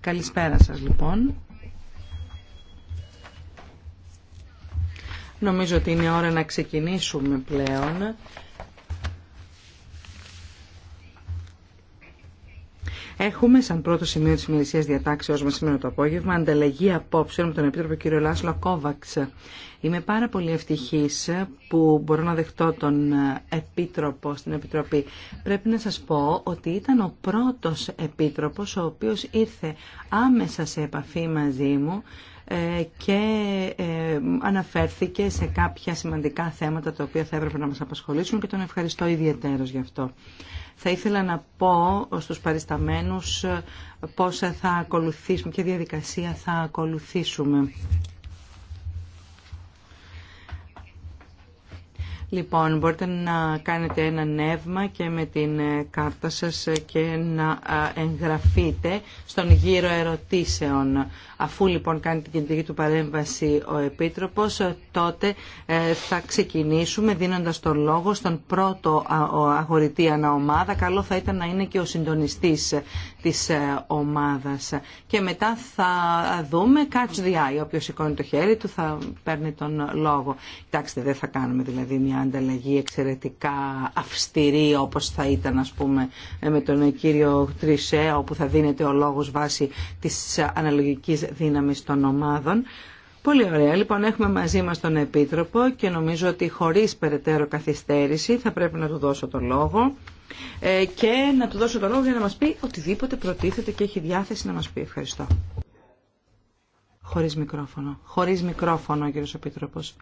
Καλησπέρα σας λοιπόν. Νομίζω ότι είναι ώρα να ξεκινήσουμε πλέον Έχουμε σαν πρώτο σημείο τη ημερησία διατάξεω μα σήμερα το απόγευμα ανταλλαγή απόψεων με τον Επίτροπο κ. Λάσλο Κόβαξ. Είμαι πάρα πολύ ευτυχή που μπορώ να δεχτώ τον Επίτροπο στην Επιτροπή. Πρέπει να σα πω ότι ήταν ο πρώτο Επίτροπο ο οποίο ήρθε άμεσα σε επαφή μαζί μου ε, και ε, αναφέρθηκε σε κάποια σημαντικά θέματα τα οποία θα έπρεπε να μας απασχολήσουν και τον ευχαριστώ ιδιαίτερος γι' αυτό. Θα ήθελα να πω στους παρισταμένους ε, πώς θα ακολουθήσουμε, ποια διαδικασία θα ακολουθήσουμε. Λοιπόν, μπορείτε να κάνετε ένα νεύμα και με την ε, κάρτα σας ε, και να ε, εγγραφείτε στον γύρο ερωτήσεων. Αφού λοιπόν κάνει την κεντρική του παρέμβαση ο Επίτροπος, τότε θα ξεκινήσουμε δίνοντας τον λόγο στον πρώτο αγορητή αναομάδα. Καλό θα ήταν να είναι και ο συντονιστής της ε, ομάδας. Και μετά θα δούμε catch the eye. Όποιος σηκώνει το χέρι του θα παίρνει τον λόγο. Κοιτάξτε, δεν θα κάνουμε δηλαδή μια ανταλλαγή εξαιρετικά αυστηρή όπως θα ήταν ας πούμε με τον κύριο Τρισέ όπου θα δίνεται ο λόγος βάσει της αναλογικής δύναμης των ομάδων. Πολύ ωραία. Λοιπόν, έχουμε μαζί μας τον Επίτροπο και νομίζω ότι χωρίς περαιτέρω καθυστέρηση θα πρέπει να του δώσω το λόγο. Ε, και να του δώσω το λόγο για να μας πει οτιδήποτε προτίθεται και έχει διάθεση να μας πει. Ευχαριστώ. Χωρίς μικρόφωνο. Χωρίς μικρόφωνο, κύριος Επίτροπος.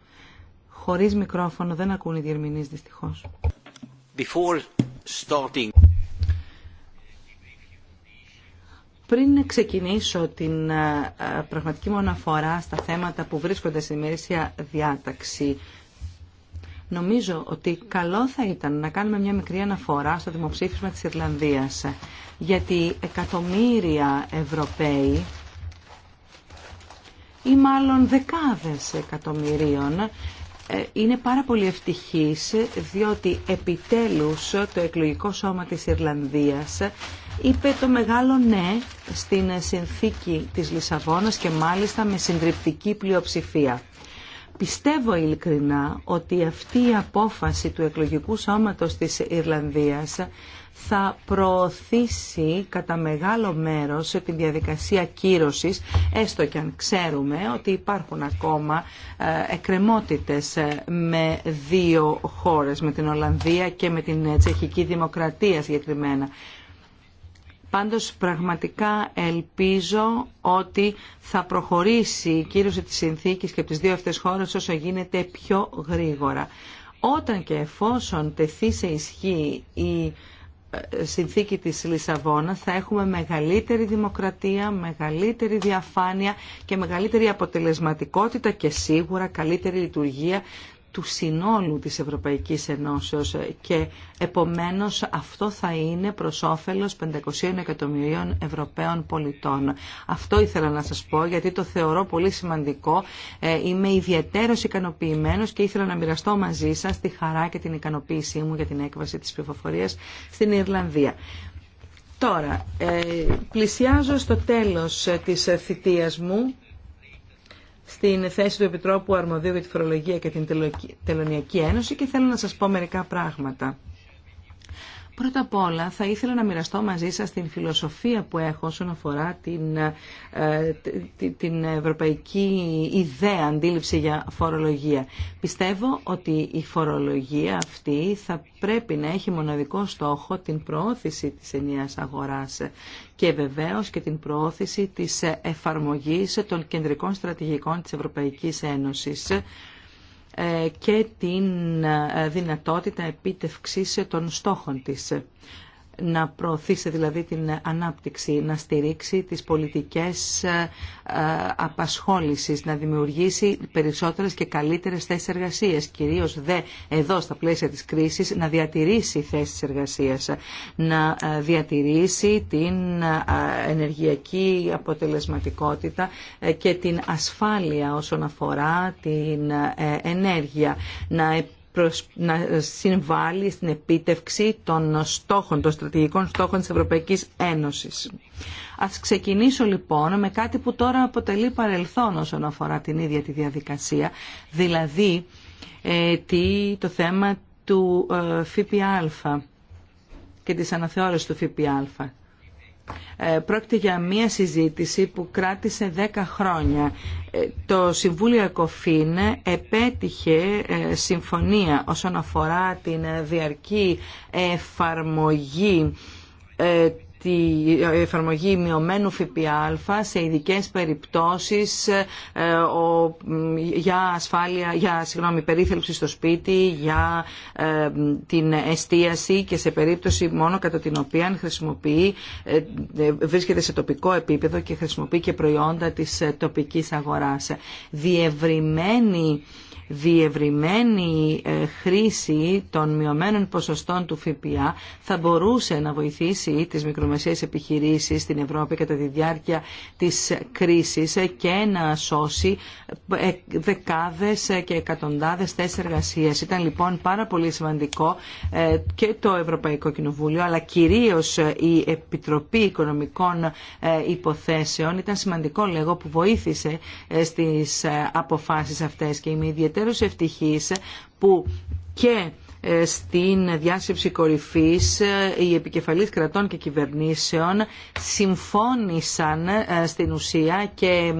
Χωρίς μικρόφωνο δεν ακούν οι διερμηνείς, δυστυχώς. Before starting... Πριν ξεκινήσω την ε, ε, πραγματική μου αναφορά στα θέματα που βρίσκονται στην ημερήσια διάταξη, Νομίζω ότι καλό θα ήταν να κάνουμε μια μικρή αναφορά στο δημοψήφισμα της Ιρλανδίας, γιατί εκατομμύρια Ευρωπαίοι ή μάλλον δεκάδες εκατομμυρίων ε, είναι πάρα πολύ ευτυχής διότι επιτέλους το εκλογικό σώμα της Ιρλανδίας είπε το μεγάλο ναι στην συνθήκη της Λισαβόνας και μάλιστα με συντριπτική πλειοψηφία. Πιστεύω ειλικρινά ότι αυτή η απόφαση του εκλογικού σώματος της Ιρλανδίας θα προωθήσει κατά μεγάλο μέρος τη διαδικασία κύρωσης, έστω και αν ξέρουμε ότι υπάρχουν ακόμα ε, εκκρεμότητες ε, με δύο χώρες, με την Ολλανδία και με την ε, Τσεχική Δημοκρατία συγκεκριμένα. Πάντως πραγματικά ελπίζω ότι θα προχωρήσει η κύρωση της συνθήκης και από τις δύο αυτές χώρες όσο γίνεται πιο γρήγορα. Όταν και εφόσον τεθεί σε ισχύ η ε, συνθήκη της Λισαβόνα θα έχουμε μεγαλύτερη δημοκρατία, μεγαλύτερη διαφάνεια και μεγαλύτερη αποτελεσματικότητα και σίγουρα καλύτερη λειτουργία του συνόλου της Ευρωπαϊκής Ενώσεως και επομένως αυτό θα είναι προς όφελος 500 εκατομμυρίων Ευρωπαίων πολιτών. Αυτό ήθελα να σας πω γιατί το θεωρώ πολύ σημαντικό. Ε, είμαι ιδιαίτερο ικανοποιημένος και ήθελα να μοιραστώ μαζί σας τη χαρά και την ικανοποίησή μου για την έκβαση της πληροφορίας στην Ιρλανδία. Τώρα, ε, πλησιάζω στο τέλος της θητείας μου στην θέση του Επιτρόπου Αρμοδίου για τη Φορολογία και την Τελωνιακή Ένωση και θέλω να σας πω μερικά πράγματα. Πρώτα απ' όλα θα ήθελα να μοιραστώ μαζί σας την φιλοσοφία που έχω όσον αφορά την, ε, την ευρωπαϊκή ιδέα, αντίληψη για φορολογία. Πιστεύω ότι η φορολογία αυτή θα πρέπει να έχει μοναδικό στόχο την προώθηση της ενιαίας αγοράς και βεβαίως και την προώθηση της εφαρμογής των κεντρικών στρατηγικών της Ευρωπαϊκής Ένωσης ε, και την ε, δυνατότητα επίτευξης των στόχων της να προωθήσει δηλαδή την ανάπτυξη, να στηρίξει τις πολιτικές ε, ε, απασχόλησης, να δημιουργήσει περισσότερες και καλύτερες θέσεις εργασίας, κυρίως δε εδώ στα πλαίσια της κρίσης να διατηρήσει θέσεις εργασίας, να ε, διατηρήσει την ενεργειακή αποτελεσματικότητα και την ασφάλεια όσον αφορά την ενέργεια, να να συμβάλλει στην επίτευξη των στόχων, των στρατηγικών στόχων της Ευρωπαϊκής Ένωσης. Ας ξεκινήσω λοιπόν με κάτι που τώρα αποτελεί παρελθόν όσον αφορά την ίδια τη διαδικασία, δηλαδή ε, τι, το θέμα του ε, ΦΠΑ και της αναθεώρησης του ΦΠΑ. Ε, πρόκειται για μία συζήτηση που κράτησε δέκα χρόνια. Ε, το Συμβούλιο ΕΚΟΦΗΝ επέτυχε ε, συμφωνία όσον αφορά την διαρκή εφαρμογή τη εφαρμογή μειωμένου ΦΠΑ σε ειδικέ περιπτώσεις ε, για ασφάλεια, για συγγνώμη, περίθαλψη στο σπίτι, για ε, την εστίαση και σε περίπτωση μόνο κατά την οποία χρησιμοποιεί, ε, βρίσκεται σε τοπικό επίπεδο και χρησιμοποιεί και προϊόντα της τοπικής αγοράς. Διευρυμένη διευρυμένη ε, χρήση των μειωμένων ποσοστών του ΦΠΑ θα μπορούσε να βοηθήσει τις μικρομεσαίες επιχειρήσεις στην Ευρώπη κατά τη διάρκεια της κρίσης και να σώσει ε, δεκάδες και εκατοντάδες θέσεις εργασίας. Ήταν λοιπόν πάρα πολύ σημαντικό ε, και το Ευρωπαϊκό Κοινοβούλιο αλλά κυρίως η Επιτροπή Οικονομικών Υποθέσεων ήταν σημαντικό λέγω που βοήθησε στις αποφάσεις αυτές και είμαι ιδιαίτερως ευτυχής που και ε, στην διάσκεψη κορυφής ε, οι επικεφαλής κρατών και κυβερνήσεων συμφώνησαν ε, στην ουσία και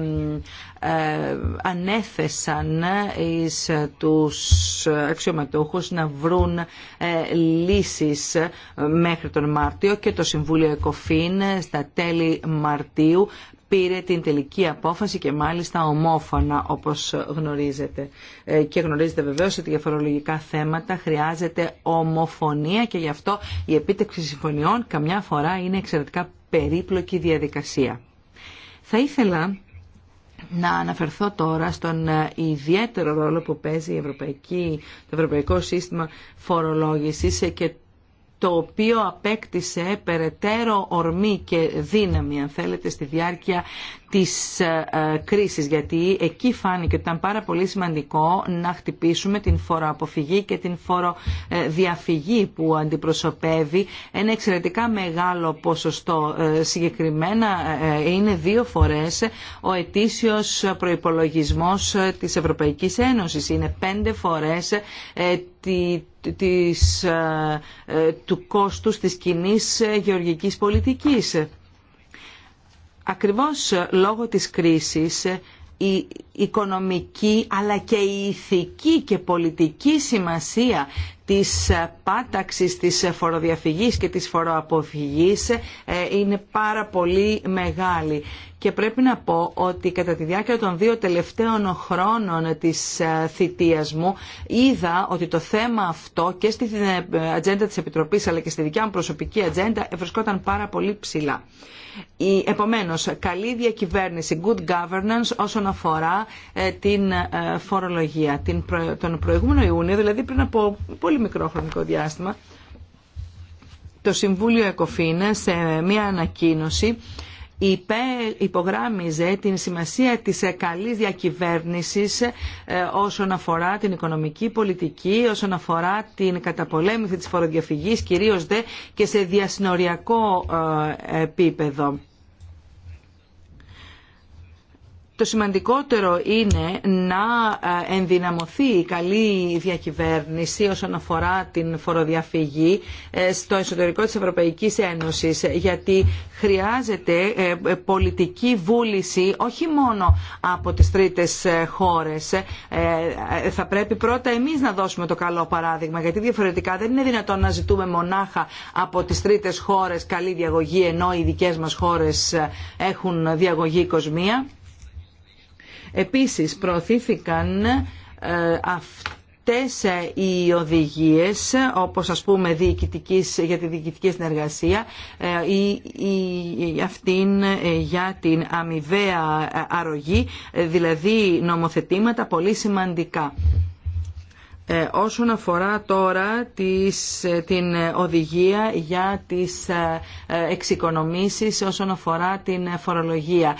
ανέθεσαν εις τους αξιωματούχους να βρουν λύσεις μέχρι τον Μάρτιο και το Συμβούλιο Εκοφήν στα τέλη Μαρτίου πήρε την τελική απόφαση και μάλιστα ομόφωνα όπως γνωρίζετε. Ε, και γνωρίζετε βεβαίως ότι για φορολογικά θέματα χρειάζεται ομοφωνία και γι' αυτό η επίτευξη συμφωνιών καμιά φορά είναι εξαιρετικά περίπλοκη διαδικασία. Θα ήθελα να αναφερθώ τώρα στον ε, ιδιαίτερο ρόλο που παίζει η Ευρωπαϊκή, το Ευρωπαϊκό Σύστημα Φορολόγησης ε, και το οποίο απέκτησε περαιτέρω ορμή και δύναμη, αν θέλετε, στη διάρκεια της ε, ε, κρίσης, γιατί εκεί φάνηκε ότι ήταν πάρα πολύ σημαντικό να χτυπήσουμε την φοροαποφυγή και την φοροδιαφυγή ε, που αντιπροσωπεύει ένα εξαιρετικά μεγάλο ποσοστό. Συγκεκριμένα είναι δύο φορές ο ετήσιος προϋπολογισμός της Ευρωπαϊκής Ένωσης. Είναι πέντε φορές της, του κόστους της κοινή γεωργικής πολιτικής ακριβώς λόγω της κρίσης η οικονομική αλλά και η ηθική και πολιτική σημασία της πάταξης της φοροδιαφυγής και της φοροαποφυγής ε, είναι πάρα πολύ μεγάλη. Και πρέπει να πω ότι κατά τη διάρκεια των δύο τελευταίων χρόνων της ε, θητείας μου είδα ότι το θέμα αυτό και στην ε, ατζέντα της Επιτροπής αλλά και στη δικιά μου προσωπική ατζέντα βρισκόταν πάρα πολύ ψηλά. Επομένως, καλή διακυβέρνηση, good governance όσον αφορά την φορολογία. Τον προηγούμενο Ιούνιο, δηλαδή πριν από πολύ μικρόχρονικο μικρό διάστημα το Συμβούλιο Εκοφίνες σε μια ανακοίνωση υπογράμμιζε την σημασία της ε, καλής διακυβέρνησης ε, όσον αφορά την οικονομική πολιτική, όσον αφορά την καταπολέμηση της φοροδιαφυγής, κυρίως δε και σε διασυνοριακό ε, επίπεδο. Το σημαντικότερο είναι να ε, ενδυναμωθεί η καλή διακυβέρνηση όσον αφορά την φοροδιαφυγή ε, στο εσωτερικό της Ευρωπαϊκής Ένωσης γιατί χρειάζεται ε, πολιτική βούληση όχι μόνο από τις τρίτες χώρες. Θα πρέπει πρώτα εμείς να δώσουμε το καλό παράδειγμα γιατί διαφορετικά δεν είναι δυνατόν να ζητούμε μονάχα από τις τρίτες χώρες καλή διαγωγή ενώ οι δικές μας χώρες έχουν διαγωγή κοσμία Επίσης προωθήθηκαν ε, αυτές ε, οι οδηγίες, όπως ας πούμε για τη διοικητική συνεργασία ή, ε, αυτήν για την αμοιβαία αρρωγή, δηλαδή νομοθετήματα πολύ σημαντικά. Ε, όσον αφορά τώρα τις, ε, την οδηγία για τις ε, εξοικονομήσεις όσον αφορά την φορολογία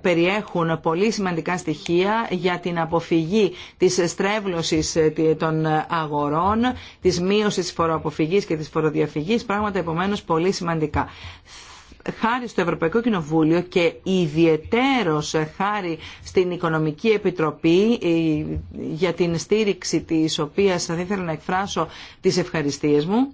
περιέχουν πολύ σημαντικά στοιχεία για την αποφυγή της στρέβλωσης των αγορών της μείωσης της φοροαποφυγής και της φοροδιαφυγής πράγματα επομένως πολύ σημαντικά χάρη στο Ευρωπαϊκό Κοινοβούλιο και ιδιαιτέρως χάρη στην Οικονομική Επιτροπή ε, για την στήριξη της οποίας θα ήθελα να εκφράσω τις ευχαριστίες μου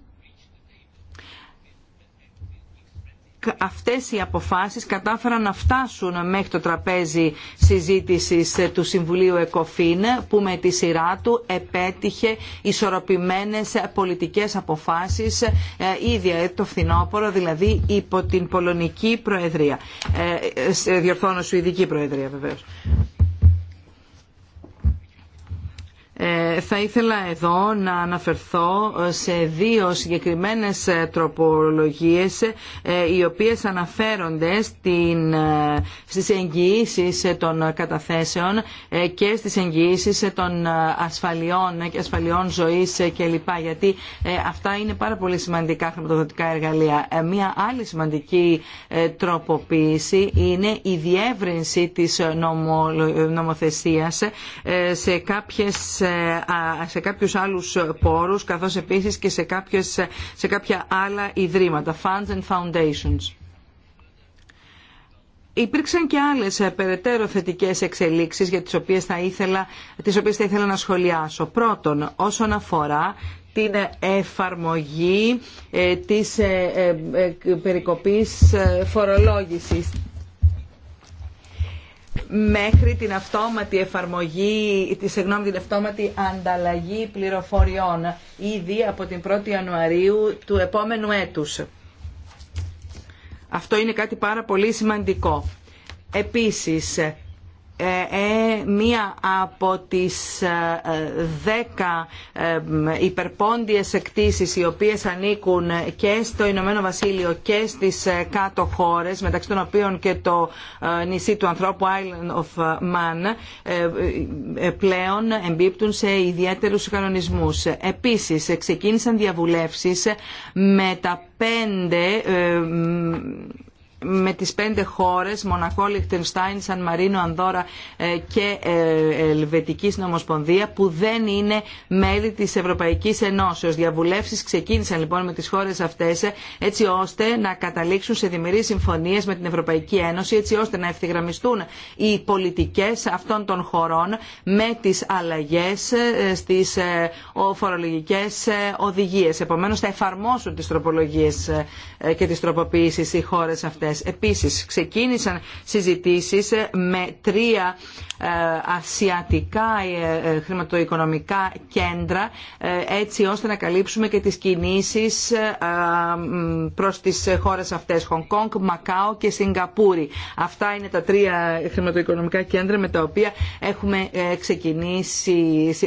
αυτές οι αποφάσεις κατάφεραν να φτάσουν μέχρι το τραπέζι συζήτησης ε, του Συμβουλίου ΕΚΟΦΗΝ που με τη σειρά του επέτυχε ισορροπημένες πολιτικές αποφάσεις ίδια ε, το φθινόπωρο δηλαδή υπό την Πολωνική Προεδρία. Ε, ε διορθώνω Σουηδική Προεδρία βεβαίως. Ε, θα ήθελα εδώ να αναφερθώ ε, σε δύο συγκεκριμένες ε, τροπολογίες οι οποίες αναφέρονται στις εγγυήσεις των καταθέσεων και στις εγγυήσεις των ασφαλιών και ασφαλιών ζωής κλπ. Γιατί αυτά είναι πάρα πολύ σημαντικά χρηματοδοτικά εργαλεία. Μία άλλη σημαντική τροποποίηση είναι η διεύρυνση της νομοθεσίας σε κάποιες σε κάποιους άλλους πόρους καθώς επίσης και σε, κάποιες, σε κάποια άλλα ιδρύματα, funds and foundations. Υπήρξαν και άλλες ε, περαιτέρω θετικές εξελίξεις για τις οποίες θα ήθελα, τις οποίες θα ήθελα να σχολιάσω. Πρώτον, όσον αφορά την εφαρμογή ε, της ε, περικοπής φορολόγησης μέχρι την αυτόματη εφαρμογή, τη, συγγνώμη, την αυτόματη ανταλλαγή πληροφοριών ήδη από την 1η Ιανουαρίου του επόμενου έτους. Αυτό είναι κάτι πάρα πολύ σημαντικό. Επίσης, ε, ε μία από τις ε, δέκα ε, υπερπόντιες εκτίσεις οι οποίες ανήκουν και στο Ηνωμένο Βασίλειο και στις κάτω χώρες μεταξύ των οποίων και το νησί του ανθρώπου Island of Man πλέον εμπίπτουν σε ιδιαίτερους κανονισμούς. Επίσης ξεκίνησαν διαβουλεύσεις με τα πέντε με τις πέντε χώρες, Μονακό, Λιχτενστάιν, Σαν Μαρίνο, Ανδόρα ε, και ε, Ελβετική Νομοσπονδία που δεν είναι μέλη της Ευρωπαϊκής Ενώσεως. Διαβουλεύσεις ξεκίνησαν λοιπόν με τις χώρες αυτές ε, έτσι ώστε να καταλήξουν σε δημιουργείς συμφωνίες με την Ευρωπαϊκή Ένωση έτσι ώστε να ευθυγραμμιστούν οι πολιτικές αυτών των χωρών με τις αλλαγές στις φορολογικές οδηγίες. Επομένως θα εφαρμόσουν τις τροπολογίες και τις τροποποιήσεις οι χώρες αυτές. Επίσης ξεκίνησαν συζητήσεις με τρία ε, ασιατικά ε, ε, χρηματοοικονομικά κέντρα έτσι ώστε να καλύψουμε και τις κινήσεις προς τις χώρες αυτές Χονγκ Μακάο και Σιγκαπούρη. Αυτά είναι τα τρία χρηματοοικονομικά κέντρα με τα οποία έχουμε ξεκινήσει,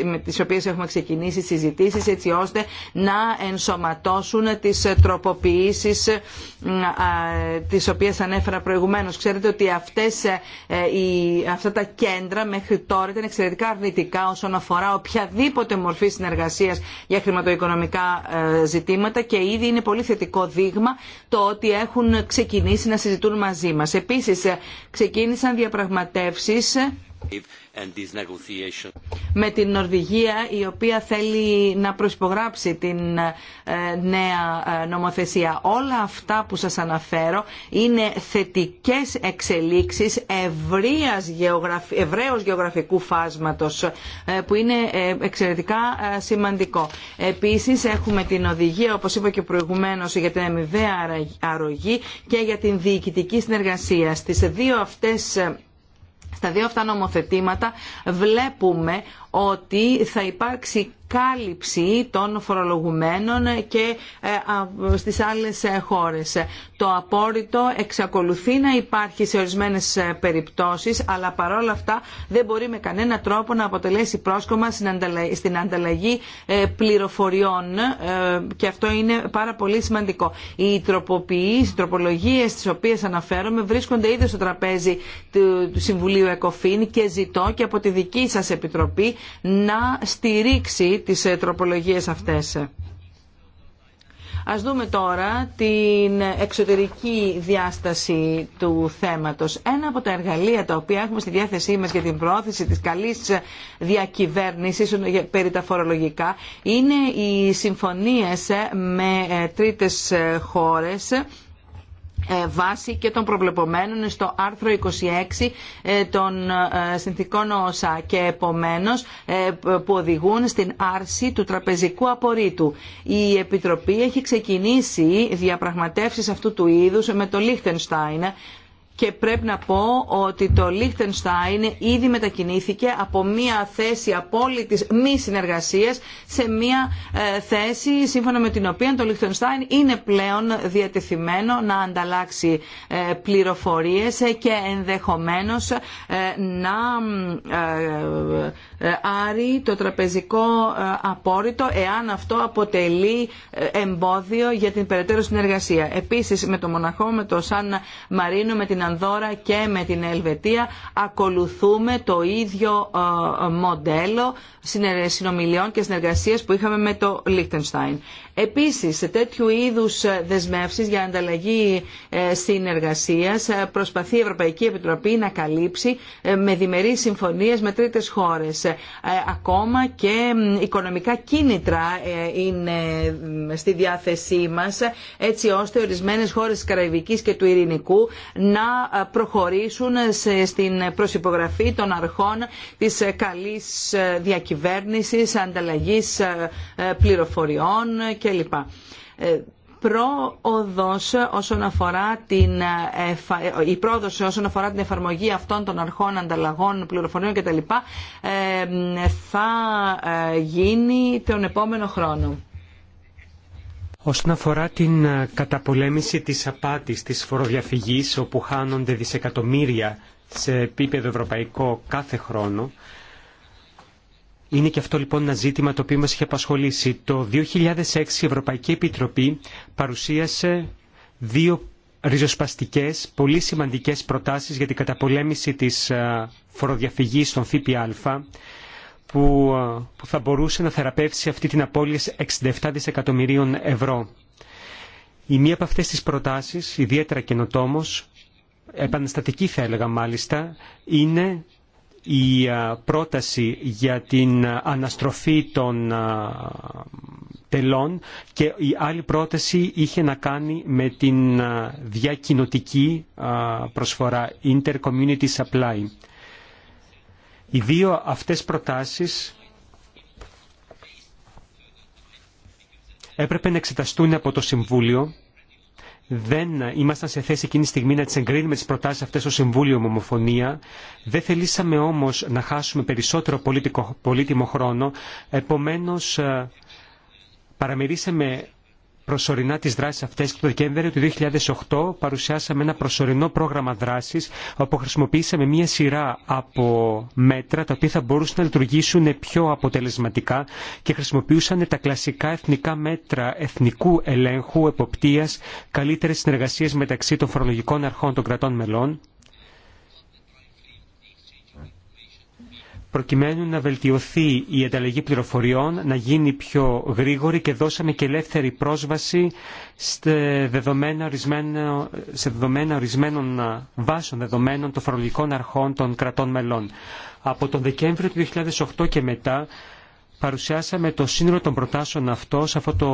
με τις οποίες έχουμε ξεκινήσει συζητήσεις έτσι ώστε να ενσωματώσουν τις τροποποιήσεις τις οποίες ανέφερα προηγουμένω. Ξέρετε ότι αυτές, ε, ε, οι, αυτά τα κέντρα μέχρι τώρα ήταν εξαιρετικά αρνητικά όσον αφορά οποιαδήποτε μορφή συνεργασίας για χρηματοοικονομικά ε, ζητήματα και ήδη είναι πολύ θετικό δείγμα το ότι έχουν ξεκινήσει να συζητούν μαζί μας. Επίσης ξεκίνησαν διαπραγματεύσεις με την Νορβηγία η οποία θέλει να προσπογράψει την ε, νέα ε, νομοθεσία. Όλα αυτά που σας αναφέρω είναι θετικές εξελίξεις ευρείας ευρέως γεωγραφικού φάσματος ε, που είναι εξαιρετικά σημαντικό. Επίσης έχουμε την οδηγία όπως είπα και προηγουμένως για την αμοιβαία αρρωγή και για την διοικητική συνεργασία. Στις δύο αυτές στα δύο αυτά νομοθετήματα βλέπουμε ότι θα υπάρξει κάλυψη των φορολογουμένων και ε, στις άλλες ε, χώρες. Το απόρριτο εξακολουθεί να υπάρχει σε ορισμένες ε, περιπτώσεις, αλλά παρόλα αυτά δεν μπορεί με κανένα τρόπο να αποτελέσει πρόσκομα στην ανταλλαγή πληροφοριών και αυτό είναι πάρα πολύ σημαντικό. Οι τροποποιήσεις, οι τροπολογίες τις οποίες αναφέρομαι βρίσκονται ήδη στο τραπέζι του Συμβουλίου ΕΚΟΦΗΝ και ζητώ και από τη δική σας Επιτροπή να στηρίξει τις ε, τροπολογίες αυτές. Ας δούμε τώρα την εξωτερική διάσταση του θέματος. Ένα από τα εργαλεία τα οποία έχουμε στη διάθεσή μας για την πρόθεση της καλής διακυβέρνησης ε, περί τα φορολογικά είναι οι συμφωνίες ε, με τρίτες χώρες ε, βάση και των προβλεπομένων στο άρθρο 26 ε, των ε, συνθήκων ΩΣΑ και επομένως που οδηγούν στην άρση του τραπεζικού απορρίτου. Η Επιτροπή έχει ξεκινήσει διαπραγματεύσεις αυτού του είδους με το Λίχτενστάιν και πρέπει να πω ότι το Λίχτενστάιν ήδη μετακινήθηκε από μια θέση απόλυτης μη συνεργασίας σε μια ε, θέση σύμφωνα με την οποία το Λίχτενστάιν είναι πλέον διατεθειμένο να ανταλλάξει ε, πληροφορίες και ενδεχομένως ε, να ε, άρι, το τραπεζικό ε, απόρριτο εάν αυτό αποτελεί ε, εμπόδιο για την περαιτέρω συνεργασία. Επίσης με το Μοναχό, με το Σαν Μαρίνο, με την Ανδόρα και με την Ελβετία ακολουθούμε το ίδιο μοντέλο συνομιλιών και συνεργασίες που είχαμε με το Λίχτενστάιν. Επίσης, σε τέτοιου είδους δεσμεύσεις για ανταλλαγή ε, συνεργασίας ε, προσπαθεί η Ευρωπαϊκή Επιτροπή να καλύψει ε, με διμερείς συμφωνίες με τρίτες χώρες. Ακόμα και οικονομικά κίνητρα είναι στη διάθεσή μας έτσι ώστε ορισμένες χώρες της Καραϊβικής και του Ειρηνικού να προχωρήσουν στην προσυπογραφή των αρχών της καλής διακυβέρνησης, ανταλλαγής πληροφοριών κλπ ε, πρόοδος όσον αφορά την, ε, η πρόοδος όσον αφορά την εφαρμογή αυτών των αρχών ανταλλαγών πληροφοριών κτλ. Ε, θα γίνει τον επόμενο χρόνο. Όσον αφορά την καταπολέμηση της απάτης της φοροδιαφυγής όπου χάνονται δισεκατομμύρια σε επίπεδο ευρωπαϊκό κάθε χρόνο, είναι και αυτό λοιπόν ένα ζήτημα το οποίο μας είχε απασχολήσει. Το 2006 η Ευρωπαϊκή Επιτροπή παρουσίασε δύο ριζοσπαστικές, πολύ σημαντικές προτάσεις για την καταπολέμηση της ε, φοροδιαφυγής των ΦΠΑ που, ε, που θα μπορούσε να θεραπεύσει αυτή την απώλεια 67 δισεκατομμυρίων ευρώ. Η μία από αυτές τις προτάσεις, ιδιαίτερα καινοτόμος, επαναστατική θα έλεγα μάλιστα, είναι η πρόταση για την αναστροφή των τελών και η άλλη πρόταση είχε να κάνει με την διακοινωτικη προσφορά, intercommunity supply. Οι δύο αυτές προτάσεις έπρεπε να εξεταστούν από το Συμβούλιο δεν ήμασταν σε θέση εκείνη τη στιγμή να τι εγκρίνουμε τι προτάσει αυτέ στο Συμβούλιο Μομοφωνία. Δεν θελήσαμε όμω να χάσουμε περισσότερο πολύτιμο χρόνο. Επομένω, ε, παραμερίσαμε προσωρινά τις δράσεις αυτές το Δεκέμβριο του 2008 παρουσιάσαμε ένα προσωρινό πρόγραμμα δράσης όπου χρησιμοποιήσαμε μία σειρά από μέτρα τα οποία θα μπορούσαν να λειτουργήσουν πιο αποτελεσματικά και χρησιμοποιούσαν τα κλασικά εθνικά μέτρα εθνικού ελέγχου, εποπτείας, καλύτερες συνεργασίες μεταξύ των φορολογικών αρχών των κρατών μελών προκειμένου να βελτιωθεί η ανταλλαγή πληροφοριών, να γίνει πιο γρήγορη και δώσαμε και ελεύθερη πρόσβαση σε δεδομένα, σε δεδομένα ορισμένων βάσεων δεδομένων των φορολογικών αρχών των κρατών μελών. Από τον Δεκέμβριο του 2008 και μετά παρουσιάσαμε το σύνολο των προτάσεων αυτό σε αυτό το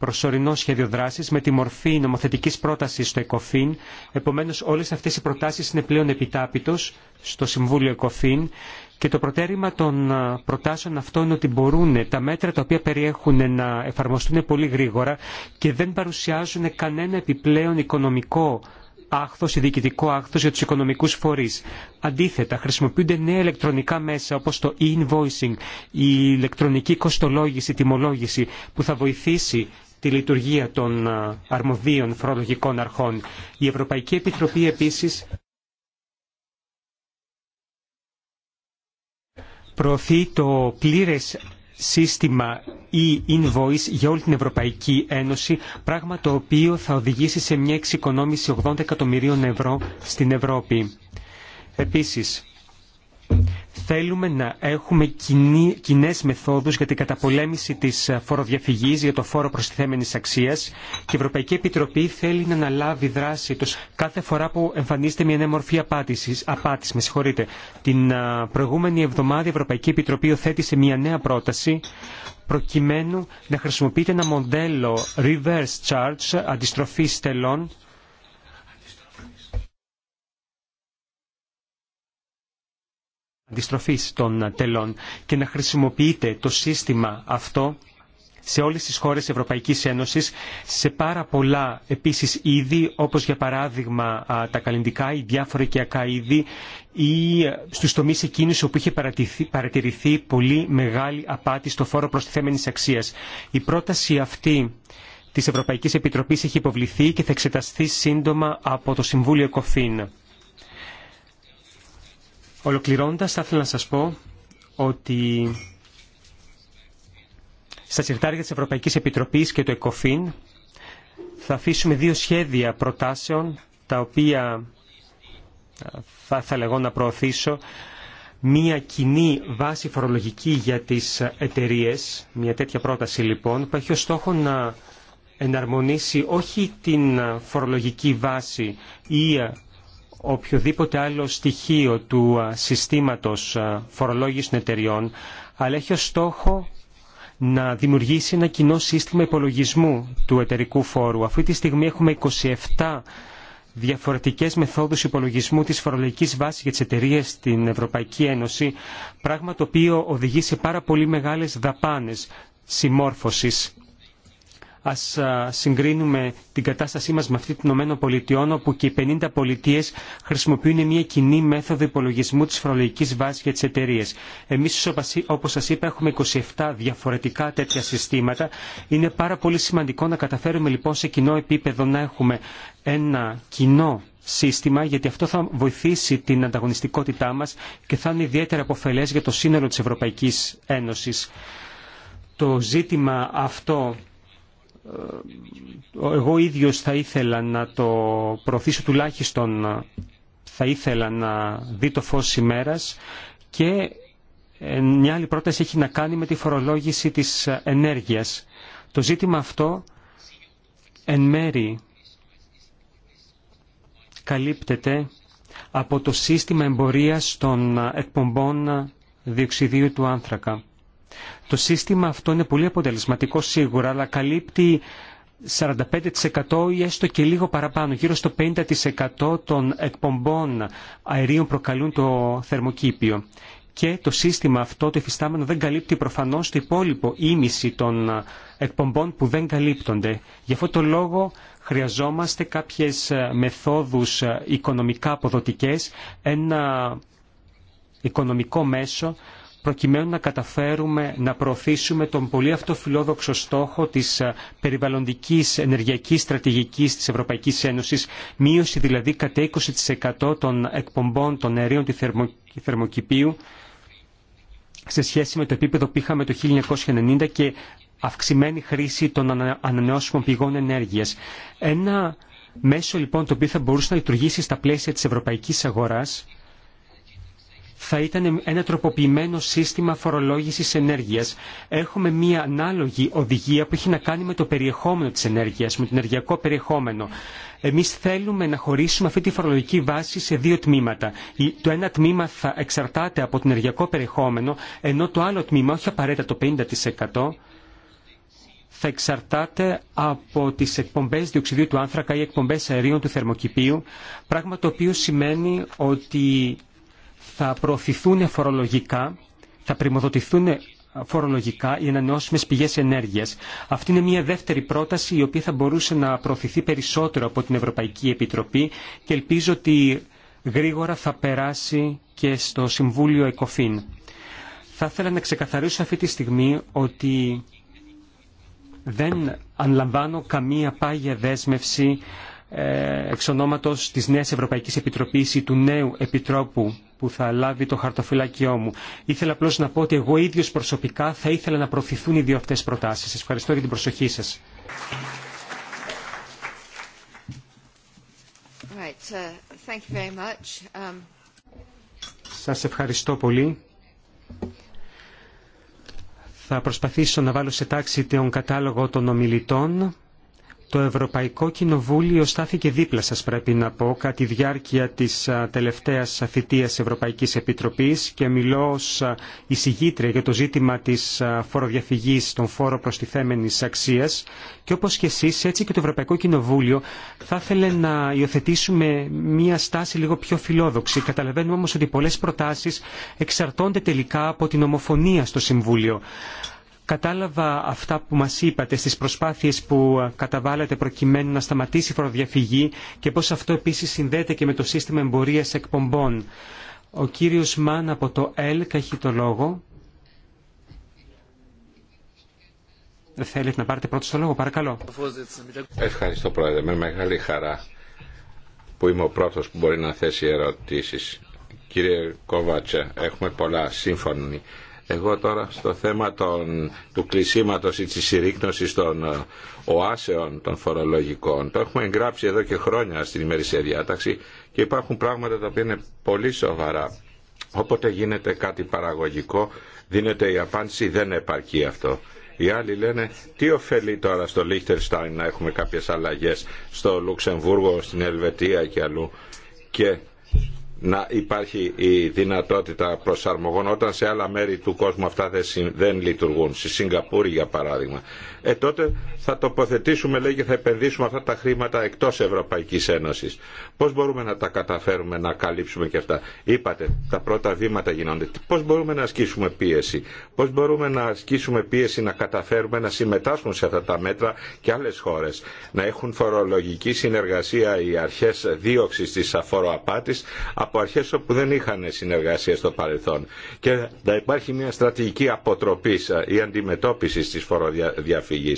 προσωρινό σχέδιο δράση με τη μορφή νομοθετική πρόταση στο ΕΚΟΦΗΝ. Επομένω, όλε αυτέ οι προτάσει είναι πλέον επιτάπητο στο Συμβούλιο ΕΚΟΦΗΝ και το προτέρημα των προτάσεων αυτών είναι ότι μπορούν τα μέτρα τα οποία περιέχουν να εφαρμοστούν πολύ γρήγορα και δεν παρουσιάζουν κανένα επιπλέον οικονομικό άχθο, ή διοικητικό άχθο για του οικονομικού φορεί. Αντίθετα, χρησιμοποιούνται νέα ηλεκτρονικά μέσα όπω το e-invoicing, η ηλεκτρονική κοστολόγηση, τιμολόγηση που θα βοηθήσει τη λειτουργία των ε, αρμοδίων φορολογικών αρχών. Η Ευρωπαϊκή Επιτροπή επίσης προωθεί το πλήρες σύστημα e-invoice για όλη την Ευρωπαϊκή Ένωση, πράγμα το οποίο θα οδηγήσει σε μια εξοικονόμηση 80 εκατομμυρίων ευρώ στην Ευρώπη. Επίσης, Θέλουμε να έχουμε κοινέ μεθόδου για την καταπολέμηση τη ε, φοροδιαφυγή, για το φόρο προστιθέμενη αξία και η Ευρωπαϊκή Επιτροπή θέλει να αναλάβει δράση του κάθε φορά που εμφανίζεται μια νέα μορφή απάτηση. με Την ε, προηγούμενη εβδομάδα η Ευρωπαϊκή Επιτροπή οθέτησε μια νέα πρόταση προκειμένου να χρησιμοποιείται ένα μοντέλο reverse charge, αντιστροφή στελών, αντιστροφής των τελών και να χρησιμοποιείται το σύστημα αυτό σε όλες τις χώρες Ευρωπαϊκής Ένωσης, σε πάρα πολλά επίσης είδη, όπως για παράδειγμα τα καλλιντικά ή διάφορα οικιακά είδη ή ε, στους τομείς εκείνους όπου είχε παρατηρηθεί πολύ μεγάλη απάτη στο φόρο προστιθέμενης αξίας. Η πρόταση αυτή της Ευρωπαϊκής Επιτροπής έχει υποβληθεί και θα εξεταστεί σύντομα από το Συμβούλιο Κοφίν. Ολοκληρώνοντας, θα ήθελα να σας πω ότι στα συρτάρια της Ευρωπαϊκής Επιτροπής και το ΕΚΟΦΗΝ θα αφήσουμε δύο σχέδια προτάσεων τα οποία θα ήθελα εγώ να προωθήσω μια κοινή βάση φορολογική για τις εταιρείε, μια τέτοια πρόταση λοιπόν που έχει ως στόχο να εναρμονίσει όχι την φορολογική βάση ή οποιοδήποτε άλλο στοιχείο του συστήματος φορολόγησης των εταιριών, αλλά έχει ως στόχο να δημιουργήσει ένα κοινό σύστημα υπολογισμού του εταιρικού φόρου. Αυτή τη στιγμή έχουμε 27 διαφορετικές μεθόδους υπολογισμού της φορολογικής βάσης για τις εταιρείες στην Ευρωπαϊκή Ένωση, πράγμα το οποίο οδηγεί σε πάρα πολύ μεγάλες δαπάνες συμμόρφωσης ας συγκρίνουμε την κατάστασή μας με αυτή των ΗΠΑ όπου και οι 50 πολιτείες χρησιμοποιούν μια κοινή μέθοδο υπολογισμού της φορολογική βάσης για τις εταιρείε. Εμείς όπως σας είπα έχουμε 27 διαφορετικά τέτοια συστήματα. Είναι πάρα πολύ σημαντικό να καταφέρουμε λοιπόν σε κοινό επίπεδο να έχουμε ένα κοινό σύστημα γιατί αυτό θα βοηθήσει την ανταγωνιστικότητά μας και θα είναι ιδιαίτερα αποφελές για το σύνολο της Ευρωπαϊκής Ένωσης. Το ζήτημα αυτό εγώ ίδιος θα ήθελα να το προωθήσω τουλάχιστον θα ήθελα να δει το φως ημέρας και ε, μια άλλη πρόταση έχει να κάνει με τη φορολόγηση της ενέργειας. Το ζήτημα αυτό εν μέρη καλύπτεται από το σύστημα εμπορίας των εκπομπών διοξιδίου του άνθρακα. Το σύστημα αυτό είναι πολύ αποτελεσματικό σίγουρα, αλλά καλύπτει 45% ή έστω και λίγο παραπάνω, γύρω στο 50% των εκπομπών αερίων προκαλούν το θερμοκήπιο. Και το σύστημα αυτό, το εφιστάμενο, δεν καλύπτει προφανώς το υπόλοιπο ίμιση των εκπομπών που δεν καλύπτονται. Γι' αυτό το λόγο χρειαζόμαστε κάποιες μεθόδους οικονομικά αποδοτικές, ένα οικονομικό μέσο προκειμένου να καταφέρουμε να προωθήσουμε τον πολύ αυτοφιλόδοξο στόχο της ε, περιβαλλοντικής ενεργειακής στρατηγικής της Ευρωπαϊκής Ένωσης, μείωση δηλαδή κατά 20% των εκπομπών των αερίων του θερμοκηπίου σε σχέση με το επίπεδο που είχαμε το 1990 και αυξημένη χρήση των ανανεώσιμων πηγών ενέργειας. Ένα μέσο λοιπόν το οποίο θα μπορούσε να λειτουργήσει στα πλαίσια της ευρωπαϊκής αγοράς θα ήταν ένα τροποποιημένο σύστημα φορολόγησης ενέργειας. Έχουμε μία ανάλογη οδηγία που έχει να κάνει με το περιεχόμενο της ενέργειας, με το ενεργειακό περιεχόμενο. Εμείς θέλουμε να χωρίσουμε αυτή τη φορολογική βάση σε δύο τμήματα. Το ένα τμήμα θα εξαρτάται από το ενεργειακό περιεχόμενο, ενώ το άλλο τμήμα, όχι απαραίτητα το 50%, θα εξαρτάται από τις εκπομπές διοξιδίου του άνθρακα ή εκπομπές αερίων του θερμοκηπίου, πράγμα το οποίο σημαίνει ότι θα προωθηθούν φορολογικά, θα πρημοδοτηθούν φορολογικά οι ανανεώσιμε πηγέ ενέργεια. Αυτή είναι μια δεύτερη πρόταση η οποία θα μπορούσε να προωθηθεί περισσότερο από την Ευρωπαϊκή Επιτροπή και ελπίζω ότι γρήγορα θα περάσει και στο Συμβούλιο ΕΚΟΦΗΝ. Θα ήθελα να ξεκαθαρίσω αυτή τη στιγμή ότι δεν ανλαμβάνω καμία πάγια δέσμευση ε, εξ της Νέας Ευρωπαϊκής Επιτροπής ή του νέου Επιτρόπου που θα λάβει το χαρτοφυλάκιό μου. Ήθελα απλώς να πω ότι εγώ ίδιος προσωπικά θα ήθελα να προωθηθούν οι δύο αυτές προτάσεις. Σας ευχαριστώ για την προσοχή σας. Right. Uh, um, σας ευχαριστώ πολύ. Θα προσπαθήσω να βάλω σε τάξη τον κατάλογο των ομιλητών. Το Ευρωπαϊκό Κοινοβούλιο στάθηκε δίπλα σας πρέπει να πω κατά τη διάρκεια της τελευταίας θητείας Ευρωπαϊκής Επιτροπής και μιλώ ως εισηγήτρια για το ζήτημα της φοροδιαφυγής των τη προστιθέμενης αξίας και όπως και εσείς έτσι και το Ευρωπαϊκό Κοινοβούλιο θα ήθελε να υιοθετήσουμε μια στάση λίγο πιο φιλόδοξη. Καταλαβαίνουμε όμως ότι πολλές προτάσεις εξαρτώνται τελικά από την ομοφωνία στο Συμβούλιο. Κατάλαβα αυτά που μας είπατε στις προσπάθειες που ε, καταβάλλατε προκειμένου να σταματήσει η φοροδιαφυγή και πώς αυτό επίσης συνδέεται και με το σύστημα εμπορίας εκπομπών. Ο κύριος Μάν από το ΕΛΚ έχει το λόγο. Θέλετε να πάρετε πρώτο το λόγο, παρακαλώ. Ευχαριστώ πρόεδρε. Με μεγάλη χαρά που είμαι ο πρώτος που μπορεί να θέσει ερωτήσεις. Κύριε Κόβατσα, έχουμε πολλά σύμφωνοι εγώ τώρα στο θέμα των, του κλεισίματος ή της συρρήκνωσης των ε, οάσεων των φορολογικών. Το έχουμε εγγράψει εδώ και χρόνια στην ημερησία διάταξη και υπάρχουν πράγματα τα οποία είναι πολύ σοβαρά. Όποτε γίνεται κάτι παραγωγικό δίνεται η απάντηση δεν επαρκεί αυτό. Οι άλλοι λένε τι ωφελεί τώρα στο Λίχτερστάιν να έχουμε κάποιες αλλαγές στο Λουξεμβούργο, στην Ελβετία και αλλού. Και να υπάρχει η δυνατότητα προσαρμογών όταν σε άλλα μέρη του κόσμου αυτά δεν λειτουργούν, στη Σιγκαπούρη για παράδειγμα. Ε, τότε θα τοποθετήσουμε, λέει, και θα επενδύσουμε αυτά τα χρήματα εκτός Ευρωπαϊκής Ένωσης. Πώς μπορούμε να τα καταφέρουμε να καλύψουμε και αυτά. Είπατε, τα πρώτα βήματα γίνονται. Πώς μπορούμε να ασκήσουμε πίεση. Πώς μπορούμε να ασκήσουμε πίεση να καταφέρουμε να συμμετάσχουν σε αυτά τα μέτρα και άλλες χώρες. Να έχουν φορολογική συνεργασία οι αρχές δίωξη τη αφοροαπάτης από αρχέ όπου δεν είχαν συνεργασία στο παρελθόν και να υπάρχει μια στρατηγική αποτροπή... Ε, ή αντιμετώπιση τη φοροδιαφυγή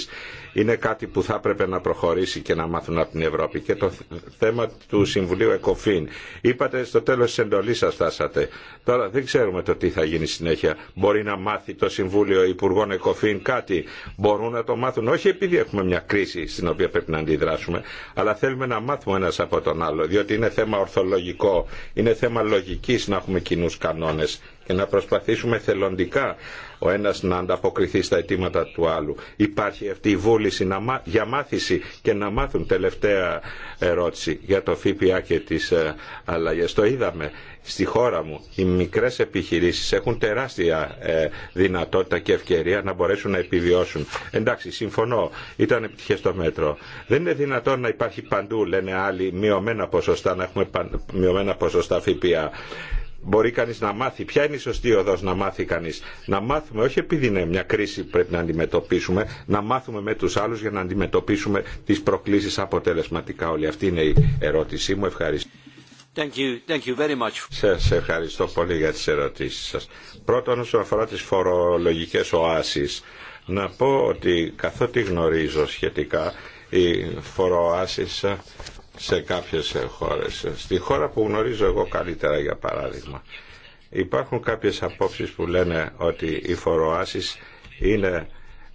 είναι κάτι που θα έπρεπε να προχωρήσει και να μάθουν από την Ευρώπη. Και το θέμα του Συμβουλίου ΕΚΟΦΗΝ. Είπατε στο τέλο τη εντολή σα φτάσατε. Τώρα δεν ξέρουμε το τι θα γίνει συνέχεια. Μπορεί να μάθει το Συμβούλιο Υπουργών ΕΚΟΦΗΝ κάτι. Μπορούν να το μάθουν όχι επειδή έχουμε μια κρίση στην οποία πρέπει να αντιδράσουμε, αλλά θέλουμε να μάθουμε ένα από τον άλλο, διότι είναι θέμα ορθολογικό είναι θέμα λογικής να έχουμε κοινού κανόνες και να προσπαθήσουμε θελοντικά ο ένας να ανταποκριθεί στα αιτήματα του άλλου. Υπάρχει αυτή η βούληση να, για μάθηση και να μάθουν τελευταία ερώτηση για το ΦΠΑ και τις ε, αλλαγές. Το είδαμε στη χώρα μου οι μικρές επιχειρήσεις έχουν τεράστια ε, δυνατότητα και ευκαιρία να μπορέσουν να επιβιώσουν. Εντάξει, συμφωνώ, ήταν επιτυχές το μέτρο. Δεν είναι δυνατόν να υπάρχει παντού, λένε άλλοι, μειωμένα ποσοστά, να έχουμε μειωμένα ποσοστά ΦΠΑ μπορεί κανείς να μάθει, ποια είναι η σωστή οδός να μάθει κανείς. Να μάθουμε, όχι επειδή είναι μια κρίση που πρέπει να αντιμετωπίσουμε, να μάθουμε με τους άλλους για να αντιμετωπίσουμε τις προκλήσεις αποτελεσματικά όλοι. Αυτή είναι η ερώτησή μου. Ευχαριστώ. Thank you. Thank you very much. Σας ευχαριστώ πολύ για τις ερωτήσεις σας. Πρώτον όσον αφορά τις φορολογικές οάσεις, να πω ότι καθότι γνωρίζω σχετικά οι φοροάσεις σε κάποιες χώρες. Στη χώρα που γνωρίζω εγώ καλύτερα για παράδειγμα υπάρχουν κάποιες απόψεις που λένε ότι οι φοροάσεις είναι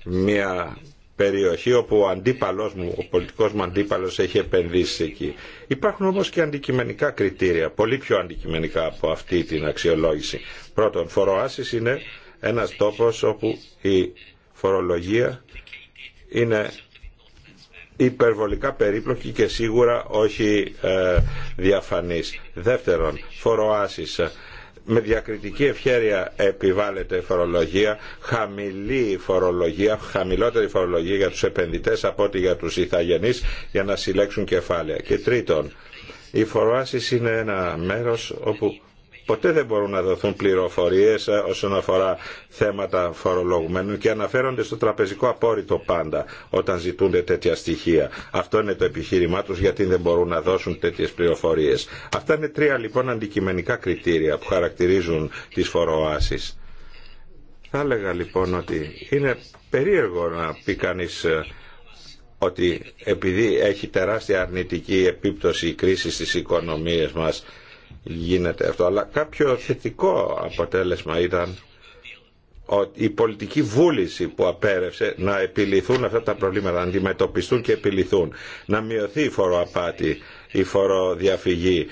μια περιοχή όπου ο αντίπαλος μου, ο πολιτικός μου αντίπαλος έχει επενδύσει εκεί. Υπάρχουν όμως και αντικειμενικά κριτήρια, πολύ πιο αντικειμενικά από αυτή την αξιολόγηση. Πρώτον, φοροάσεις είναι ένας τόπος όπου η φορολογία είναι υπερβολικά περίπλοκη και σίγουρα όχι ε, διαφανής. Δεύτερον, φοροάσεις με διακριτική ευχέρεια επιβάλλεται φορολογία, χαμηλή φορολογία, χαμηλότερη φορολογία για τους επενδυτές από ό,τι για τους Ιθαγενείς για να συλλέξουν κεφάλαια. Και τρίτον, οι φοροάσεις είναι ένα μέρος όπου ποτέ δεν μπορούν να δοθούν πληροφορίες ε, όσον αφορά θέματα φορολογουμένου και αναφέρονται στο τραπεζικό απόρριτο πάντα όταν ζητούνται τέτοια στοιχεία. Αυτό είναι το επιχείρημά τους γιατί δεν μπορούν να δώσουν τέτοιες πληροφορίες. Αυτά είναι τρία λοιπόν αντικειμενικά κριτήρια που χαρακτηρίζουν τις φοροάσεις. Θα έλεγα λοιπόν ότι είναι περίεργο να πει κανεί ε, ότι επειδή έχει τεράστια αρνητική επίπτωση η κρίση στις οικονομίες μας γίνεται αυτό. Αλλά κάποιο θετικό αποτέλεσμα ήταν ότι η πολιτική βούληση που απέρευσε να επιληθούν αυτά τα προβλήματα, να αντιμετωπιστούν και επιληθούν, να μειωθεί η φοροαπάτη, η φοροδιαφυγή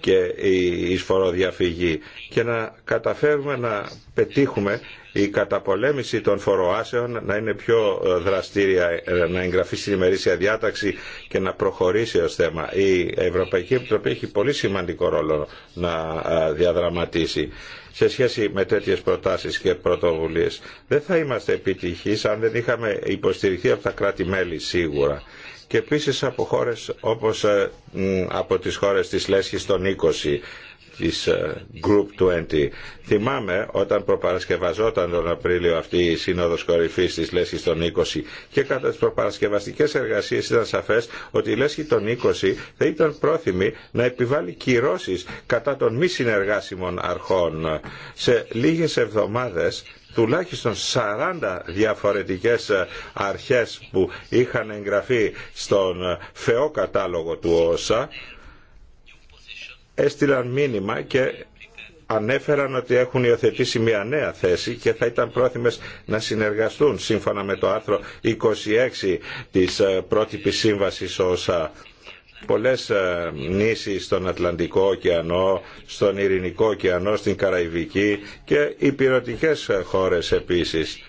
και η εισφοροδιαφυγή και να καταφέρουμε να πετύχουμε η καταπολέμηση των φοροάσεων να είναι πιο ε, δραστήρια, ε, να εγγραφεί στην ημερήσια διάταξη και να προχωρήσει ως θέμα. Η Ευρωπαϊκή Επιτροπή έχει πολύ σημαντικό ρόλο να ε, διαδραματίσει σε σχέση με τέτοιες προτάσεις και πρωτοβουλίες. Δεν θα είμαστε επιτυχείς αν δεν είχαμε υποστηριχθεί από τα κράτη-μέλη σίγουρα και επίσης από χώρες όπως από τις χώρες της Λέσχης των 20 της ε, Group 20. Θυμάμαι όταν προπαρασκευαζόταν τον Απρίλιο αυτή η Σύνοδος Κορυφής της Λέσχης των 20 και κατά τις προπαρασκευαστικές εργασίες ήταν σαφές ότι η Λέσχη των 20 θα ήταν πρόθυμη να επιβάλλει κυρώσεις κατά των μη συνεργάσιμων αρχών. Σε λίγες εβδομάδες τουλάχιστον 40 διαφορετικές ε, αρχές που είχαν εγγραφεί στον ε, φεό κατάλογο του ΩΣΑ έστειλαν μήνυμα και ανέφεραν ότι έχουν υιοθετήσει μια νέα θέση και θα ήταν πρόθυμες να συνεργαστούν σύμφωνα με το άρθρο 26 της ε, πρότυπης σύμβασης ΩΣΑ. Πολλές ε, νήσεις στον Ατλαντικό ωκεανό, στον Ειρηνικό ωκεανό, στην Καραϊβική και υπηρετικές ε, χώρες επίσης.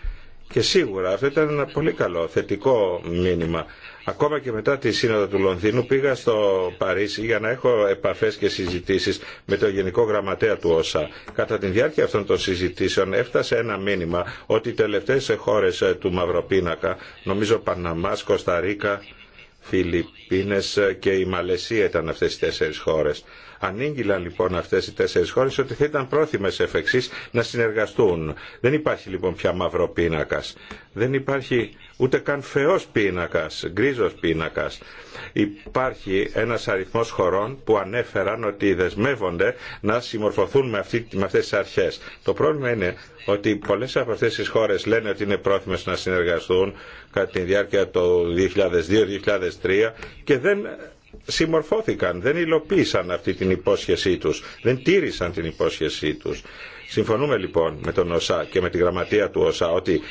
Και σίγουρα αυτό ήταν ένα πολύ καλό θετικό μήνυμα Ακόμα και μετά τη Σύνοδο του Λονδίνου πήγα στο Παρίσι για να έχω επαφές και συζητήσεις με τον Γενικό Γραμματέα του ΩΣΑ. Κατά τη διάρκεια αυτών των συζητήσεων έφτασε ένα μήνυμα ότι οι τελευταίες χώρες του Μαυροπίνακα, νομίζω Παναμάς, Κωνσταντίνα, Φιλιππίνες και η Μαλαισία ήταν αυτές οι τέσσερις χώρες. Ανήγγυλαν λοιπόν αυτές οι τέσσερις χώρες ότι θα ήταν πρόθυμες εφ' εξής να συνεργαστούν. Δεν υπάρχει λοιπόν πια μαύρο Δεν υπάρχει ούτε καν φεός πίνακας, γκρίζος πίνακας. Υπάρχει ένας αριθμός χωρών που ανέφεραν ότι δεσμεύονται να συμμορφωθούν με, αυτή, με αυτές τις αρχές. Το πρόβλημα είναι ότι πολλές από αυτές τις χώρες λένε ότι είναι πρόθυμες να συνεργαστούν κατά τη διάρκεια του 2002-2003 και δεν συμμορφώθηκαν, δεν υλοποίησαν αυτή την υπόσχεσή τους, δεν τήρησαν την υπόσχεσή τους. Συμφωνούμε λοιπόν με τον ΟΣΑ και με τη γραμματεία του ΟΣΑ ότι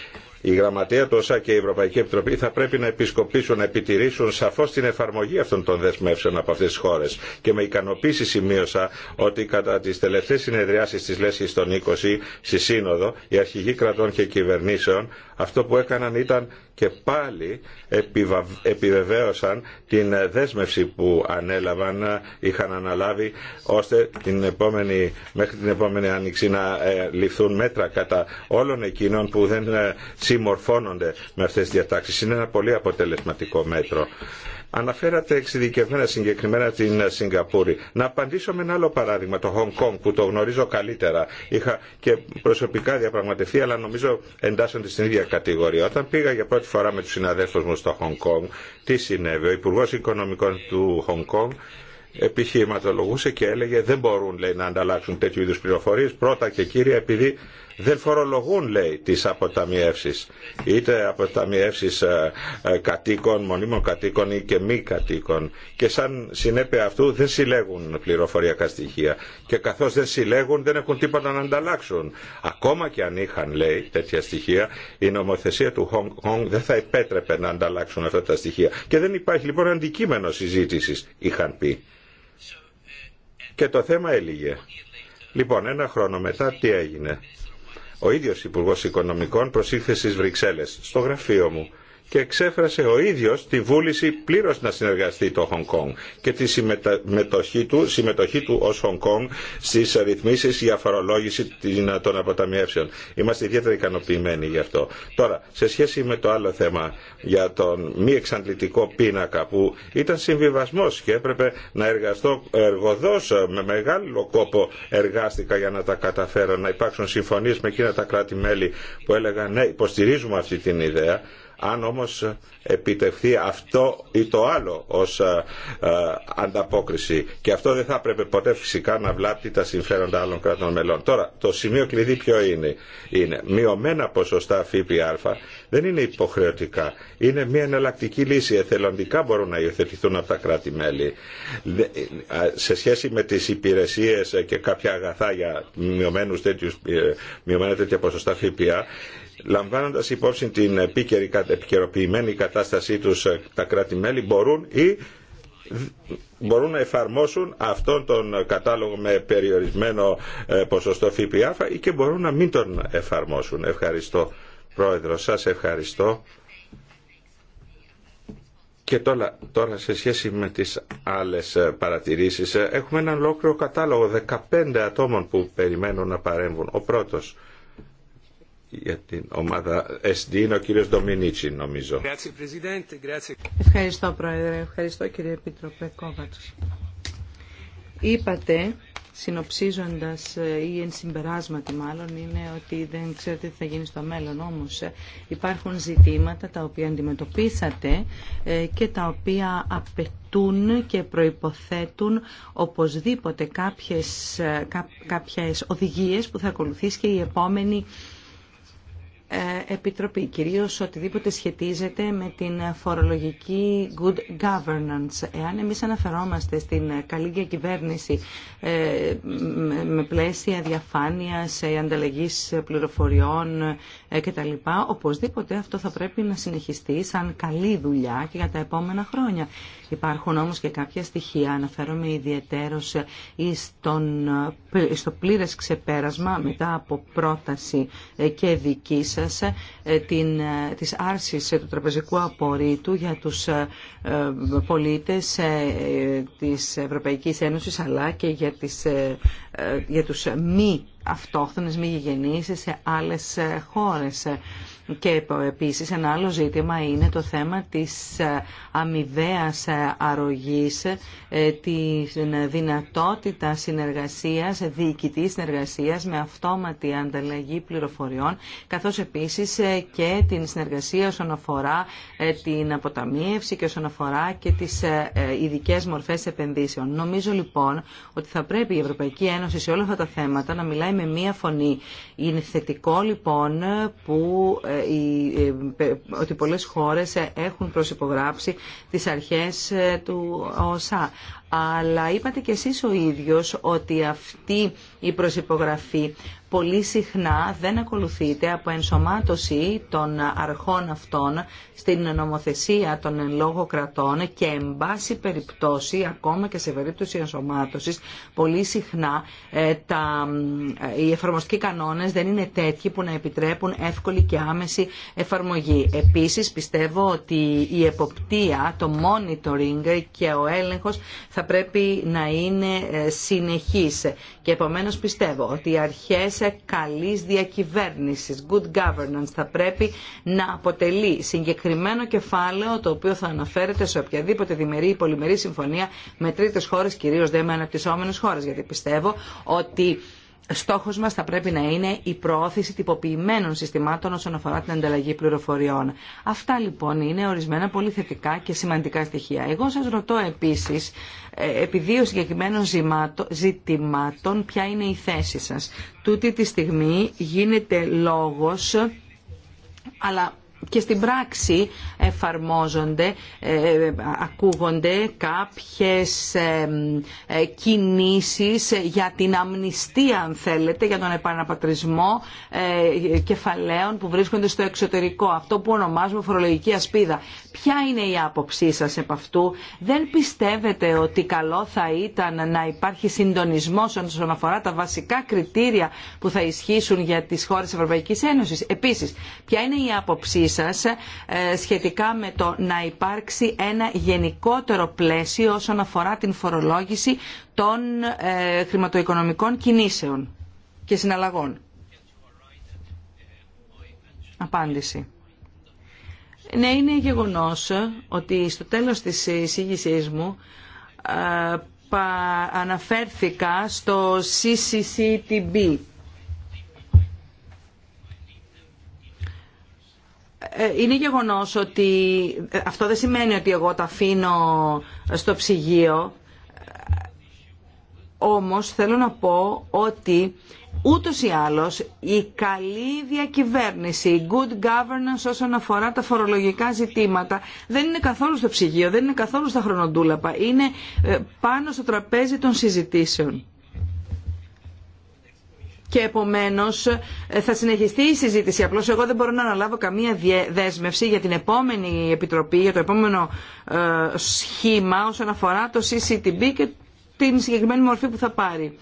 η Γραμματεία του και η Ευρωπαϊκή Επιτροπή θα πρέπει να επισκοπήσουν, να επιτηρήσουν σαφώ την εφαρμογή αυτών των δεσμεύσεων από αυτέ τι χώρε. Και με ικανοποίηση σημείωσα ότι κατά τι τελευταίε συνεδριάσεις της Λέσχη των 20 στη Σύνοδο, οι αρχηγοί κρατών και κυβερνήσεων αυτό που έκαναν ήταν και πάλι επιβεβαίωσαν την δέσμευση που ανέλαβαν, είχαν αναλάβει, ώστε την επόμενη, μέχρι την επόμενη άνοιξη να ε, ληφθούν μέτρα κατά όλων εκείνων που δεν ε, συμμορφώνονται με αυτές τις διατάξεις. Είναι ένα πολύ αποτελεσματικό μέτρο. Αναφέρατε εξειδικευμένα συγκεκριμένα την Σιγκαπούρη. Να απαντήσω με ένα άλλο παράδειγμα, το Χονγκ Κονγκ που το γνωρίζω καλύτερα. Είχα και προσωπικά διαπραγματευτεί, αλλά νομίζω εντάσσονται στην ίδια κατηγορία. Όταν πήγα για πρώτη φορά με του συναδέλφου μου στο Χονγκ Κονγκ, τι συνέβη. Ο Υπουργό Οικονομικών του Χονγκ Κονγκ επιχειρηματολογούσε και έλεγε δεν μπορούν λέει, να ανταλλάξουν τέτοιου είδου πληροφορίε πρώτα και κύρια επειδή δεν φορολογούν λέει τις αποταμιεύσεις είτε αποταμιεύσεις ε, ε, κατοίκων, μονίμων κατοίκων ή και μη κατοίκων και σαν συνέπεια αυτού δεν συλλέγουν πληροφοριακά στοιχεία και καθώς δεν συλλέγουν δεν έχουν τίποτα να ανταλλάξουν ακόμα και αν είχαν λέει τέτοια στοιχεία η νομοθεσία του Hong Kong δεν θα επέτρεπε να ανταλλάξουν αυτά τα στοιχεία και δεν υπάρχει λοιπόν αντικείμενο συζήτησης είχαν πει και το θέμα έλυγε. Λοιπόν, ένα χρόνο μετά τι έγινε. Ο ίδιος Υπουργός Οικονομικών προσήλθε στις Βρυξέλλες, στο γραφείο μου και εξέφρασε ο ίδιος τη βούληση πλήρως να συνεργαστεί το Χονγκ Κονγκ και τη συμμετοχή του, συμμετοχή του ως Χονγκ Κονγκ στις ρυθμίσεις για φορολόγηση των αποταμιεύσεων. Είμαστε ιδιαίτερα ικανοποιημένοι γι' αυτό. Τώρα, σε σχέση με το άλλο θέμα για τον μη εξαντλητικό πίνακα που ήταν συμβιβασμός και έπρεπε να εργαστώ εργοδός ε, με μεγάλο κόπο εργάστηκα για να τα καταφέρω να υπάρξουν συμφωνίες με εκείνα τα κράτη-μέλη που έλεγαν ναι υποστηρίζουμε αυτή την ιδέα αν όμως επιτευχθεί αυτό ή το άλλο ως ε, ε, ανταπόκριση και αυτό δεν θα έπρεπε ποτέ φυσικά να βλάπτει τα συμφέροντα άλλων κρατών μελών. Τώρα, το σημείο κλειδί ποιο είναι. Είναι μειωμένα ποσοστά ΦΠΑ δεν είναι υποχρεωτικά. Είναι μια εναλλακτική λύση. Εθελοντικά μπορούν να υιοθετηθούν από τα κράτη-μέλη. Ε, σε σχέση με τις υπηρεσίες και κάποια αγαθά για μειωμένα τέτοια ποσοστά ΦΠΑ, λαμβάνοντας υπόψη την επίκαιρη, επικαιροποιημένη κατάστασή τους ε, τα κράτη-μέλη μπορούν ή μπορούν να εφαρμόσουν αυτόν τον κατάλογο με περιορισμένο ε, ποσοστό ΦΠΑ ή και μπορούν να μην τον εφαρμόσουν. Ευχαριστώ Πρόεδρο, σας ευχαριστώ. Και τώρα, τώρα σε σχέση με τις άλλες ε, παρατηρήσεις έχουμε έναν ολόκληρο κατάλογο 15 ατόμων που περιμένουν να παρέμβουν. Ο πρώτος για την ομάδα SD είναι ο κύριος Ντομινίτσι νομίζω. Ευχαριστώ Πρόεδρε, ευχαριστώ κύριε Επίτροπε Κόβατς. Είπατε, συνοψίζοντας ε, ή εν συμπεράσματι μάλλον, είναι ότι δεν ξέρετε τι θα γίνει στο μέλλον. Όμως ε, υπάρχουν ζητήματα τα οποία αντιμετωπίσατε ε, και τα οποία απαιτούν και προϋποθέτουν οπωσδήποτε κάποιες, κά, κάποιες οδηγίες που θα ακολουθήσει και η επόμενη ε, Επιτροπή, κυρίως οτιδήποτε σχετίζεται με την φορολογική good governance. Εάν εμείς αναφερόμαστε στην καλή διακυβέρνηση ε, με πλαίσια διαφάνειας, ε, ανταλλαγής πληροφοριών κτλ, οπωσδήποτε αυτό θα πρέπει να συνεχιστεί σαν καλή δουλειά και για τα επόμενα χρόνια. Υπάρχουν όμως και κάποια στοιχεία, αναφέρομαι ιδιαίτερως στο πλήρες ξεπέρασμα μετά από πρόταση και δική Τη ε, την, ε, της άρσης του τραπεζικού απορρίτου για τους ε, πολίτες της Ευρωπαϊκής Ένωσης αλλά και για, τις, για τους μη αυτόχθονες, μη γηγενείς σε άλλες χώρες. Και επίσης ένα άλλο ζήτημα είναι το θέμα της ε, αμοιβαίας ε, αρρωγής, ε, της δυνατότητα συνεργασίας, διοικητής συνεργασίας με αυτόματη ανταλλαγή πληροφοριών, καθώς επίσης και την συνεργασία όσον αφορά την αποταμίευση και όσον αφορά και τις ειδικέ μορφές επενδύσεων. Νομίζω λοιπόν ότι θα πρέπει η Ευρωπαϊκή Ένωση σε όλα αυτά τα θέματα να μιλάει με μία φωνή. Είναι θετικό λοιπόν που ε, ότι πολλές χώρες ε, έχουν προσυπογράψει τις αρχές ε, του ΩΣΑ. Αλλά είπατε κι εσείς ο ίδιος ότι αυτή η προσυπογραφή πολύ συχνά δεν ακολουθείται από ενσωμάτωση των αρχών αυτών στην νομοθεσία των εν λόγω κρατών και εν πάση περιπτώσει, ακόμα και σε περίπτωση ενσωμάτωσης, πολύ συχνά ε, τα, ε, οι εφαρμοστικοί κανόνες δεν είναι τέτοιοι που να επιτρέπουν εύκολη και άμεση εφαρμογή. Επίσης πιστεύω ότι η εποπτεία, το monitoring και ο έλεγχος θα πρέπει να είναι ε, συνεχής και επομένως πιστεύω ότι οι αρχές σε καλής διακυβέρνησης, good governance, θα πρέπει να αποτελεί συγκεκριμένο κεφάλαιο το οποίο θα αναφέρεται σε οποιαδήποτε διμερή ή πολυμερή συμφωνία με τρίτες χώρες, κυρίως δε με αναπτυσσόμενες χώρες, γιατί πιστεύω ότι στόχος μας θα πρέπει να είναι η προώθηση τυποποιημένων συστημάτων όσον αφορά την ανταλλαγή πληροφοριών. Αυτά λοιπόν είναι ορισμένα πολύ θετικά και σημαντικά στοιχεία. Εγώ σας ρωτώ επίσης, ε, επί δύο συγκεκριμένων ζητημάτων, ποια είναι η θέση σας. Τούτη τη στιγμή γίνεται λόγος αλλά και στην πράξη εφαρμόζονται, ε, ακούγονται κάποιες ε, κινήσεις για την αμνηστία, αν θέλετε, για τον επαναπατρισμό ε, κεφαλαίων που βρίσκονται στο εξωτερικό. Αυτό που ονομάζουμε φορολογική ασπίδα. Ποια είναι η άποψή σας επ' αυτού. Δεν πιστεύετε ότι καλό θα ήταν να υπάρχει συντονισμός όσον αφορά τα βασικά κριτήρια που θα ισχύσουν για τις χώρες Ευρωπαϊκής Ένωσης. Επίσης, ποια είναι η άποψή ε, σχετικά με το να υπάρξει ένα γενικότερο πλαίσιο όσον αφορά την φορολόγηση των ε, χρηματοοικονομικών κινήσεων και συναλλαγών. Απάντηση. Ναι, είναι γεγονός ότι στο τέλος της εισήγησής μου ε, αναφέρθηκα στο CCCTB Ε, είναι γεγονός ότι ε, αυτό δεν σημαίνει ότι εγώ τα αφήνω στο ψυγείο. Όμως θέλω να πω ότι ούτως ή άλλως η καλή διακυβέρνηση, η good governance όσον αφορά τα φορολογικά ζητήματα δεν είναι καθόλου στο ψυγείο, δεν είναι καθόλου στα χρονοτούλαπα. Είναι ε, πάνω στο τραπέζι των συζητήσεων και επομένω ε, θα συνεχιστεί η συζήτηση. Απλώς εγώ δεν μπορώ να αναλάβω καμία δέσμευση για την επόμενη επιτροπή, για το επόμενο ε, σχήμα όσον αφορά το CCTB και την συγκεκριμένη μορφή που θα πάρει.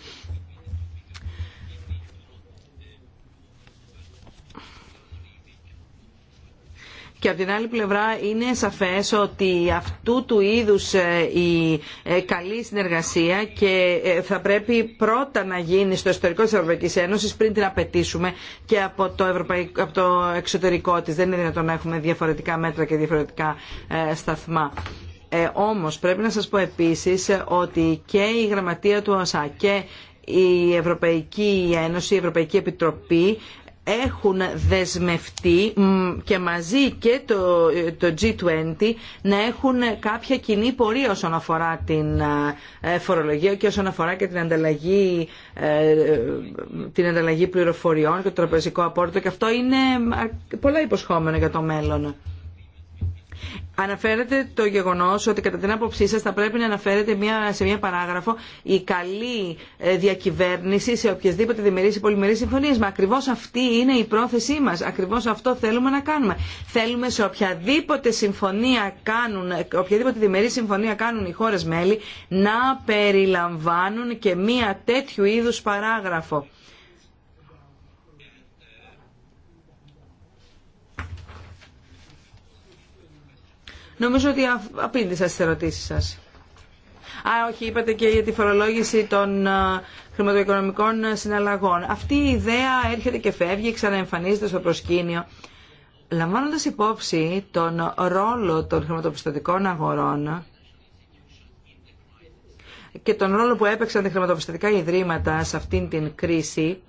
και από την άλλη πλευρά είναι σαφές ότι αυτού του είδους ε, η ε, καλή συνεργασία και ε, θα πρέπει πρώτα να γίνει στο εσωτερικό της Ευρωπαϊκής Ένωσης πριν την απαιτήσουμε και από το, από το εξωτερικό της. Δεν είναι δυνατόν να έχουμε διαφορετικά μέτρα και διαφορετικά σταθμά. Ε, όμως πρέπει να σας πω επίσης ότι και η γραμματεία του ΟΣΑ και η Ευρωπαϊκή Ένωση, η Ευρωπαϊκή Επιτροπή έχουν δεσμευτεί και μαζί και το, το G20 να έχουν κάποια κοινή πορεία όσον αφορά την ε, φορολογία και όσον αφορά και την ανταλλαγή, ε, την ανταλλαγή πληροφοριών και το τραπεζικό απόρριτο και αυτό είναι ε, πολλά υποσχόμενο για το μέλλον. Αναφέρετε το γεγονός ότι κατά την άποψή σα θα πρέπει να αναφέρετε μια, σε μια παράγραφο η καλή ε, διακυβέρνηση σε οποιασδήποτε διμερείς ή πολυμερείς συμφωνίες. Μα ακριβώς αυτή είναι η πολυμερεις συμφωνιες μα ακριβώ αυτη ειναι η προθεση μας. Ακριβώς αυτό θέλουμε να κάνουμε. Θέλουμε σε οποιαδήποτε συμφωνία κάνουν, ε, οποιαδήποτε διμερή συμφωνία κάνουν οι χώρε μέλη να περιλαμβάνουν και μια τέτοιου είδου παράγραφο. Νομίζω ότι απήντησα στις ερωτήσεις σας. Α, όχι, είπατε και για τη φορολόγηση των χρηματοοικονομικών συναλλαγών. Αυτή η ιδέα έρχεται και φεύγει, ξαναεμφανίζεται στο προσκήνιο. Λαμβάνοντας υπόψη τον ρόλο των χρηματοπιστωτικών αγορών, και τον ρόλο που έπαιξαν τα χρηματοπιστωτικά ιδρύματα σε αυτήν την κρίση,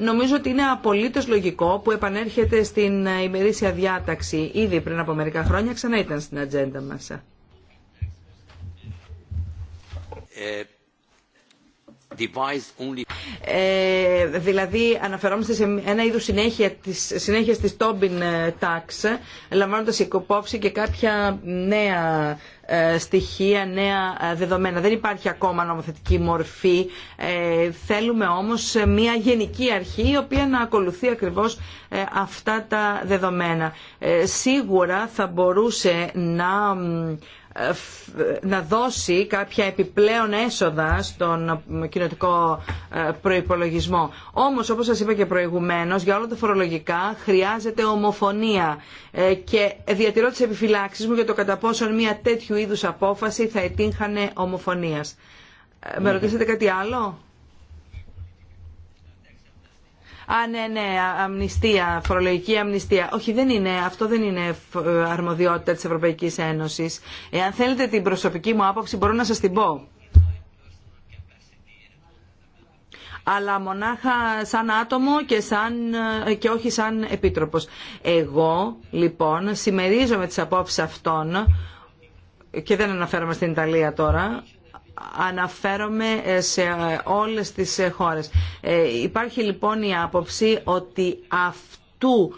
νομίζω ότι είναι απολύτως λογικό που επανέρχεται στην ημερήσια διάταξη. Ήδη πριν από μερικά χρόνια ξανά ήταν στην ατζέντα μας. Ε, ε, δηλαδή αναφερόμαστε σε ένα είδος συνέχεια της, συνέχεια της Tobin ε, Tax, λαμβάνοντας υπόψη και κάποια νέα ε, στοιχεία, νέα δεδομένα. Δεν υπάρχει ακόμα νομοθετική μορφή. θέλουμε όμως μια γενική αρχή η οποία να ακολουθεί ακριβώς αυτά τα δεδομένα. σίγουρα θα μπορούσε να να δώσει κάποια επιπλέον έσοδα στον κοινοτικό ε, προϋπολογισμό. Όμως, όπως σας είπα και προηγουμένως, για όλα τα φορολογικά χρειάζεται ομοφωνία ε, και διατηρώ τις επιφυλάξεις μου για το κατά πόσον μια τέτοιου είδους απόφαση θα ετύχανε ομοφωνίας. Ε, με ναι. ρωτήσατε κάτι άλλο? Α, ναι, ναι, αμνηστία, φορολογική αμνηστία. Όχι, δεν είναι, αυτό δεν είναι ε, αρμοδιότητα της Ευρωπαϊκής Ένωσης. Εάν θέλετε την προσωπική μου άποψη μπορώ να σας την πω. αλλά μονάχα σαν άτομο και, σαν, ε, και όχι σαν επίτροπος. Εγώ, λοιπόν, συμμερίζομαι τις απόψεις αυτών και δεν αναφέρομαι στην Ιταλία τώρα, αναφέρομαι ε, σε όλες τις ε, χώρες. Ε, υπάρχει λοιπόν η άποψη ότι αυτού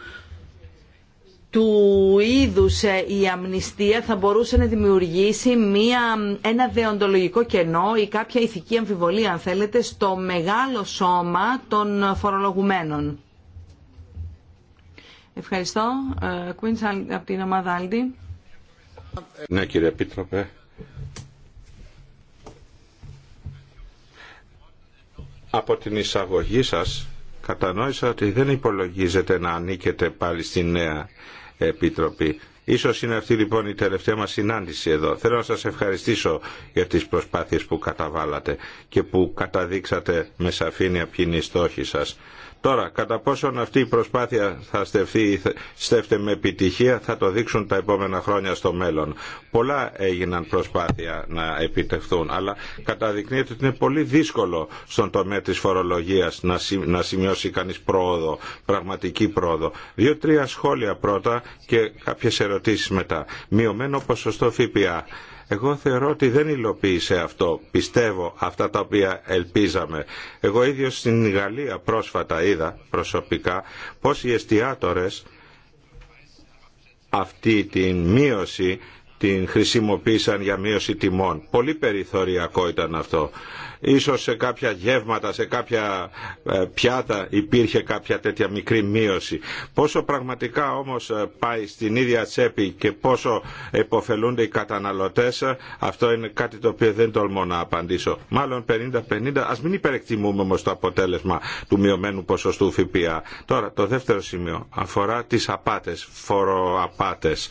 του είδους η αμνηστία θα μπορούσε να δημιουργήσει μια, ένα δεοντολογικό κενό ή κάποια ηθική αμφιβολία, αν θέλετε, στο μεγάλο σώμα των φορολογουμένων. Ευχαριστώ. Κουίντς από την ομάδα Άλντι. Ναι κύριε Πίτροπε, από την εισαγωγή σας κατανόησα ότι δεν υπολογίζετε να ανήκετε πάλι στη νέα Επιτροπή. Ίσως είναι αυτή λοιπόν η τελευταία μας συνάντηση εδώ. Θέλω να σας ευχαριστήσω για τις προσπάθειες που καταβάλατε και που καταδείξατε με σαφήνεια ποιοι είναι οι στόχοι σας. Τώρα, κατά πόσον αυτή η προσπάθεια θα στεφθεί, στέφτε με επιτυχία, θα το δείξουν τα επόμενα χρόνια στο μέλλον. Πολλά έγιναν προσπάθεια να επιτευχθούν, αλλά καταδεικνύεται ότι είναι πολύ δύσκολο στον τομέα της φορολογίας να σημειώσει κανείς πρόοδο, πραγματική πρόοδο. Δύο-τρία σχόλια πρώτα και κάποιες ερωτήσεις μετά. Μειωμένο ποσοστό ΦΠΑ. Εγώ θεωρώ ότι δεν υλοποίησε αυτό, πιστεύω, αυτά τα οποία ελπίζαμε. Εγώ ίδιος στην Γαλλία πρόσφατα είδα προσωπικά πώς οι εστιατόρες αυτή τη μείωση την χρησιμοποίησαν για μείωση τιμών. Πολύ περιθωριακό ήταν αυτό. Ίσως σε κάποια γεύματα, σε κάποια ε, πιάτα υπήρχε κάποια τέτοια μικρή μείωση. Πόσο πραγματικά όμως ε, πάει στην ίδια τσέπη και πόσο υποφελούνται οι καταναλωτές, ε, αυτό είναι κάτι το οποίο δεν τολμώ να απαντήσω. Μάλλον 50-50, ας μην υπερεκτιμούμε όμως το αποτέλεσμα του μειωμένου ποσοστού ΦΠΑ. Τώρα το δεύτερο σημείο αφορά τις απάτες, φοροαπάτες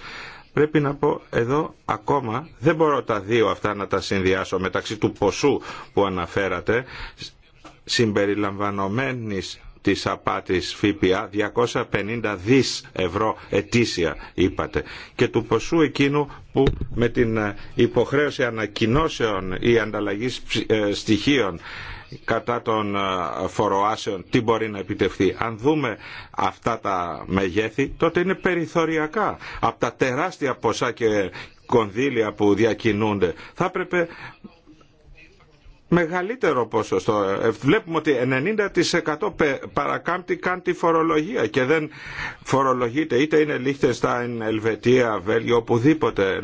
πρέπει να πω εδώ ακόμα δεν μπορώ τα δύο αυτά να τα συνδυάσω μεταξύ του ποσού που αναφέρατε συμπεριλαμβανομένης της απάτης ΦΠΑ 250 δις ευρώ ετήσια είπατε και του ποσού εκείνου που με την ε, υποχρέωση ανακοινώσεων ή ανταλλαγής ε, στοιχείων κατά των ε, φοροάσεων τι μπορεί να επιτευχθεί. Αν δούμε αυτά τα μεγέθη τότε είναι περιθωριακά από τα τεράστια ποσά και κονδύλια που διακινούνται. Θα έπρεπε μεγαλύτερο ποσοστό. Ε, βλέπουμε ότι 90% παρακάμπτει καν τη φορολογία και δεν φορολογείται είτε είναι Λίχτενστάιν, Ελβετία, Βέλγιο, οπουδήποτε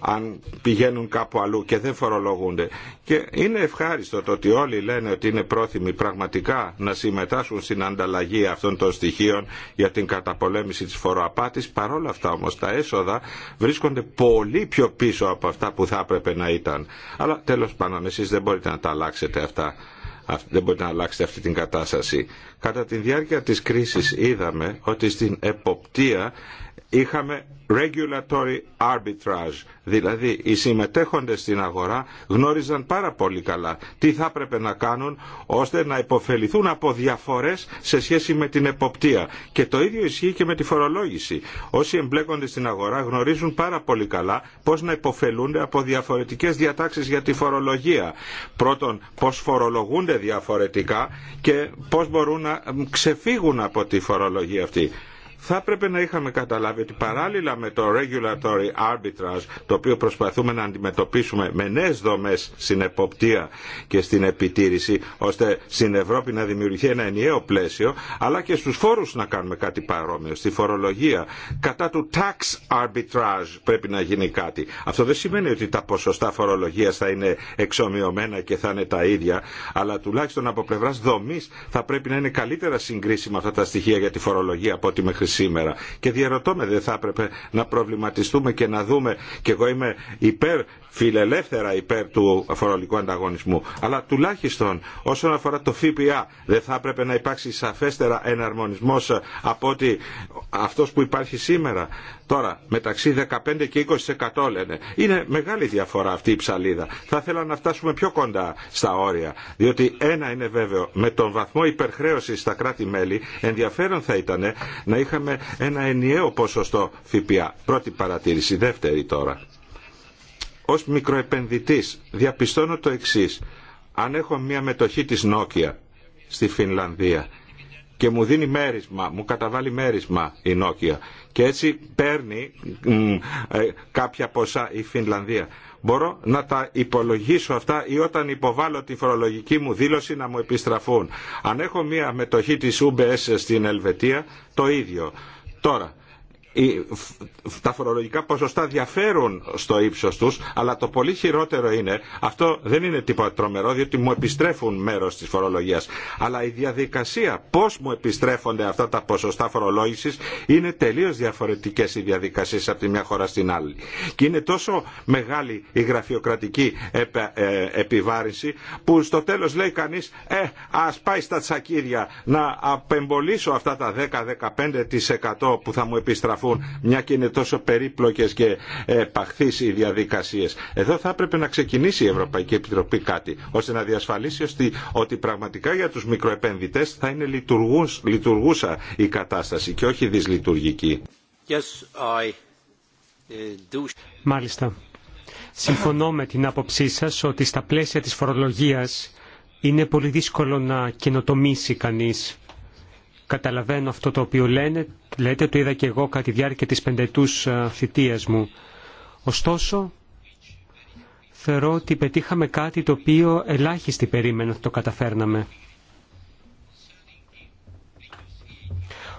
αν πηγαίνουν κάπου αλλού και δεν φορολογούνται. Και είναι ευχάριστο το ότι όλοι λένε ότι είναι πρόθυμοι πραγματικά να συμμετάσχουν στην ανταλλαγή αυτών των στοιχείων για την καταπολέμηση της φοροαπάτης. Παρόλα αυτά όμως τα έσοδα βρίσκονται πολύ πιο πίσω από αυτά που θα έπρεπε να ήταν. Αλλά τέλος πάντων εσείς δεν μπορείτε να τα αλλάξετε αυτά. Δεν μπορείτε να αλλάξετε αυτή την κατάσταση. Κατά τη διάρκεια της κρίσης είδαμε ότι στην εποπτεία είχαμε regulatory arbitrage, δηλαδή οι συμμετέχοντες στην αγορά γνώριζαν πάρα πολύ καλά τι θα έπρεπε να κάνουν ώστε να υποφεληθούν από διαφορές σε σχέση με την εποπτεία. Και το ίδιο ισχύει και με τη φορολόγηση. Όσοι εμπλέκονται στην αγορά γνωρίζουν πάρα πολύ καλά πώς να υποφελούνται από διαφορετικές διατάξεις για τη φορολογία. Πρώτον, πώς φορολογούνται διαφορετικά και πώς μπορούν να ξεφύγουν από τη φορολογία αυτή θα έπρεπε να είχαμε καταλάβει ότι παράλληλα με το regulatory arbitrage το οποίο προσπαθούμε να αντιμετωπίσουμε με νέε δομέ στην εποπτεία και στην επιτήρηση ώστε στην Ευρώπη να δημιουργηθεί ένα ενιαίο πλαίσιο αλλά και στου φόρου να κάνουμε κάτι παρόμοιο, στη φορολογία. Κατά του tax arbitrage πρέπει να γίνει κάτι. Αυτό δεν σημαίνει ότι τα ποσοστά φορολογία θα είναι εξομοιωμένα και θα είναι τα ίδια, αλλά τουλάχιστον από πλευρά δομή θα πρέπει να είναι καλύτερα συγκρίσιμα αυτά τα στοιχεία για τη φορολογία από ό,τι σήμερα. Και διαρωτώ με δεν θα έπρεπε να προβληματιστούμε και να δούμε και εγώ είμαι υπέρ φιλελεύθερα υπέρ του φορολογικού ανταγωνισμού. Αλλά τουλάχιστον όσον αφορά το ΦΠΑ δεν θα έπρεπε να υπάρξει σαφέστερα εναρμονισμός από ότι αυτός που υπάρχει σήμερα. Τώρα, μεταξύ 15 και 20% λένε. Είναι μεγάλη διαφορά αυτή η ψαλίδα. Θα ήθελα να φτάσουμε πιο κοντά στα όρια. Διότι ένα είναι βέβαιο, με τον βαθμό υπερχρέωση στα κράτη-μέλη, ενδιαφέρον θα ήταν να είχαμε ένα ενιαίο ποσοστό ΦΠΑ. Πρώτη παρατήρηση. Δεύτερη τώρα ως μικροεπενδυτής διαπιστώνω το εξής. Αν έχω μια μετοχή της Nokia στη Φινλανδία και μου δίνει μέρισμα, μου καταβάλει μέρισμα η Nokia και έτσι παίρνει ε, κάποια ποσά η Φινλανδία. Μπορώ να τα υπολογίσω αυτά ή όταν υποβάλω τη φορολογική μου δήλωση να μου επιστραφούν. Αν έχω μια μετοχή της UBS στην Ελβετία, το ίδιο. Τώρα, τα φορολογικά ποσοστά διαφέρουν στο ύψο του, αλλά το πολύ χειρότερο είναι, αυτό δεν είναι τίποτα τρομερό, διότι μου επιστρέφουν μέρο τη φορολογία. αλλά η διαδικασία πώ μου επιστρέφονται αυτά τα ποσοστά φορολόγηση είναι τελείω διαφορετικέ οι διαδικασίε από τη μια χώρα στην άλλη. Και είναι τόσο μεγάλη η γραφειοκρατική ε, επιβάρυνση που στο τέλο λέει κανεί, «Ε, πάει στα τσακίδια να απεμπολίσω αυτά τα 10-15% που θα μου επιστραφούν μια και είναι τόσο περίπλοκες και ε, παχθείς οι διαδικασίες. Εδώ θα έπρεπε να ξεκινήσει η Ευρωπαϊκή Επιτροπή κάτι ώστε να διασφαλίσει ότι πραγματικά για τους μικροεπενδυτές θα είναι λειτουργούσα η κατάσταση και όχι δυσλειτουργική. Yes, I ε, Μάλιστα. Συμφωνώ με την άποψή σας ότι στα πλαίσια της φορολογίας είναι πολύ δύσκολο να καινοτομήσει κανείς. Καταλαβαίνω αυτό το οποίο λένε, λέτε, το είδα και εγώ κατά τη διάρκεια της πεντετούς ε, θητείας μου. Ωστόσο, θεωρώ ότι πετύχαμε κάτι το οποίο ελάχιστη περίμενα ότι το καταφέρναμε.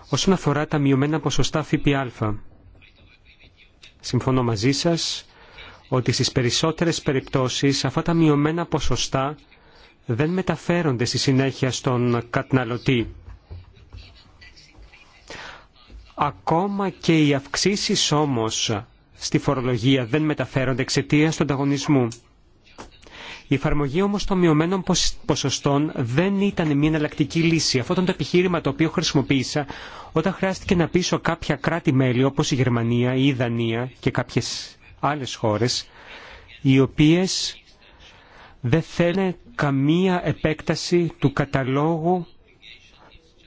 Όσον αφορά τα μειωμένα ποσοστά ΦΠΑ, συμφωνώ μαζί σας ότι στις περισσότερες περιπτώσεις αυτά τα μειωμένα ποσοστά δεν μεταφέρονται στη συνέχεια στον καταναλωτή Ακόμα και οι αυξήσει όμως στη φορολογία δεν μεταφέρονται εξαιτία του ανταγωνισμού. Η εφαρμογή όμω των μειωμένων ποσοστών δεν ήταν μια εναλλακτική λύση. Αυτό ήταν το επιχείρημα το οποίο χρησιμοποίησα όταν χρειάστηκε να πείσω κάποια κράτη-μέλη όπως η Γερμανία, η Ιδανία και κάποιες άλλες χώρες οι οποίε δεν θέλουν καμία επέκταση του καταλόγου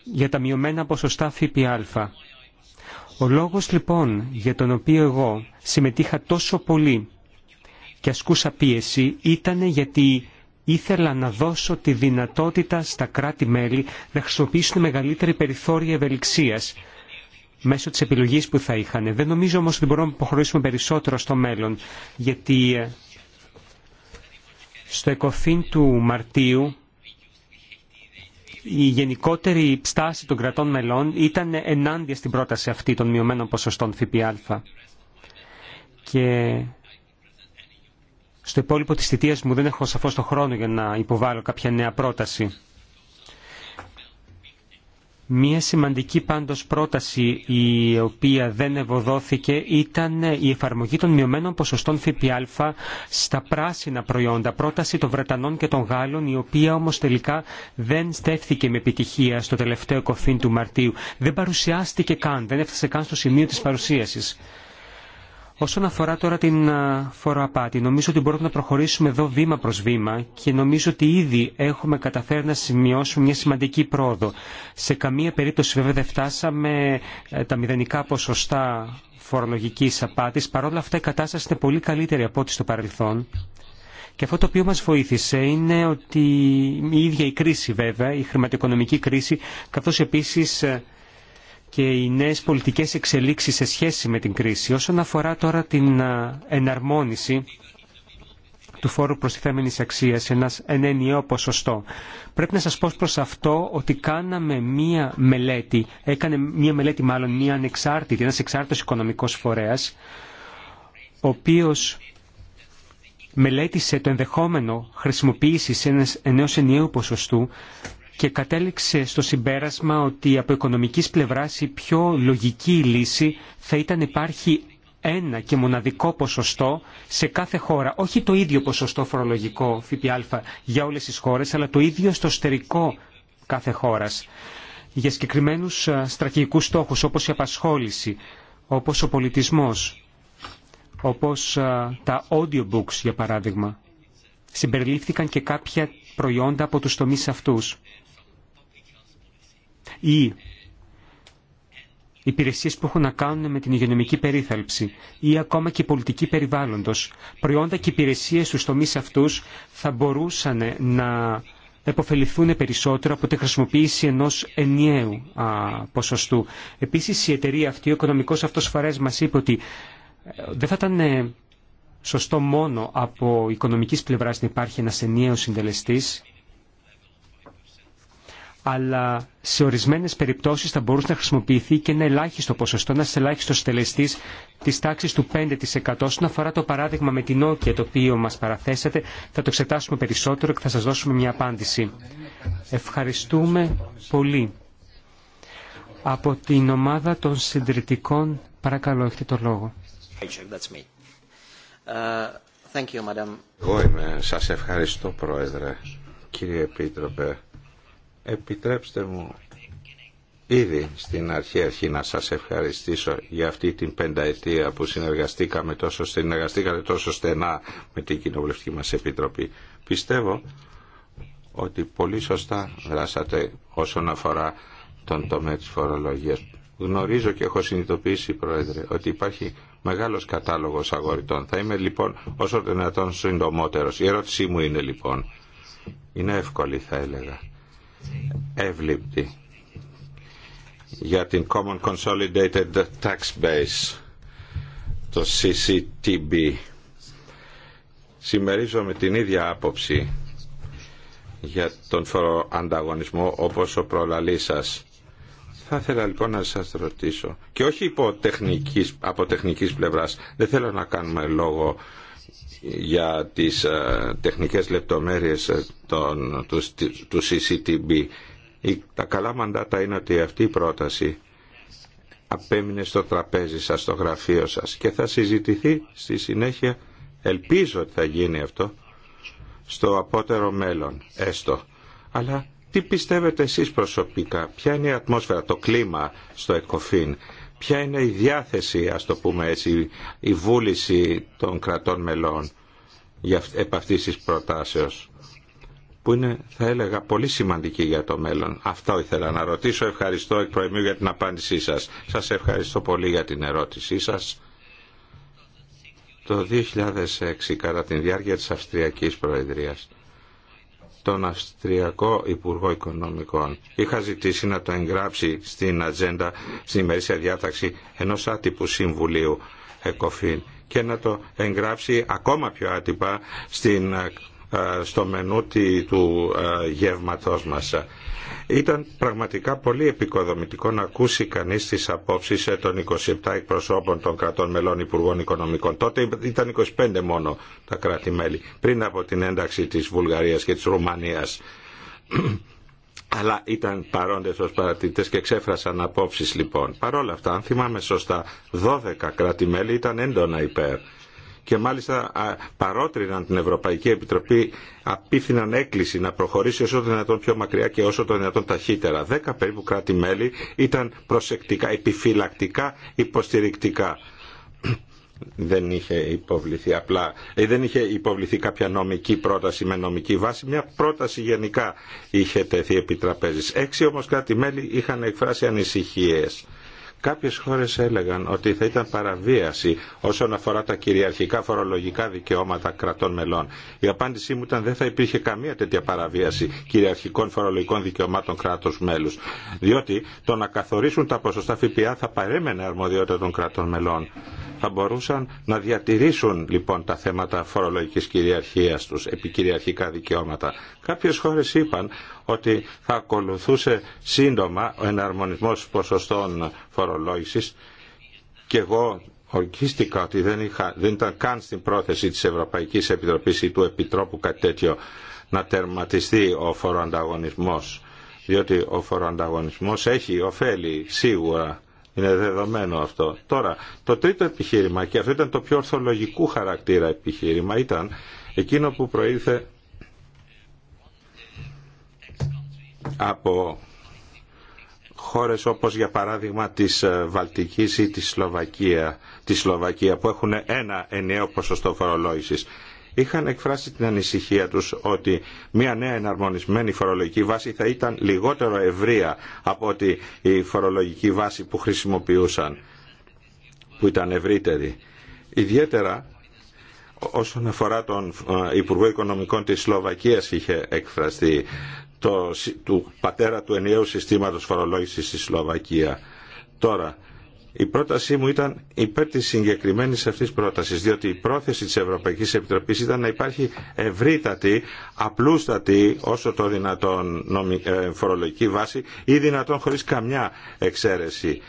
για τα μειωμένα ποσοστά ΦΠΑ. Ο λόγος λοιπόν για τον οποίο εγώ συμμετείχα τόσο πολύ και ασκούσα πίεση ήταν γιατί ήθελα να δώσω τη δυνατότητα στα κράτη-μέλη να χρησιμοποιήσουν μεγαλύτερη περιθώρια ευελιξίας μέσω της επιλογής που θα είχαν. Δεν νομίζω όμως ότι μπορούμε να προχωρήσουμε περισσότερο στο μέλλον, γιατί ε, στο εκοφήν του Μαρτίου η γενικότερη στάση των κρατών μελών ήταν ενάντια στην πρόταση αυτή των μειωμένων ποσοστών ΦΠΑ. Και στο υπόλοιπο της θητείας μου δεν έχω σαφώς το χρόνο για να υποβάλω κάποια νέα πρόταση. Μία σημαντική πάντως πρόταση η οποία δεν ευωδόθηκε ήταν η εφαρμογή των μειωμένων ποσοστών ΦΠΑ στα πράσινα προϊόντα, πρόταση των Βρετανών και των Γάλλων η οποία όμως τελικά δεν στέφθηκε με επιτυχία στο τελευταίο κοφήν του Μαρτίου. Δεν παρουσιάστηκε καν, δεν έφτασε καν στο σημείο της παρουσίασης. Όσον αφορά τώρα την φοροαπάτη, νομίζω ότι μπορούμε να προχωρήσουμε εδώ βήμα προς βήμα και νομίζω ότι ήδη έχουμε καταφέρει να σημειώσουμε μια σημαντική πρόοδο. Σε καμία περίπτωση βέβαια δεν φτάσαμε ε, τα μηδενικά ποσοστά φορολογικής απάτης, παρόλα αυτά η κατάσταση είναι πολύ καλύτερη από ό,τι στο παρελθόν. Και αυτό το οποίο μας βοήθησε είναι ότι η ίδια η κρίση βέβαια, η χρηματοοικονομική κρίση, καθώς επίσης ε, και οι νέες πολιτικές εξελίξεις σε σχέση με την κρίση. Όσον αφορά τώρα την ε, εναρμόνιση του φόρου προστιθέμενης αξίας, ένας ενιαίο ποσοστό. Πρέπει να σας πω προς αυτό ότι κάναμε μία μελέτη, έκανε μία μελέτη μάλλον μία ανεξάρτητη, ένα εξάρτητος οικονομικός φορέας, ο οποίος μελέτησε το ενδεχόμενο χρησιμοποίησης ενός ενιαίου ποσοστού και κατέληξε στο συμπέρασμα ότι από οικονομικής πλευράς η πιο λογική λύση θα ήταν υπάρχει ένα και μοναδικό ποσοστό σε κάθε χώρα. Όχι το ίδιο ποσοστό φορολογικό ΦΠΑ για όλες τις χώρες, αλλά το ίδιο στο στερικό κάθε χώρας. Για συγκεκριμένους στρατηγικούς στόχους όπως η απασχόληση, όπως ο πολιτισμός, όπως τα audiobooks για παράδειγμα. Συμπεριλήφθηκαν και κάποια προϊόντα από τους τομείς αυτούς ή υπηρεσίες που έχουν να κάνουν με την υγειονομική περίθαλψη ή ακόμα και πολιτική περιβάλλοντος. Προϊόντα και υπηρεσίες στους τομείς αυτούς θα μπορούσαν να επωφεληθούν περισσότερο από τη χρησιμοποίηση ενός ενιαίου α, ποσοστού. Επίσης η εταιρεία αυτή, ο οικονομικός αυτός φορέας μας είπε ότι ε, δεν θα ήταν ε, σωστό μόνο από οικονομικής πλευράς να υπάρχει ένας ενιαίος συντελεστής, αλλά σε ορισμένες περιπτώσεις θα μπορούσε να χρησιμοποιηθεί και ένα ελάχιστο ποσοστό, ένα ελάχιστο τελεστή τη τάξη του 5%. Στον αφορά το παράδειγμα με την όκια το οποίο μας παραθέσατε, θα το εξετάσουμε περισσότερο και θα σας δώσουμε μια απάντηση. Ευχαριστούμε πολύ. Από την ομάδα των συντηρητικών, παρακαλώ, έχετε το λόγο. Uh, Εγώ είμαι. Σας ευχαριστώ, Πρόεδρε. Κύριε Επίτροπε, επιτρέψτε μου ήδη στην αρχή αρχή να σας ευχαριστήσω για αυτή την πενταετία που συνεργαστήκαμε τόσο, συνεργαστήκατε τόσο στενά με την Κοινοβουλευτική μας Επιτροπή. Πιστεύω ότι πολύ σωστά δράσατε όσον αφορά τον τομέα της φορολογίας. Γνωρίζω και έχω συνειδητοποιήσει, Πρόεδρε, ότι υπάρχει μεγάλος κατάλογος αγορητών. Θα είμαι λοιπόν όσο δυνατόν συντομότερος. Η ερώτησή μου είναι λοιπόν, είναι εύκολη θα έλεγα εύληπτη για την Common Consolidated Tax Base, το CCTB. Συμμερίζομαι την ίδια άποψη για τον φοροανταγωνισμό όπως ο προλαλή σας. Θα ήθελα λοιπόν να σας ρωτήσω και όχι υπό τεχνικής, από τεχνικής πλευράς δεν θέλω να κάνουμε λόγο για τις ε, τεχνικές λεπτομέρειες ε, των, του, του Τα καλά μαντάτα είναι ότι αυτή η πρόταση απέμεινε στο τραπέζι σας, στο γραφείο σας και θα συζητηθεί στη συνέχεια, ελπίζω ότι θα γίνει αυτό, στο απότερο μέλλον, έστω. Αλλά τι πιστεύετε εσείς προσωπικά, ποια είναι η ατμόσφαιρα, το κλίμα στο ΕΚΟΦΗΝ ποια είναι η διάθεση, ας το πούμε έτσι, η βούληση των κρατών μελών για, επ' αυτής της προτάσεως που είναι, θα έλεγα, πολύ σημαντική για το μέλλον. Αυτό ήθελα να ρωτήσω. Ευχαριστώ εκ προημίου για την απάντησή σας. Σας ευχαριστώ πολύ για την ερώτησή σας. Το 2006, κατά τη διάρκεια της Αυστριακής Προεδρίας, τον Αυστριακό Υπουργό Οικονομικών. Είχα ζητήσει να το εγγράψει στην ατζέντα, στην ημερήσια διάταξη ενός άτυπου συμβουλίου ΕΚΟΦΗΝ και να το εγγράψει ακόμα πιο άτυπα στην, ε, στο μενού του ε, γεύματός μας. Ήταν πραγματικά πολύ επικοδομητικό να ακούσει κανείς τις απόψεις ε, των 27 εκπροσώπων των κρατών μελών Υπουργών Οικονομικών. Τότε ήταν 25 μόνο τα κράτη-μέλη, πριν από την ένταξη της Βουλγαρίας και της Ρουμανίας αλλά ήταν παρόντες ως παρατητές και ξέφρασαν απόψεις λοιπόν. Παρόλα αυτά, αν θυμάμαι σωστά, 12 κράτη-μέλη ήταν έντονα υπέρ και μάλιστα παρότριναν την Ευρωπαϊκή Επιτροπή, απίθυναν έκκληση να προχωρήσει όσο το δυνατόν πιο μακριά και όσο το δυνατόν ταχύτερα. Δέκα περίπου κράτη-μέλη ήταν προσεκτικά, επιφυλακτικά, υποστηρικτικά δεν είχε υποβληθεί απλά, ε, δεν είχε υποβληθεί κάποια νομική πρόταση με νομική βάση, μια πρόταση γενικά είχε τεθεί επί τραπέζης. Έξι όμως όμως μέλη είχαν εκφράσει ανησυχίες Κάποιες χώρες έλεγαν ότι θα ήταν παραβίαση όσον αφορά τα κυριαρχικά φορολογικά δικαιώματα κρατών μελών. Η απάντησή μου ήταν δεν θα υπήρχε καμία τέτοια παραβίαση κυριαρχικών φορολογικών δικαιωμάτων κράτους μέλους. Διότι το να καθορίσουν τα ποσοστά ΦΠΑ θα παρέμενε αρμοδιότητα των κρατών μελών. Θα μπορούσαν να διατηρήσουν λοιπόν τα θέματα φορολογικής κυριαρχίας τους, κυριαρχικά δικαιώματα. Κάποιες χώρες είπαν ότι θα ακολουθούσε σύντομα ο εναρμονισμός ποσοστών φορολόγησης και εγώ ορκίστηκα ότι δεν, δεν ήταν καν στην πρόθεση της Ευρωπαϊκής Επιτροπής ή του Επιτρόπου κάτι τέτοιο να τερματιστεί ο φοροανταγωνισμός διότι ο φοροανταγωνισμός έχει ωφέλη σίγουρα είναι δεδομένο αυτό. Τώρα, το τρίτο επιχείρημα, και αυτό ήταν το πιο ορθολογικού χαρακτήρα επιχείρημα, ήταν εκείνο που προήλθε από χώρες όπως για παράδειγμα της ε, Βαλτικής ή της Σλοβακία, τη Σλοβακία που έχουν ένα ενιαίο ποσοστό φορολόγησης είχαν εκφράσει την ανησυχία τους ότι μια νέα εναρμονισμένη φορολογική βάση θα ήταν λιγότερο ευρεία από ότι η φορολογική βάση που χρησιμοποιούσαν, που ήταν ευρύτερη. Ιδιαίτερα όσον αφορά τον ε, Υπουργό Οικονομικών της Σλοβακίας είχε εκφραστεί του πατέρα του ενιαίου συστήματος φορολόγησης στη Σλοβακία. Τώρα, η πρότασή μου ήταν υπέρ της συγκεκριμένης αυτής πρότασης διότι η πρόθεση της Ευρωπαϊκής Επιτροπής ήταν να υπάρχει ευρύτατη, απλούστατη, όσο το δυνατόν ε, φορολογική βάση ή δυνατόν χωρίς καμιά εξαίρεση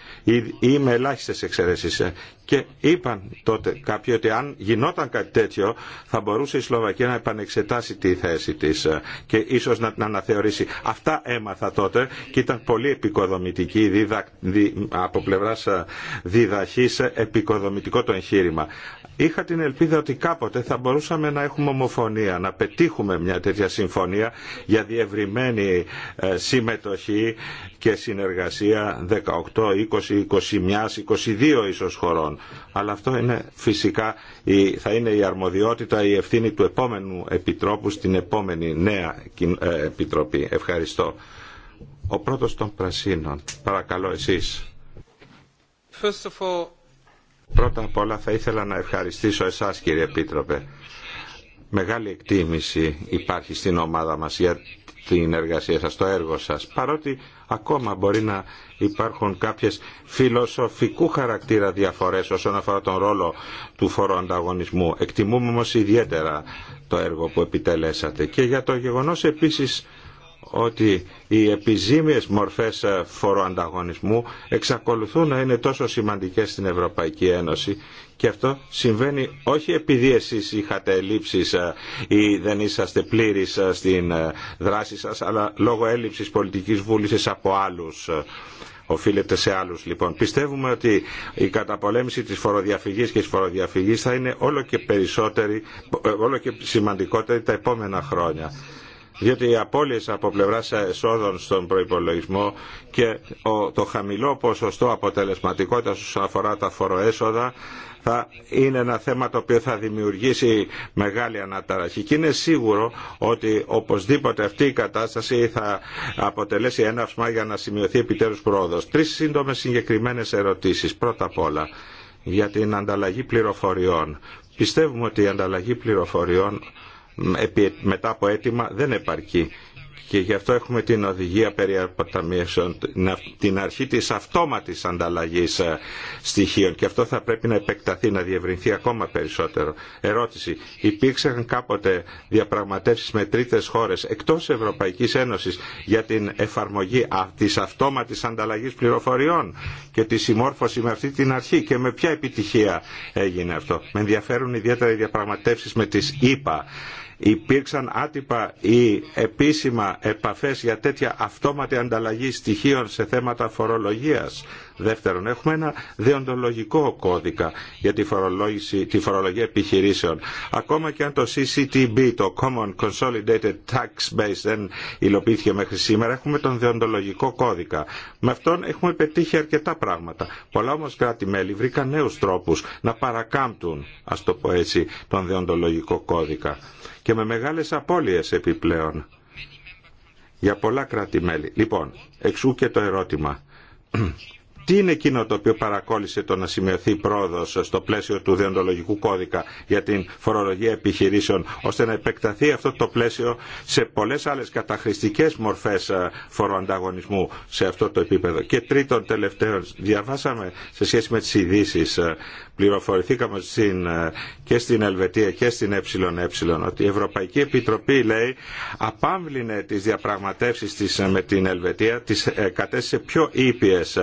ή με ελάχιστες εξαιρέσεις και είπαν τότε κάποιοι ότι αν γινόταν κάτι τέτοιο θα μπορούσε η με ελάχιστε εξαιρέσει. Και είπαν τότε κάποιοι ότι αν γινόταν κάτι τέτοιο θα μπορούσε η Σλοβακία να επανεξετάσει τη θέση τη ε, και ίσω να την αναθεωρήσει. Αυτά έμαθα τότε και ήταν πολύ επικοδομητική διδα... δι... από πλευρά ε, διδαχή ε, επικοδομητικό το εγχείρημα. Είχα την ελπίδα ότι κάποτε θα μπορούσαμε να έχουμε ομοφωνία, να πετύχουμε μια τέτοια συμφωνία για διευρυμένη συμμετοχή και συνεργασία 18-20 21, 22 ίσως χωρών. Αλλά αυτό είναι φυσικά, θα είναι η αρμοδιότητα, η ευθύνη του επόμενου επιτρόπου στην επόμενη νέα ε, επιτροπή. Ευχαριστώ. Ο πρώτος των Πρασίνων. Παρακαλώ εσείς. First of all... Πρώτα απ' όλα θα ήθελα να ευχαριστήσω εσάς κύριε Επίτροπε. Μεγάλη εκτίμηση υπάρχει στην ομάδα μας για την εργασία σας, το έργο σας, παρότι ακόμα μπορεί να υπάρχουν κάποιες φιλοσοφικού χαρακτήρα διαφορές όσον αφορά τον ρόλο του φοροανταγωνισμού. Εκτιμούμε όμως ιδιαίτερα το έργο που επιτελέσατε. Και για το γεγονός επίσης ότι οι επιζήμιες μορφές ε, φοροανταγωνισμού εξακολουθούν να είναι τόσο σημαντικές στην Ευρωπαϊκή Ένωση και αυτό συμβαίνει όχι επειδή εσείς είχατε ελλείψεις ε, ή δεν είσαστε πλήρης ε, στην δράση σας, αλλά λόγω έλλειψης πολιτικής βούλησης από άλλους οφείλεται σε άλλους λοιπόν. Πιστεύουμε ότι η καταπολέμηση της φοροδιαφυγής και της φοροδιαφυγής θα είναι όλο και περισσότερη, όλο και σημαντικότερη τα επόμενα χρόνια διότι οι απώλειες από πλευράς εσόδων στον προϋπολογισμό και το χαμηλό ποσοστό αποτελεσματικότητας όσον αφορά τα φοροέσοδα θα είναι ένα θέμα το οποίο θα δημιουργήσει μεγάλη αναταραχή και είναι σίγουρο ότι οπωσδήποτε αυτή η κατάσταση θα αποτελέσει έναυσμα για να σημειωθεί επιτέλους πρόοδος. Τρεις σύντομες συγκεκριμένες ερωτήσεις. Πρώτα απ' όλα για την ανταλλαγή πληροφοριών. Πιστεύουμε ότι η ανταλλαγή πληροφοριών μετά από αίτημα δεν επαρκεί. Και γι' αυτό έχουμε την οδηγία περί αποταμίευσεων, την αρχή της αυτόματης ανταλλαγής ε, στοιχείων. Και αυτό θα πρέπει να επεκταθεί, να διευρυνθεί ακόμα περισσότερο. Ερώτηση. Υπήρξαν κάποτε διαπραγματεύσεις με τρίτες χώρες εκτός Ευρωπαϊκής Ένωσης για την εφαρμογή της αυτόματης ανταλλαγής πληροφοριών και τη συμμόρφωση με αυτή την αρχή και με ποια επιτυχία έγινε αυτό. Με ενδιαφέρουν ιδιαίτερα οι διαπραγματεύσεις με τις ΗΠΑ υπήρξαν άτυπα ή επίσημα επαφές για τέτοια αυτόματη ανταλλαγή στοιχείων σε θέματα φορολογίας. Δεύτερον, έχουμε ένα δεοντολογικό κώδικα για τη, τη φορολογία επιχειρήσεων. Ακόμα και αν το CCTB, το Common Consolidated Tax Base, δεν υλοποιήθηκε μέχρι σήμερα, έχουμε τον δεοντολογικό κώδικα. Με αυτόν έχουμε πετύχει αρκετά πράγματα. Πολλά όμω κράτη-μέλη βρήκαν νέους τρόπους να παρακάμπτουν, α το πω έτσι, τον δεοντολογικό κώδικα και με μεγάλες απώλειες επιπλέον για πολλά κράτη-μέλη. Λοιπόν, εξού και το ερώτημα. Τι είναι εκείνο το οποίο παρακόλλησε το να σημειωθεί πρόοδο στο πλαίσιο του διοντολογικού κώδικα για την φορολογία επιχειρήσεων, ώστε να επεκταθεί αυτό το πλαίσιο σε πολλέ άλλε καταχρηστικέ μορφέ ε, φοροανταγωνισμού σε αυτό το επίπεδο. Και τρίτον, τελευταίο, διαβάσαμε σε σχέση με τι ειδήσει ε, πληροφορηθήκαμε στην, ε, και στην Ελβετία και στην ΕΕ ότι η Ευρωπαϊκή Επιτροπή λέει απάμβληνε τις διαπραγματεύσεις ε, με την Ελβετία, τις ε, κατέστησε πιο ήπιες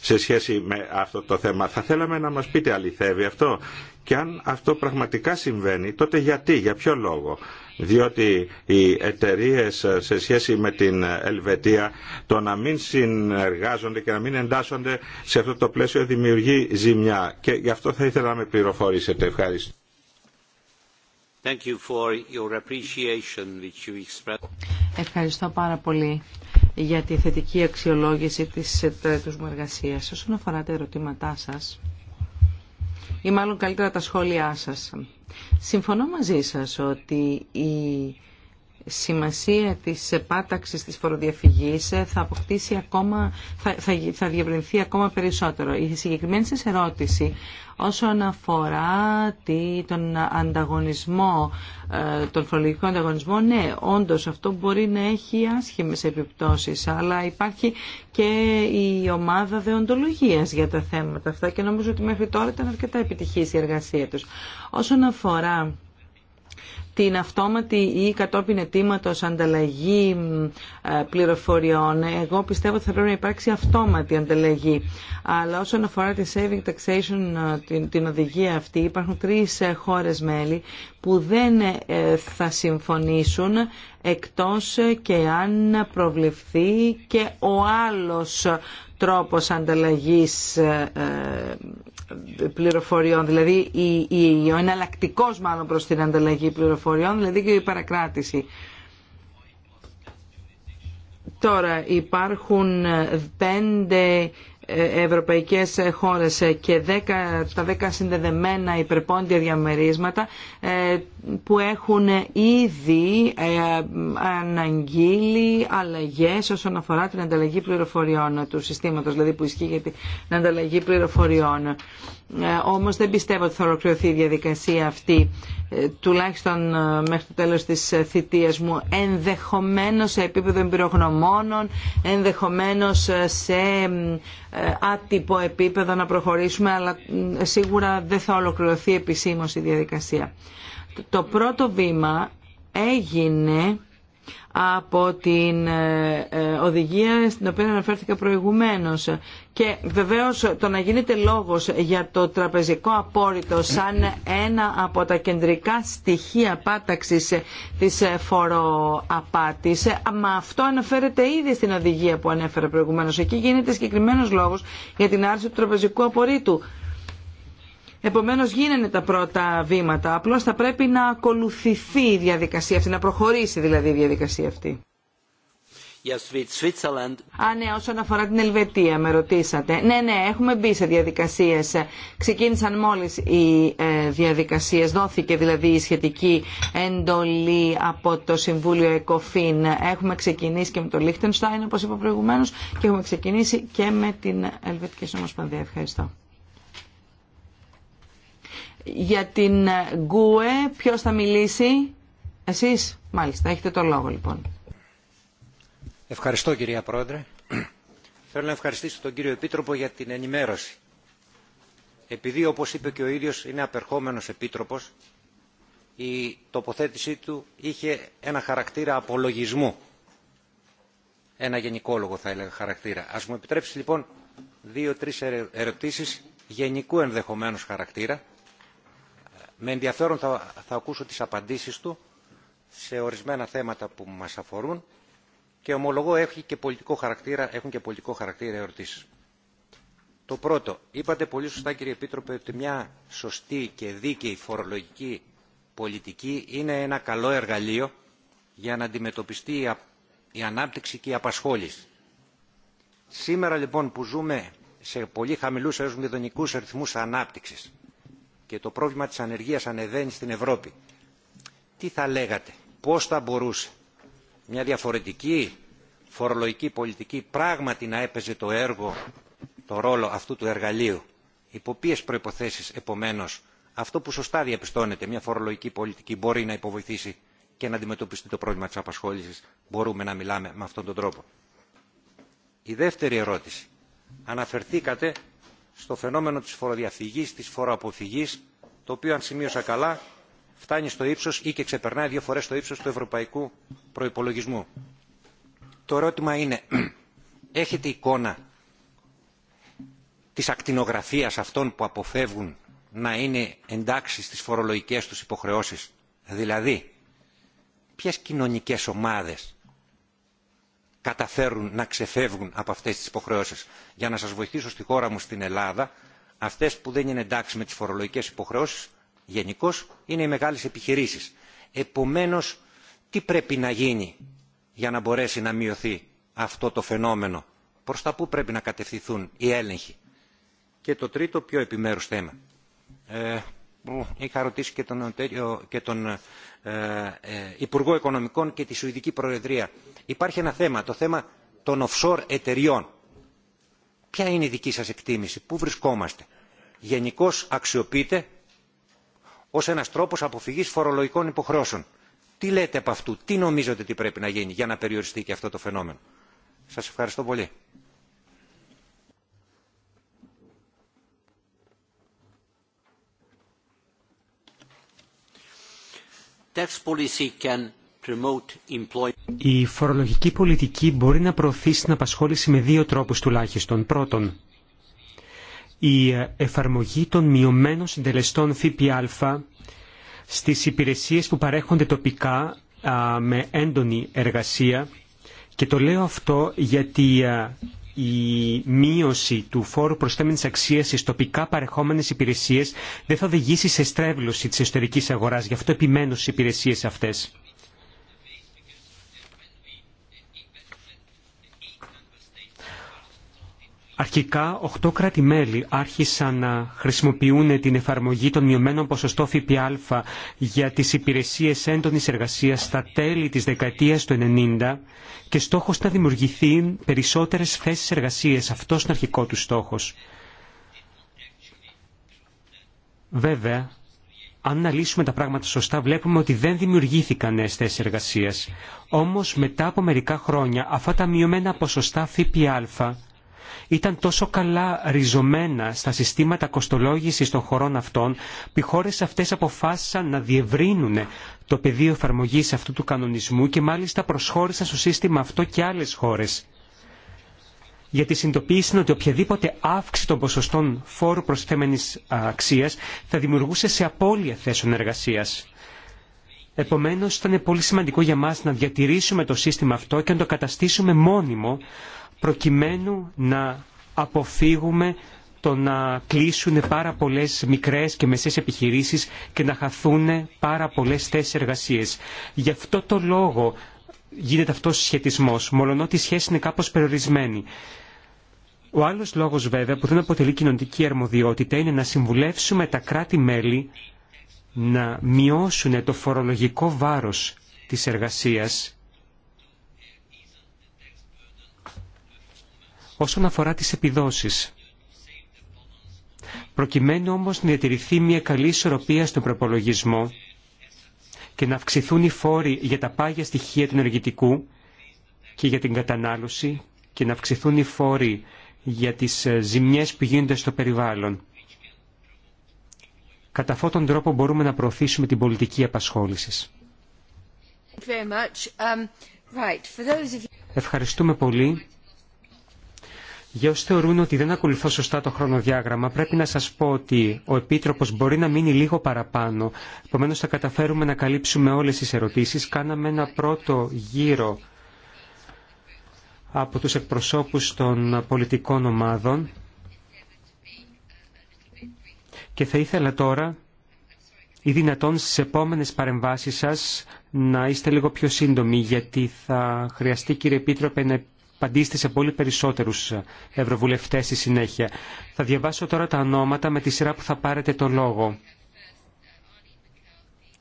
σε σχέση με αυτό το θέμα. Θα θέλαμε να μας πείτε αληθεύει αυτό και αν αυτό πραγματικά συμβαίνει, τότε γιατί, για ποιο λόγο διότι οι εταιρείε σε σχέση με την Ελβετία το να μην συνεργάζονται και να μην εντάσσονται σε αυτό το πλαίσιο δημιουργεί ζημιά. Και γι' αυτό θα ήθελα να με πληροφορήσετε. Ευχαριστώ. Thank you for your which you Ευχαριστώ πάρα πολύ για τη θετική αξιολόγηση της έτρετους μου εργασίας. Όσον αφορά τα ερωτήματά σας, ή μάλλον καλύτερα τα σχόλιά σας. Συμφωνώ μαζί σας ότι η σημασία της επάταξης της φοροδιαφυγής θα αποκτήσει ακόμα, θα, θα, θα διευρυνθεί ακόμα περισσότερο. Η συγκεκριμένη σας ερώτηση όσον αφορά τον ανταγωνισμό, ε, τον φορολογικό ανταγωνισμό, ναι, όντως αυτό μπορεί να έχει άσχημες επιπτώσεις, αλλά υπάρχει και η ομάδα δεοντολογίας για τα θέματα αυτά και νομίζω ότι μέχρι τώρα ήταν αρκετά επιτυχής η εργασία τους. Όσον αφορά την αυτόματη ή κατόπιν αιτήματο ανταλλαγή ε, πληροφοριών. Εγώ πιστεύω ότι θα πρέπει να υπάρξει αυτόματη ανταλλαγή. Αλλά όσον αφορά τη saving taxation, ε, την οδηγία αυτή, υπάρχουν τρεις ε, χώρες μέλη που δεν θα συμφωνήσουν εκτός και αν προβληθεί και ο άλλος τρόπος ανταλλαγής ε, ε, πληροφοριών, δηλαδή ο εναλλακτικό μάλλον προς την ανταλλαγή πληροφοριών, δηλαδή και η παρακράτηση. Τώρα υπάρχουν πέντε ευρωπαϊκές χώρες και τα δέκα συνδεδεμένα υπερπόντια διαμερίσματα ε, που έχουν ήδη ε, αναγγείλει αλλαγές όσον αφορά την ανταλλαγή πληροφοριών του συστήματος, δηλαδή που ισχύει για την ανταλλαγή πληροφοριών. Ε, όμως δεν πιστεύω ότι θα ολοκληρωθεί η διαδικασία αυτή τουλάχιστον μέχρι το τέλος της θητείας μου ενδεχομένως σε επίπεδο εμπειρογνωμόνων ενδεχομένως σε άτυπο επίπεδο να προχωρήσουμε, αλλά σίγουρα δεν θα ολοκληρωθεί επισήμως η διαδικασία. Το πρώτο βήμα έγινε από την ε, ε, οδηγία στην οποία αναφέρθηκα προηγουμένως και βεβαίως το να γίνεται λόγος για το τραπεζικό απόρριτο σαν ένα από τα κεντρικά στοιχεία πάταξης της φοροαπάτης, μα αυτό αναφέρεται ήδη στην οδηγία που ανέφερα προηγουμένως. Εκεί γίνεται συγκεκριμένο λόγος για την άρση του τραπεζικού απορρίτου. Επομένως γίνανε τα πρώτα βήματα, απλώς θα πρέπει να ακολουθηθεί η διαδικασία αυτή, να προχωρήσει δηλαδή η διαδικασία αυτή. Α, ναι, όσον αφορά την Ελβετία, με ρωτήσατε. Ναι, ναι, έχουμε μπει σε διαδικασίε. Ξεκίνησαν μόλι οι ε, διαδικασίε. Δόθηκε δηλαδή η σχετική εντολή από το Συμβούλιο ΕΚΟΦΗΝ. Έχουμε ξεκινήσει και με το Λίχτενστάιν, όπω είπα προηγουμένω, και έχουμε ξεκινήσει και με την Ελβετική Συνομοσπονδία. Ευχαριστώ. Για την ΓΚΟΕ, ποιο θα μιλήσει? εσεί μάλιστα, έχετε το λόγο λοιπόν. Ευχαριστώ κυρία Πρόεδρε. Θέλω να ευχαριστήσω τον κύριο Επίτροπο για την ενημέρωση. Επειδή όπως είπε και ο ίδιος είναι απερχόμενος Επίτροπος, η τοποθέτησή του είχε ένα χαρακτήρα απολογισμού. Ένα γενικόλογο θα έλεγα χαρακτήρα. Ας μου επιτρέψει λοιπόν δύο-τρεις ερωτήσεις γενικού ενδεχομένως χαρακτήρα. Με ενδιαφέρον θα, θα ακούσω τις απαντήσεις του σε ορισμένα θέματα που μας αφορούν και ομολογώ έχει και πολιτικό χαρακτήρα, έχουν και πολιτικό χαρακτήρα ερωτήσει. Το πρώτο, είπατε πολύ σωστά κύριε Επίτροπε ότι μια σωστή και δίκαιη φορολογική πολιτική είναι ένα καλό εργαλείο για να αντιμετωπιστεί η ανάπτυξη και η απασχόληση. Σήμερα λοιπόν που ζούμε σε πολύ χαμηλούς έως μηδονικούς αριθμούς ανάπτυξης και το πρόβλημα της ανεργίας ανεβαίνει στην Ευρώπη, τι θα λέγατε, πώς θα μπορούσε μια διαφορετική φορολογική πολιτική πράγματι να έπαιζε το έργο, το ρόλο αυτού του εργαλείου. Υπό ποιε προποθέσει επομένω αυτό που σωστά διαπιστώνεται, μια φορολογική πολιτική μπορεί να υποβοηθήσει και να αντιμετωπιστεί το πρόβλημα τη απασχόληση, μπορούμε να μιλάμε με αυτόν τον τρόπο. Η δεύτερη ερώτηση. Αναφερθήκατε στο φαινόμενο της φοροδιαφυγής, της φοροαποφυγής, το οποίο αν σημείωσα καλά φτάνει στο ύψος ή και ξεπερνάει δύο φορές το ύψος του ευρωπαϊκού προϋπολογισμού. Το ερώτημα είναι, έχετε εικόνα της ακτινογραφίας αυτών που αποφεύγουν να είναι εντάξει στις φορολογικές τους υποχρεώσεις. Δηλαδή, ποιες κοινωνικές ομάδες καταφέρουν να ξεφεύγουν από αυτές τις υποχρεώσεις. Για να σας βοηθήσω στη χώρα μου στην Ελλάδα, αυτές που δεν είναι εντάξει με τις φορολογικές υποχρεώσεις γενικώ είναι οι μεγάλε επιχειρήσει. Επομένω, τι πρέπει να γίνει για να μπορέσει να μειωθεί αυτό το φαινόμενο. Προς τα πού πρέπει να κατευθυνθούν οι έλεγχοι. Και το τρίτο πιο επιμέρους θέμα. Ε, είχα ρωτήσει και τον, και ε, ε, Υπουργό Οικονομικών και τη Σουηδική Προεδρία. Υπάρχει ένα θέμα, το θέμα των offshore εταιριών. Ποια είναι η δική σας εκτίμηση, πού βρισκόμαστε. Γενικώ αξιοποιείται Ω ένα τρόπο αποφυγή φορολογικών υποχρεώσεων. Τι λέτε από αυτού, τι νομίζετε ότι πρέπει να γίνει για να περιοριστεί και αυτό το φαινόμενο. Σα ευχαριστώ πολύ. Η φορολογική πολιτική μπορεί να προωθήσει την απασχόληση με δύο τρόπους τουλάχιστον. Πρώτον, η ε, εφαρμογή των μειωμένων συντελεστών ΦΠΑ στις υπηρεσίες που παρέχονται τοπικά με έντονη εργασία και το λέω αυτό γιατί ε, η μείωση του φόρου προσθέμενης αξίας στις τοπικά παρεχόμενες υπηρεσίες δεν θα οδηγήσει σε στρέβλωση της εσωτερικής αγοράς. Γι' αυτό επιμένω στις υπηρεσίες αυτές. Αρχικά, οκτώ κράτη-μέλη άρχισαν να χρησιμοποιούν την εφαρμογή των μειωμένων ποσοστών ΦΠΑ για τις υπηρεσίες έντονης εργασίας στα τέλη της δεκαετίας του 90 και στόχος να δημιουργηθεί περισσότερες θέσεις εργασίας. Αυτός είναι αρχικό του στόχος. Βέβαια, αν αναλύσουμε τα πράγματα σωστά, βλέπουμε ότι δεν δημιουργήθηκαν νέες θέσει εργασία. Όμω, μετά από μερικά χρόνια, αυτά τα μειωμένα ποσοστά ΦΠΑ ήταν τόσο καλά ριζωμένα στα συστήματα κοστολόγησης των χωρών αυτών που οι χώρες αυτές αποφάσισαν να διευρύνουν το πεδίο εφαρμογής αυτού του κανονισμού και μάλιστα προσχώρησαν στο σύστημα αυτό και άλλες χώρες γιατί συνειδητοποίησαν ότι οποιαδήποτε αύξηση των ποσοστών φόρου προσθέμενης αξίας θα δημιουργούσε σε απώλεια θέσεων εργασίας. Επομένως ήταν πολύ σημαντικό για μας να διατηρήσουμε το σύστημα αυτό και να το καταστήσουμε μόνιμο προκειμένου να αποφύγουμε το να κλείσουν πάρα πολλέ μικρέ και μεσές επιχειρήσει και να χαθούν πάρα πολλέ θέσει εργασίες. Γι' αυτό το λόγο γίνεται αυτό ο σχετισμός, μολονότι η σχέση είναι κάπω περιορισμένη. Ο άλλο λόγο βέβαια που δεν αποτελεί κοινωνική αρμοδιότητα είναι να συμβουλεύσουμε τα κράτη-μέλη να μειώσουν το φορολογικό βάρος της εργασίας όσον αφορά τις επιδόσεις. Προκειμένου όμως να διατηρηθεί μια καλή ισορροπία στον προπολογισμό και να αυξηθούν οι φόροι για τα πάγια στοιχεία του ενεργητικού και για την κατανάλωση και να αυξηθούν οι φόροι για τις ε, ζημιές που γίνονται στο περιβάλλον. Κατά αυτόν τον τρόπο μπορούμε να προωθήσουμε την πολιτική απασχόλησης. Um, Ευχαριστούμε πολύ. Για όσου θεωρούν ότι δεν ακολουθώ σωστά το χρονοδιάγραμμα, πρέπει να σα πω ότι ο Επίτροπο μπορεί να μείνει λίγο παραπάνω. Επομένω, θα καταφέρουμε να καλύψουμε όλε τι ερωτήσει. Κάναμε ένα πρώτο γύρο από τους εκπροσώπους των πολιτικών ομάδων και θα ήθελα τώρα ή δυνατόν στις επόμενες παρεμβάσεις σας να είστε λίγο πιο σύντομοι γιατί θα χρειαστεί κύριε Επίτροπε να απαντήσετε σε πολύ περισσότερου ε, ευρωβουλευτέ στη συνέχεια. Θα διαβάσω τώρα τα ονόματα με τη σειρά που θα πάρετε το λόγο.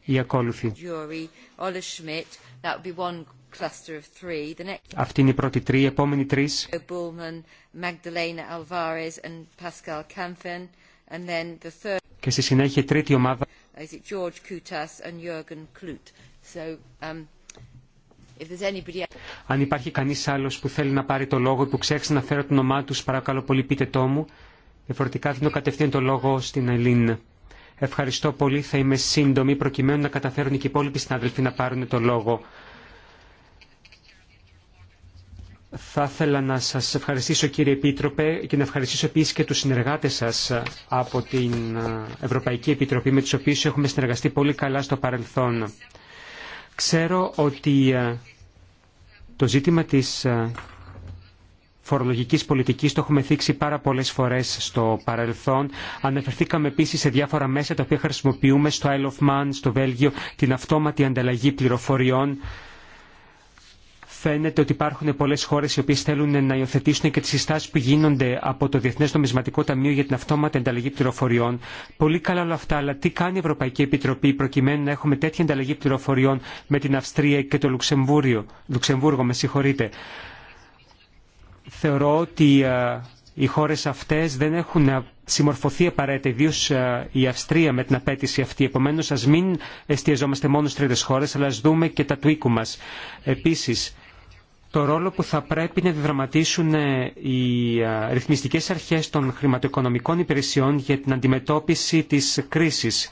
Η ακόλουθη. Αυτή είναι η πρώτη τρία, η επόμενη τρεις. Και στη συνέχεια η τρίτη ομάδα. Αν υπάρχει κανεί άλλο που θέλει να πάρει το λόγο, ή που ξέχασε να φέρω το όνομά του, παρακαλώ πολύ πείτε το μου. Εφορτικά δίνω κατευθείαν το λόγο στην Ελίν. Ευχαριστώ πολύ, θα είμαι σύντομη προκειμένου να καταφέρουν και οι υπόλοιποι συνάδελφοι να πάρουν το λόγο. Θα ήθελα να σας ευχαριστήσω κύριε Επίτροπε και να ευχαριστήσω επίσης και τους συνεργάτες σας από την ε, Ευρωπαϊκή Επιτροπή με τους οποίους έχουμε συνεργαστεί πολύ καλά στο παρελθόν. Ξέρω ότι ε, το ζήτημα της ε, φορολογικής πολιτικής το έχουμε θίξει πάρα πολλές φορές στο παρελθόν. Αναφερθήκαμε επίσης σε διάφορα μέσα τα οποία χρησιμοποιούμε στο Isle of Man, στο Βέλγιο, την αυτόματη ανταλλαγή πληροφοριών φαίνεται ότι υπάρχουν πολλέ χώρε οι οποίε θέλουν να υιοθετήσουν και τι συστάσει που γίνονται από το Διεθνέ Νομισματικό Ταμείο για την αυτόματη ανταλλαγή πληροφοριών. Πολύ καλά όλα αυτά, αλλά τι κάνει η Ευρωπαϊκή Επιτροπή προκειμένου να έχουμε τέτοια ανταλλαγή πληροφοριών με την Αυστρία και το Λουξεμβούργο, με συγχωρείτε. Θεωρώ ότι ε, οι χώρε αυτέ δεν έχουν ε, συμμορφωθεί απαραίτητα, ιδίω ε, η Αυστρία με την απέτηση αυτή. Επομένω, α μην εστιαζόμαστε μόνο στι τρίτε χώρε, αλλά α δούμε και τα του μα. Επίση, το ρόλο που θα πρέπει να διδραματίσουν ε, οι ε, ρυθμιστικές αρχές των χρηματοοικονομικών υπηρεσιών για την αντιμετώπιση της κρίσης.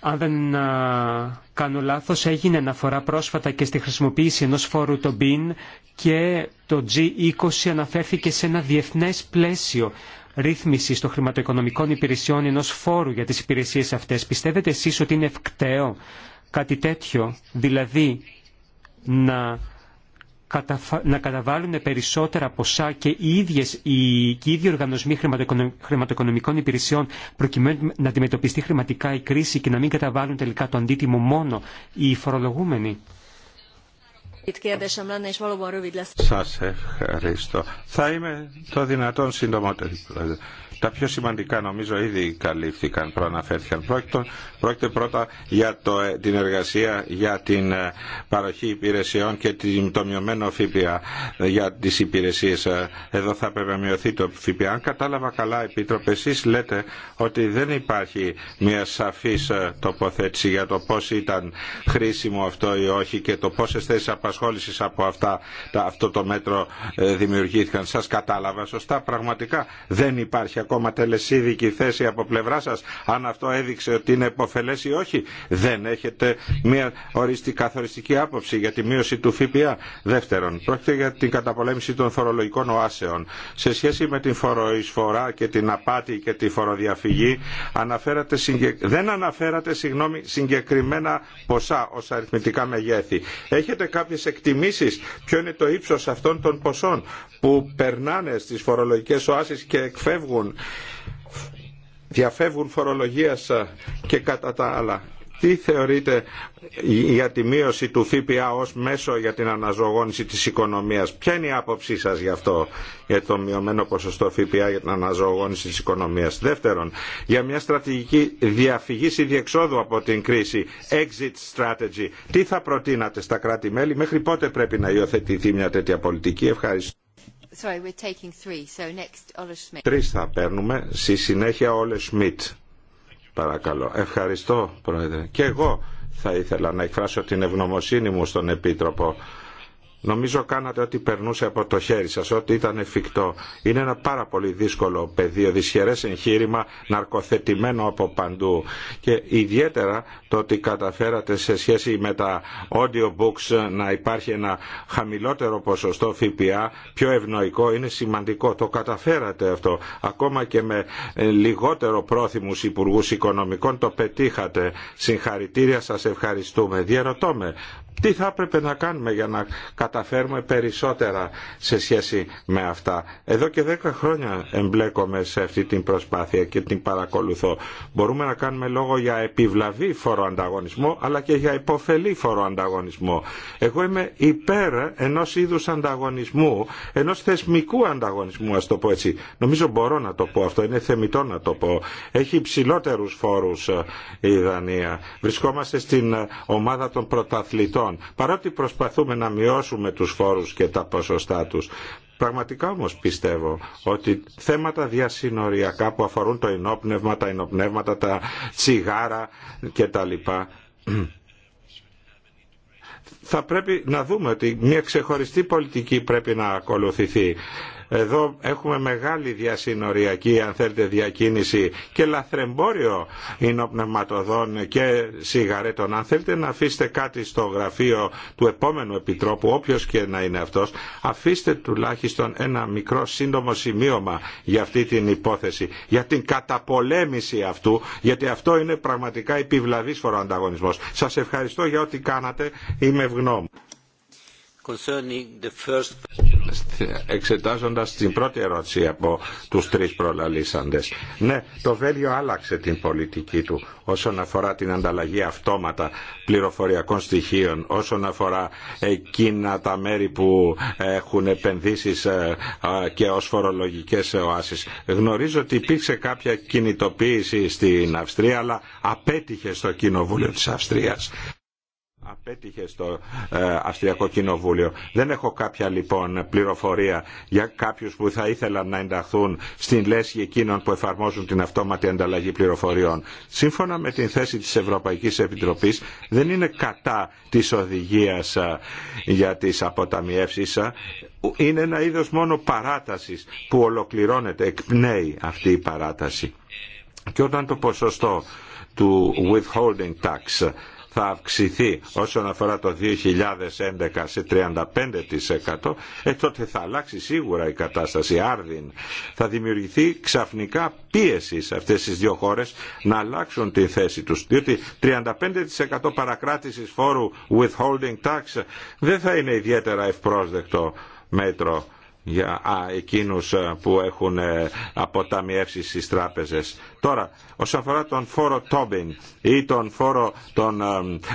Αν δεν ε, κάνω λάθος, έγινε αναφορά πρόσφατα και στη χρησιμοποίηση ενός φόρου το BIN και το G20 αναφέρθηκε σε ένα διεθνές πλαίσιο ρύθμιση των χρηματοοικονομικών υπηρεσιών ενός φόρου για τις υπηρεσίες αυτές. Πιστεύετε εσείς ότι είναι ευκταίο κάτι τέτοιο, δηλαδή να να καταβάλουν περισσότερα ποσά και οι, ίδιες, οι, οι ίδιοι οργανισμοί χρηματοοικονομικών υπηρεσιών προκειμένου να αντιμετωπιστεί χρηματικά η κρίση και να μην καταβάλουν τελικά το αντίτιμο μόνο οι φορολογούμενοι. Σας ευχαριστώ. Θα είμαι το δυνατόν συντομότερη. Τα πιο σημαντικά νομίζω ήδη καλύφθηκαν, προαναφέρθηκαν. Πρόκειται, πρόκειται πρώτα για την εργασία, για την ε, παροχή υπηρεσιών και το μειωμένο ΦΠΑ ε, για τις υπηρεσίες. Ε. Εδώ θα πρέπει να μειωθεί το ΦΠΑ. Αν κατάλαβα καλά, Επίτροπε, εσείς λέτε ότι δεν υπάρχει μια σαφής τοποθέτηση για το πώς ήταν χρήσιμο αυτό ή όχι και το πόσες θέσεις απασχόλησης από αυτά, αυτό το μέτρο δημιουργήθηκαν. Σας κατάλαβα σωστά. Πραγματικά δεν υπάρχει ακόμα τελεσίδικη θέση από πλευρά σας αν αυτό έδειξε ότι είναι υποφελές ή όχι. Δεν έχετε μια οριστική, καθοριστική άποψη για τη μείωση του ΦΠΑ. Δεύτερον, πρόκειται για την καταπολέμηση των φορολογικών οάσεων. Σε σχέση με την φοροεισφορά και την απάτη και τη φοροδιαφυγή αναφέρατε δεν αναφέρατε συγγνώμη, συγκεκριμένα ποσά ως αριθμητικά μεγέθη. Έχετε κάποιες εκτιμήσεις ποιο είναι το ύψος αυτών των ποσών που περνάνε στις φορολογικές οάσεις και εκφεύγουν, διαφεύγουν φορολογίας και κατά τα άλλα. Τι θεωρείτε για τη μείωση του ΦΠΑ ως μέσο για την αναζωογόνηση της οικονομίας. Ποια είναι η άποψή σας γι' αυτό, για το μειωμένο ποσοστό ΦΠΑ για την αναζωογόνηση της οικονομίας. Δεύτερον, για μια στρατηγική διαφυγής ή διεξόδου από την κρίση, exit strategy. Τι θα προτείνατε στα κράτη-μέλη, μέχρι πότε πρέπει να υιοθετηθεί μια τέτοια πολιτική. Ευχαριστώ. Τρεις θα παίρνουμε. Στη συνέχεια Όλε Σμιτ. Παρακαλώ. Ευχαριστώ, Πρόεδρε. Και εγώ θα ήθελα να εκφράσω την ευγνωμοσύνη μου στον Επίτροπο Νομίζω κάνατε ό,τι περνούσε από το χέρι σας, ό,τι ήταν εφικτό. Είναι ένα πάρα πολύ δύσκολο πεδίο, δυσχερές εγχείρημα, ναρκοθετημένο από παντού. Και ιδιαίτερα το ότι καταφέρατε σε σχέση με τα audiobooks να υπάρχει ένα χαμηλότερο ποσοστό ΦΠΑ, πιο ευνοϊκό, είναι σημαντικό. Το καταφέρατε αυτό. Ακόμα και με λιγότερο πρόθυμους υπουργούς οικονομικών το πετύχατε. Συγχαρητήρια σας ευχαριστούμε. Διαρωτώ με, τι θα έπρεπε να κάνουμε για να καταφέρουμε περισσότερα σε σχέση με αυτά. Εδώ και δέκα χρόνια εμπλέκομαι σε αυτή την προσπάθεια και την παρακολουθώ. Μπορούμε να κάνουμε λόγο για επιβλαβή φοροανταγωνισμό αλλά και για υποφελή φοροανταγωνισμό. Εγώ είμαι υπέρ ενός είδους ανταγωνισμού, ενός θεσμικού ανταγωνισμού ας το πω έτσι. Νομίζω μπορώ να το πω αυτό, είναι θεμητό να το πω. Έχει υψηλότερους φόρους ε, η Δανία. Βρισκόμαστε στην ε, ομάδα των πρωταθλητών αυτών. Παρότι προσπαθούμε να μειώσουμε τους φόρους και τα ποσοστά τους, Πραγματικά όμως πιστεύω ότι θέματα διασυνοριακά που αφορούν το ενόπνευμα, τα ενοπνεύματα, τα τσιγάρα λοιπά, θα πρέπει να δούμε ότι μια ξεχωριστή πολιτική πρέπει να ακολουθηθεί εδώ έχουμε μεγάλη διασυνοριακή αν θέλετε διακίνηση και λαθρεμπόριο εινοπνευματοδών και σιγαρέτων. Αν θέλετε να αφήσετε κάτι στο γραφείο του επόμενου επιτρόπου, όποιος και να είναι αυτό, αφήστε τουλάχιστον ένα μικρό σύντομο σημείωμα για αυτή την υπόθεση, για την καταπολέμηση αυτού, γιατί αυτό είναι πραγματικά επιβλαβή φοροανταγωνισμό. Σα ευχαριστώ για ό,τι κάνατε. Είμαι ευγνώμων εξετάζοντας την πρώτη ερώτηση από τους τρεις προλαλήσαντες. Ναι, το Βέλγιο άλλαξε την πολιτική του όσον αφορά την ανταλλαγή αυτόματα πληροφοριακών στοιχείων, όσον αφορά εκείνα τα μέρη που έχουν επενδύσεις ε, και ως φορολογικές οάσεις. Γνωρίζω ότι υπήρξε κάποια κινητοποίηση στην Αυστρία, αλλά απέτυχε στο Κοινοβούλιο της Αυστρίας απέτυχε στο ε, Αυστριακό Κοινοβούλιο. Δεν έχω κάποια λοιπόν πληροφορία για κάποιους που θα ήθελαν να ενταχθούν στην λέσχη εκείνων που εφαρμόζουν την αυτόματη ανταλλαγή πληροφοριών. Σύμφωνα με την θέση της Ευρωπαϊκής Επιτροπής δεν είναι κατά της οδηγίας ε, για τις αποταμιεύσεις ε. είναι ένα είδος μόνο παράτασης που ολοκληρώνεται, εκπνέει αυτή η παράταση. Και όταν το ποσοστό του withholding tax θα αυξηθεί όσον αφορά το 2011 σε 35% ε, τότε θα αλλάξει σίγουρα η κατάσταση άρδιν. Θα δημιουργηθεί ξαφνικά πίεση σε αυτές τις δύο χώρες να αλλάξουν τη θέση τους διότι 35% παρακράτησης φόρου withholding tax δεν θα είναι ιδιαίτερα ευπρόσδεκτο μέτρο για α, εκείνους ε, που έχουν ε, αποταμιεύσει στις τράπεζες. Τώρα, όσον αφορά τον φόρο Tobin ή τον φόρο των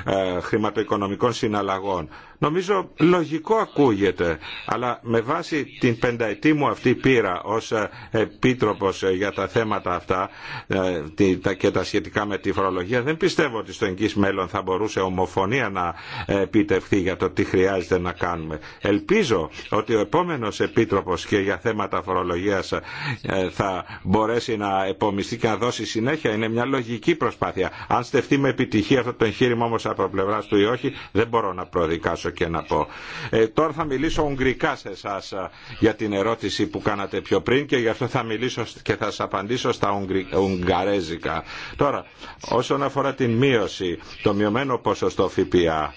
ε, χρηματοοικονομικών συναλλαγών, Νομίζω λογικό ακούγεται, αλλά με βάση την πενταετή μου αυτή πείρα ως ε, επίτροπος ε, για τα θέματα αυτά ε, και τα σχετικά με τη φορολογία, δεν πιστεύω ότι στο εγγύς μέλλον θα μπορούσε ομοφωνία να επιτευχθεί για το τι χρειάζεται να κάνουμε. Ελπίζω ότι ο επόμενος επίτροπος και για θέματα φορολογίας θα μπορέσει να επομιστεί και να δώσει συνέχεια. Είναι μια λογική προσπάθεια. Αν στεφτεί με επιτυχία αυτό το εγχείρημα όμως από πλευρά του ή όχι, δεν μπορώ να προδικάσω και να πω. Ε, τώρα θα μιλήσω ουγγρικά σε εσά ε, για την ερώτηση που κάνατε πιο πριν και γι' αυτό θα μιλήσω και θα σας απαντήσω στα ουγγρι... ουγγαρέζικα. Τώρα, όσον αφορά την μείωση, το μειωμένο ποσοστό ΦΠΑ,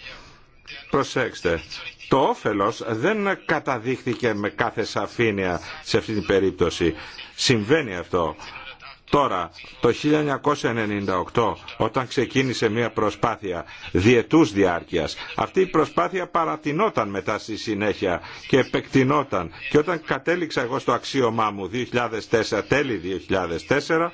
προσέξτε, το όφελος δεν καταδείχθηκε με κάθε σαφήνεια σε αυτή την περίπτωση. Συμβαίνει αυτό. Τώρα, το 1998, όταν ξεκίνησε μια προσπάθεια διετούς διάρκειας, αυτή η προσπάθεια παρατηνόταν μετά στη συνέχεια και επεκτηνόταν. Και όταν κατέληξα εγώ στο αξίωμά μου 2004, τέλη 2004,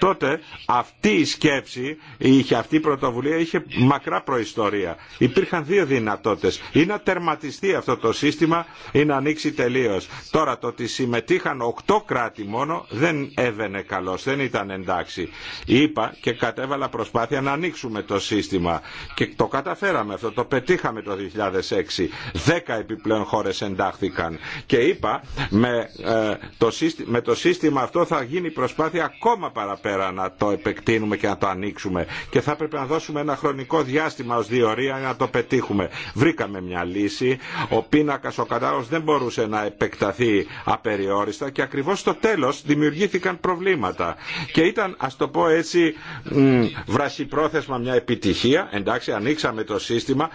τότε αυτή η σκέψη, είχε, αυτή η πρωτοβουλία είχε μακρά προϊστορία. Υπήρχαν δύο δυνατότητες. Ή να τερματιστεί αυτό το σύστημα ή να ανοίξει τελείως. Τώρα το ότι συμμετείχαν οκτώ κράτη μόνο δεν έβαινε καλώς, δεν ήταν εντάξει. Είπα και κατέβαλα προσπάθεια να ανοίξουμε το σύστημα και το καταφέραμε αυτό, το πετύχαμε το 2006. Δέκα επιπλέον χώρες εντάχθηκαν και είπα με, ε, το, σύστημα, με το σύστημα αυτό θα γίνει προσπάθεια ακόμα παραπέρα πέρα να το επεκτείνουμε και να το ανοίξουμε και θα έπρεπε να δώσουμε ένα χρονικό διάστημα ως διορία για να το πετύχουμε. Βρήκαμε μια λύση, ο πίνακας ο κατάλογος δεν μπορούσε να επεκταθεί απεριόριστα και ακριβώς στο τέλος δημιουργήθηκαν προβλήματα και ήταν ας το πω έτσι βρασιπρόθεσμα μια επιτυχία, εντάξει ανοίξαμε το σύστημα,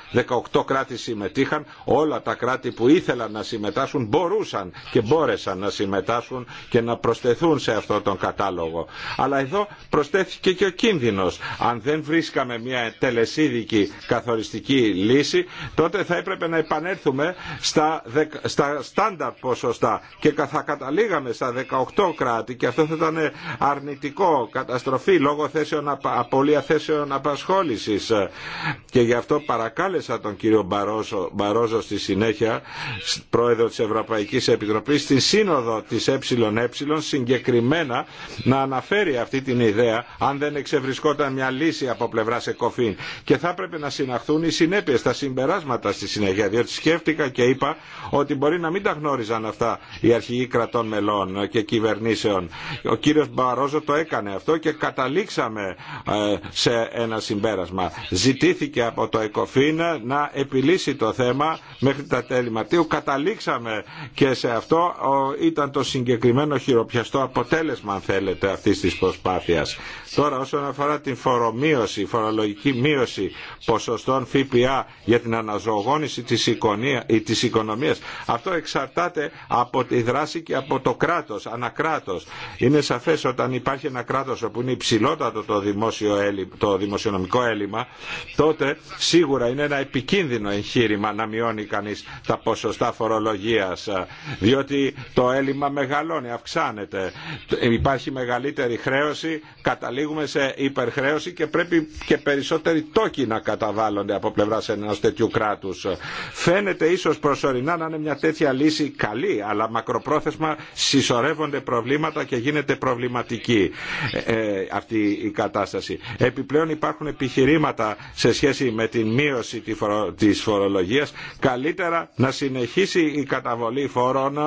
18 κράτη συμμετείχαν, όλα τα κράτη που ήθελαν να συμμετάσχουν μπορούσαν και μπόρεσαν να συμμετάσχουν και να προσθεθούν σε αυτό τον κατάλογο. Αλλά εδώ προστέθηκε και ο κίνδυνος. Αν δεν βρίσκαμε μια τελεσίδικη καθοριστική λύση, τότε θα έπρεπε να επανέλθουμε στα, στα στάνταρ ποσοστά και θα καταλήγαμε στα 18 κράτη και αυτό θα ήταν αρνητικό, καταστροφή λόγω θέσεων, απολία θέσεων απασχόλησης. Και γι' αυτό παρακάλεσα τον κύριο Μπαρόζο, Μπαρόζο στη συνέχεια, πρόεδρο της Ευρωπαϊκής Επιτροπής, στη σύνοδο της ΕΕ συγκεκριμένα να αναφέρει αυτή την ιδέα αν δεν εξευρισκόταν μια λύση από πλευρά ΕΚΟΦΗΝ. Και θα έπρεπε να συναχθούν οι συνέπειε, τα συμπεράσματα στη συνέχεια. Διότι σκέφτηκα και είπα ότι μπορεί να μην τα γνώριζαν αυτά οι αρχηγοί κρατών μελών και κυβερνήσεων. Ο κύριο Μπαρόζο το έκανε αυτό και καταλήξαμε ε, σε ένα συμπέρασμα. Ζητήθηκε από το ΕΚΟΦΗΝ να επιλύσει το θέμα μέχρι τα τέλη Μαρτίου. Καταλήξαμε και σε αυτό. Ήταν το συγκεκριμένο χειροπιαστό αποτέλεσμα, αν θέλετε, αυτή τη προσπάθεια Τώρα όσον αφορά την φορομείωση, φορολογική μείωση ποσοστών ΦΠΑ για την αναζωογόνηση της, οικονομία, αυτό εξαρτάται από τη δράση και από το κράτο, ανακράτο. Είναι σαφέ όταν υπάρχει ένα κράτο όπου είναι υψηλότατο το, δημόσιο το δημοσιονομικό έλλειμμα, τότε σίγουρα είναι ένα επικίνδυνο εγχείρημα να μειώνει κανεί τα ποσοστά φορολογία, διότι το έλλειμμα μεγαλώνει, αυξάνεται. Υπάρχει μεγαλύτερη χρέωση υπερχρέωση, καταλήγουμε σε υπερχρέωση και πρέπει και περισσότεροι τόκοι να καταβάλλονται από πλευρά ενό τέτοιου κράτου. Φαίνεται ίσω προσωρινά να είναι μια τέτοια λύση καλή, αλλά μακροπρόθεσμα συσσωρεύονται προβλήματα και γίνεται προβληματική ε, ε αυτή η κατάσταση. Επιπλέον υπάρχουν επιχειρήματα σε σχέση με την μείωση της φορολογίας. Καλύτερα να συνεχίσει η καταβολή φόρων,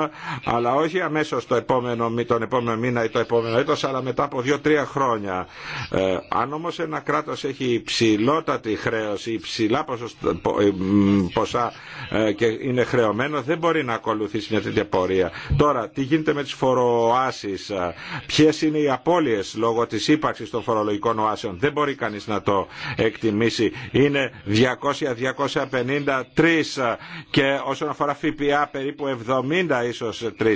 αλλά όχι αμέσως το επόμενο, τον επόμενο μήνα ή το επόμενο έτος, αλλά μετά από δύο-τρία χρόνια. Ε, αν όμως ένα κράτος έχει υψηλότατη χρέωση, υψηλά ε, ποσά ε, και είναι χρεωμένο, δεν μπορεί να ακολουθήσει μια τέτοια πορεία. Τώρα, τι γίνεται με τις φοροάσεις, ε, ποιες είναι οι απώλειες λόγω της ύπαρξης των φορολογικών οάσεων. Δεν μπορεί κανείς να το εκτιμήσει. Είναι 200-253 ε, και όσον αφορά ΦΠΑ περίπου 70 ίσως 3.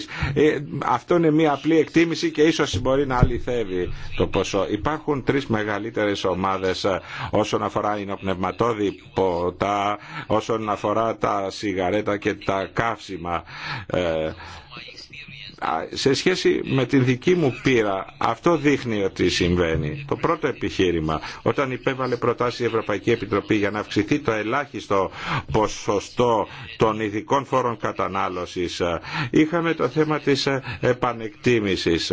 αυτό είναι μια απλή εκτίμηση και ίσως μπορεί να αληθεύει το ποσό. Υπάρχουν τρεις μεγαλύτερες ομάδες ε, όσον αφορά εινοπνευματόδη ποτά, όσον αφορά τα σιγαρέτα και τα καύσιμα ε, σε σχέση με την δική μου πείρα αυτό δείχνει ότι συμβαίνει. Το πρώτο επιχείρημα όταν υπέβαλε προτάσει η Ευρωπαϊκή Επιτροπή για να αυξηθεί το ελάχιστο ποσοστό των ειδικών φόρων κατανάλωσης είχαμε το θέμα της επανεκτίμησης.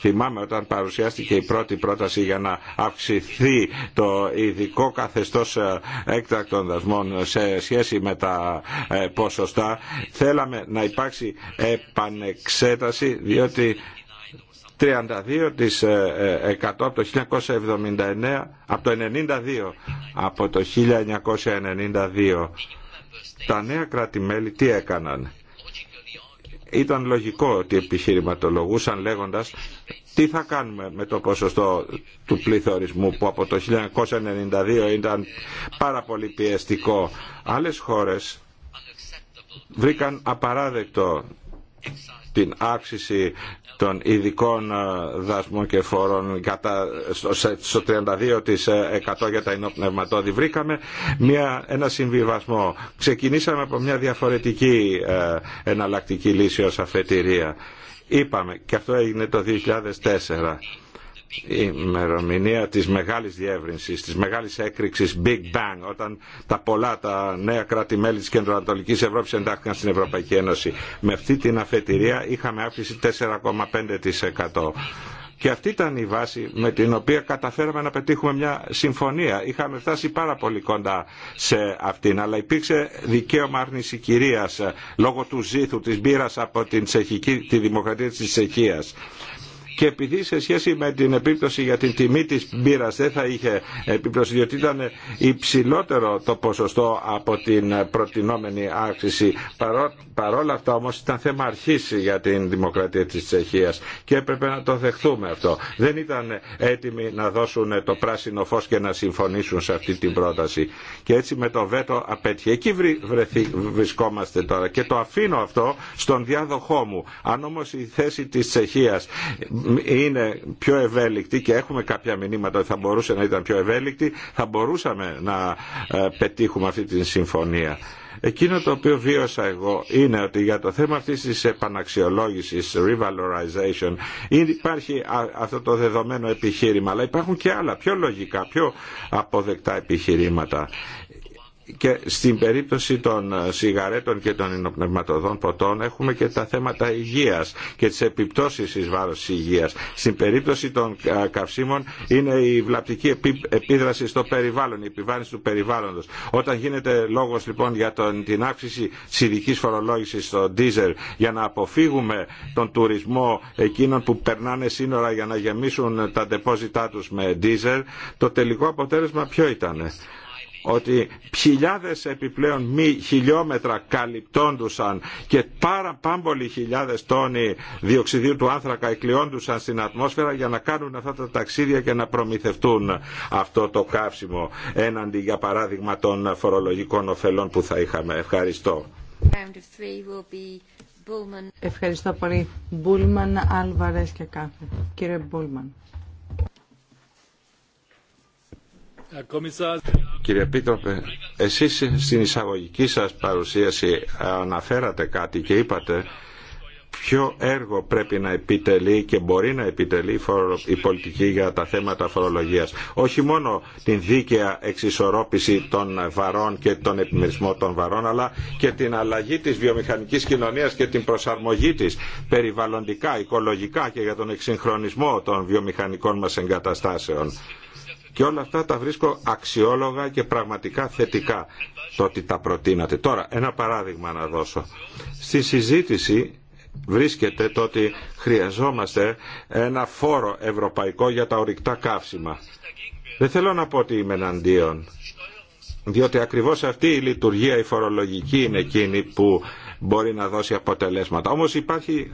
Θυμάμαι όταν παρουσιάστηκε η πρώτη πρόταση για να αυξηθεί το ειδικό καθεστώς έκτακτων δασμών σε σχέση με τα ε, ποσοστά θέλαμε να υπάρξει επανεξέταση διότι 32% ε, ε, από το 1979, από το 92, από το 1992 τα νέα κράτη-μέλη τι έκαναν. Ήταν λογικό ότι επιχειρηματολογούσαν λέγοντας τι θα κάνουμε με το ποσοστό του πληθωρισμού που από το 1992 ήταν πάρα πολύ πιεστικό. Άλλες χώρες βρήκαν απαράδεκτο την αύξηση των ειδικών ε, δασμών και φόρων κατά, στο 32% για τα υνοπνευματόδη Βρήκαμε μια, ένα συμβιβασμό. Ξεκινήσαμε από μια διαφορετική ε, εναλλακτική λύση ως αφετηρία. Είπαμε, και αυτό έγινε το 2004, η ημερομηνία της μεγάλης διεύρυνσης, της μεγάλης έκρηξης Big Bang, όταν τα πολλά τα νέα κράτη-μέλη της Κεντροανατολικής Ευρώπης εντάχθηκαν στην Ευρωπαϊκή Ένωση. Με αυτή την αφετηρία είχαμε αύξηση 4,5%. Και αυτή ήταν η βάση με την οποία καταφέραμε να πετύχουμε μια συμφωνία. Είχαμε φτάσει πάρα πολύ κοντά σε αυτήν, αλλά υπήρξε δικαίωμα άρνηση κυρίας λόγω του ζήθου της μπύρας από την τσεχική, τη δημοκρατία της Τσεχίας και επειδή σε σχέση με την επίπτωση για την τιμή της μπύρας δεν θα είχε επίπτωση διότι ήταν υψηλότερο το ποσοστό από την προτινόμενη αύξηση Παρό, παρόλα αυτά όμως ήταν θέμα αρχής για την δημοκρατία της Τσεχίας και έπρεπε να το δεχθούμε αυτό δεν ήταν έτοιμοι να δώσουν το πράσινο φως και να συμφωνήσουν σε αυτή την πρόταση και έτσι με το βέτο απέτυχε εκεί βρισκόμαστε τώρα και το αφήνω αυτό στον διάδοχό μου αν όμως η θέση της Τσεχίας είναι πιο ευέλικτη και έχουμε κάποια μηνύματα ότι θα μπορούσε να ήταν πιο ευέλικτη, θα μπορούσαμε να ε, πετύχουμε αυτή τη συμφωνία. Εκείνο το οποίο βίωσα εγώ είναι ότι για το θέμα αυτής της επαναξιολόγησης, revalorization, υπάρχει αυτό το δεδομένο επιχείρημα, αλλά υπάρχουν και άλλα πιο λογικά, πιο αποδεκτά επιχειρήματα και στην περίπτωση των ε, σιγαρέτων και των ενοπνευματοδών ποτών έχουμε και τα θέματα υγείας και τις επιπτώσεις εις βάρος της υγείας. Στην περίπτωση των ε, καυσίμων είναι η βλαπτική επίδραση στο περιβάλλον, η επιβάρυνση του περιβάλλοντος. Όταν γίνεται λόγος λοιπόν για τον, την αύξηση της ειδικής φορολόγησης στο ντίζερ για να αποφύγουμε τον τουρισμό εκείνων που περνάνε σύνορα για να γεμίσουν τα ντεπόζιτά τους με ντίζερ, το τελικό αποτέλεσμα ποιο ήταν ότι χιλιάδες επιπλέον μη χιλιόμετρα καλυπτόντουσαν και πάρα πάμπολοι χιλιάδες τόνοι διοξιδίου του άνθρακα εκλειόντουσαν στην ατμόσφαιρα για να κάνουν αυτά τα ταξίδια και να προμηθευτούν αυτό το καύσιμο έναντι για παράδειγμα των φορολογικών ωφελών που θα είχαμε. Ευχαριστώ. Ευχαριστώ πολύ. Μπούλμαν, Άλβαρες και κάθε. Κύριε Μπούλμαν. Κύριε Πίτροπε, εσείς στην εισαγωγική σας παρουσίαση αναφέρατε κάτι και είπατε ποιο έργο πρέπει να επιτελεί και μπορεί να επιτελεί η πολιτική για τα θέματα φορολογίας. Όχι μόνο την δίκαια εξισορρόπηση των βαρών και τον επιμερισμό των βαρών, αλλά και την αλλαγή της βιομηχανικής κοινωνίας και την προσαρμογή της περιβαλλοντικά, οικολογικά και για τον εξυγχρονισμό των βιομηχανικών μας εγκαταστάσεων και όλα αυτά τα βρίσκω αξιόλογα και πραγματικά θετικά το ότι τα προτείνατε. Τώρα, ένα παράδειγμα να δώσω. Στη συζήτηση βρίσκεται το ότι χρειαζόμαστε ένα φόρο ευρωπαϊκό για τα ορυκτά καύσιμα. Δεν θέλω να πω ότι είμαι εναντίον, διότι ακριβώς αυτή η λειτουργία η φορολογική είναι εκείνη που μπορεί να δώσει αποτελέσματα. Όμως υπάρχει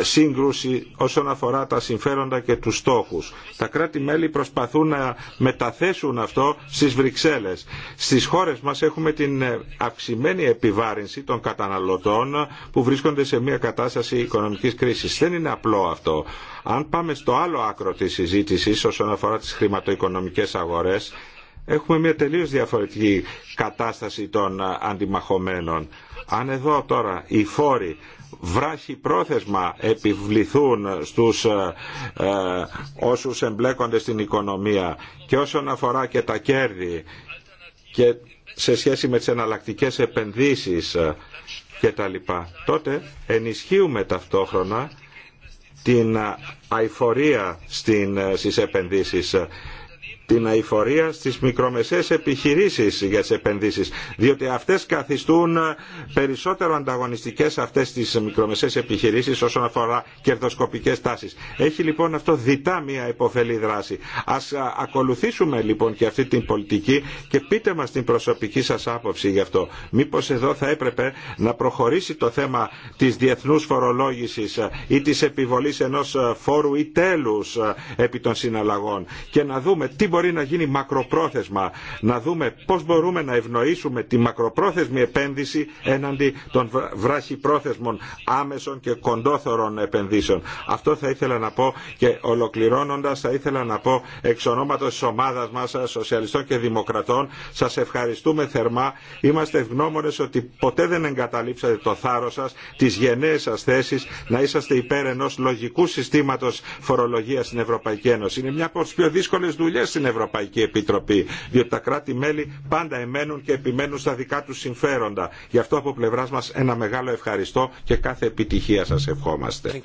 σύγκρουση όσον αφορά τα συμφέροντα και τους στόχους. Τα κράτη-μέλη προσπαθούν να μεταθέσουν αυτό στις Βρυξέλλες. Στις χώρες μας έχουμε την ε, αυξημένη επιβάρυνση των καταναλωτών που βρίσκονται σε μια κατάσταση οικονομικής κρίσης. Δεν είναι απλό αυτό. Αν πάμε στο άλλο άκρο της συζήτησης όσον αφορά τις χρηματοοικονομικές αγορές, έχουμε μια τελείως διαφορετική κατάσταση των αντιμαχωμένων. Αν εδώ τώρα οι φόροι βράχοι πρόθεσμα επιβληθούν στους όσους εμπλέκονται στην οικονομία και όσον αφορά και τα κέρδη και σε σχέση με τις εναλλακτικέ επενδύσεις και τα λοιπά, τότε ενισχύουμε ταυτόχρονα την αηφορία στην, στις επενδύσεις την αηφορία στις μικρομεσαίες επιχειρήσεις για τις επενδύσεις διότι αυτές καθιστούν περισσότερο ανταγωνιστικές αυτές τις μικρομεσαίες επιχειρήσεις όσον αφορά κερδοσκοπικές τάσεις. Έχει λοιπόν αυτό διτά μια υποφελή δράση. Ας ακολουθήσουμε λοιπόν και αυτή την πολιτική και πείτε μας την προσωπική σας άποψη γι' αυτό. Μήπως εδώ θα έπρεπε να προχωρήσει το θέμα της διεθνούς φορολόγησης ή της επιβολής ενός φόρου ή τέλους επί των συναλλαγών και να δούμε τι μπορεί να γίνει μακροπρόθεσμα. Να δούμε πώς μπορούμε να ευνοήσουμε τη μακροπρόθεσμη επένδυση έναντι των βράχυπρόθεσμων άμεσων και κοντόθωρων επενδύσεων. Αυτό θα ήθελα να πω και ολοκληρώνοντας θα ήθελα να πω εξ ονόματος της ομάδας μας Σοσιαλιστών και Δημοκρατών σας ευχαριστούμε θερμά. Είμαστε ευγνώμονες ότι ποτέ δεν εγκαταλείψατε το θάρρος σας, τις γενναίες σας θέσει να είσαστε υπέρ λογικού συστήματος φορολογίας στην Ευρωπαϊκή Ένωση. Είναι μια από τις πιο στην Ευρωπαϊκή Επιτροπή, διότι τα κράτη-μέλη πάντα εμένουν και επιμένουν στα δικά του συμφέροντα. Γι' αυτό από πλευρά μας ένα μεγάλο ευχαριστώ και κάθε επιτυχία σας ευχόμαστε.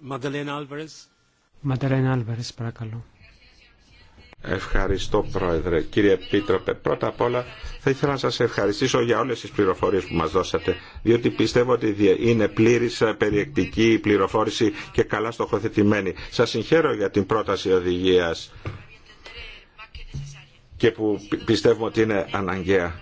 Μαντελένα Άλβαρες, uh, παρακαλώ. Ευχαριστώ Πρόεδρε. Κύριε Επίτροπε, πρώτα απ' όλα θα ήθελα να σας ευχαριστήσω για όλες τις πληροφορίες που μας δώσατε, διότι πιστεύω ότι είναι πλήρης, ε, περιεκτική η πληροφόρηση και καλά στοχοθετημένη. Σας συγχαίρω για την πρόταση οδηγίας και που πιστεύουμε ότι είναι αναγκαία.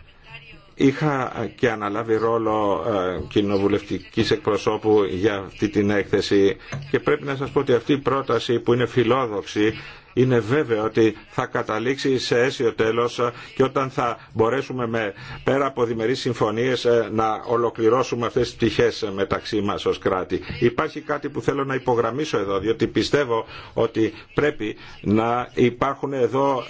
Είχα και αναλάβει ρόλο ε, κοινοβουλευτική εκπροσώπου για αυτή την έκθεση και πρέπει να σας πω ότι αυτή η πρόταση που είναι φιλόδοξη είναι βέβαιο ότι θα καταλήξει σε αίσιο τέλος και όταν θα μπορέσουμε με, πέρα από διμερεί συμφωνίες ε, να ολοκληρώσουμε αυτές τις πτυχές ε, μεταξύ μας ως κράτη. Υπάρχει κάτι που θέλω να υπογραμμίσω εδώ, διότι πιστεύω ότι πρέπει να υπάρχουν εδώ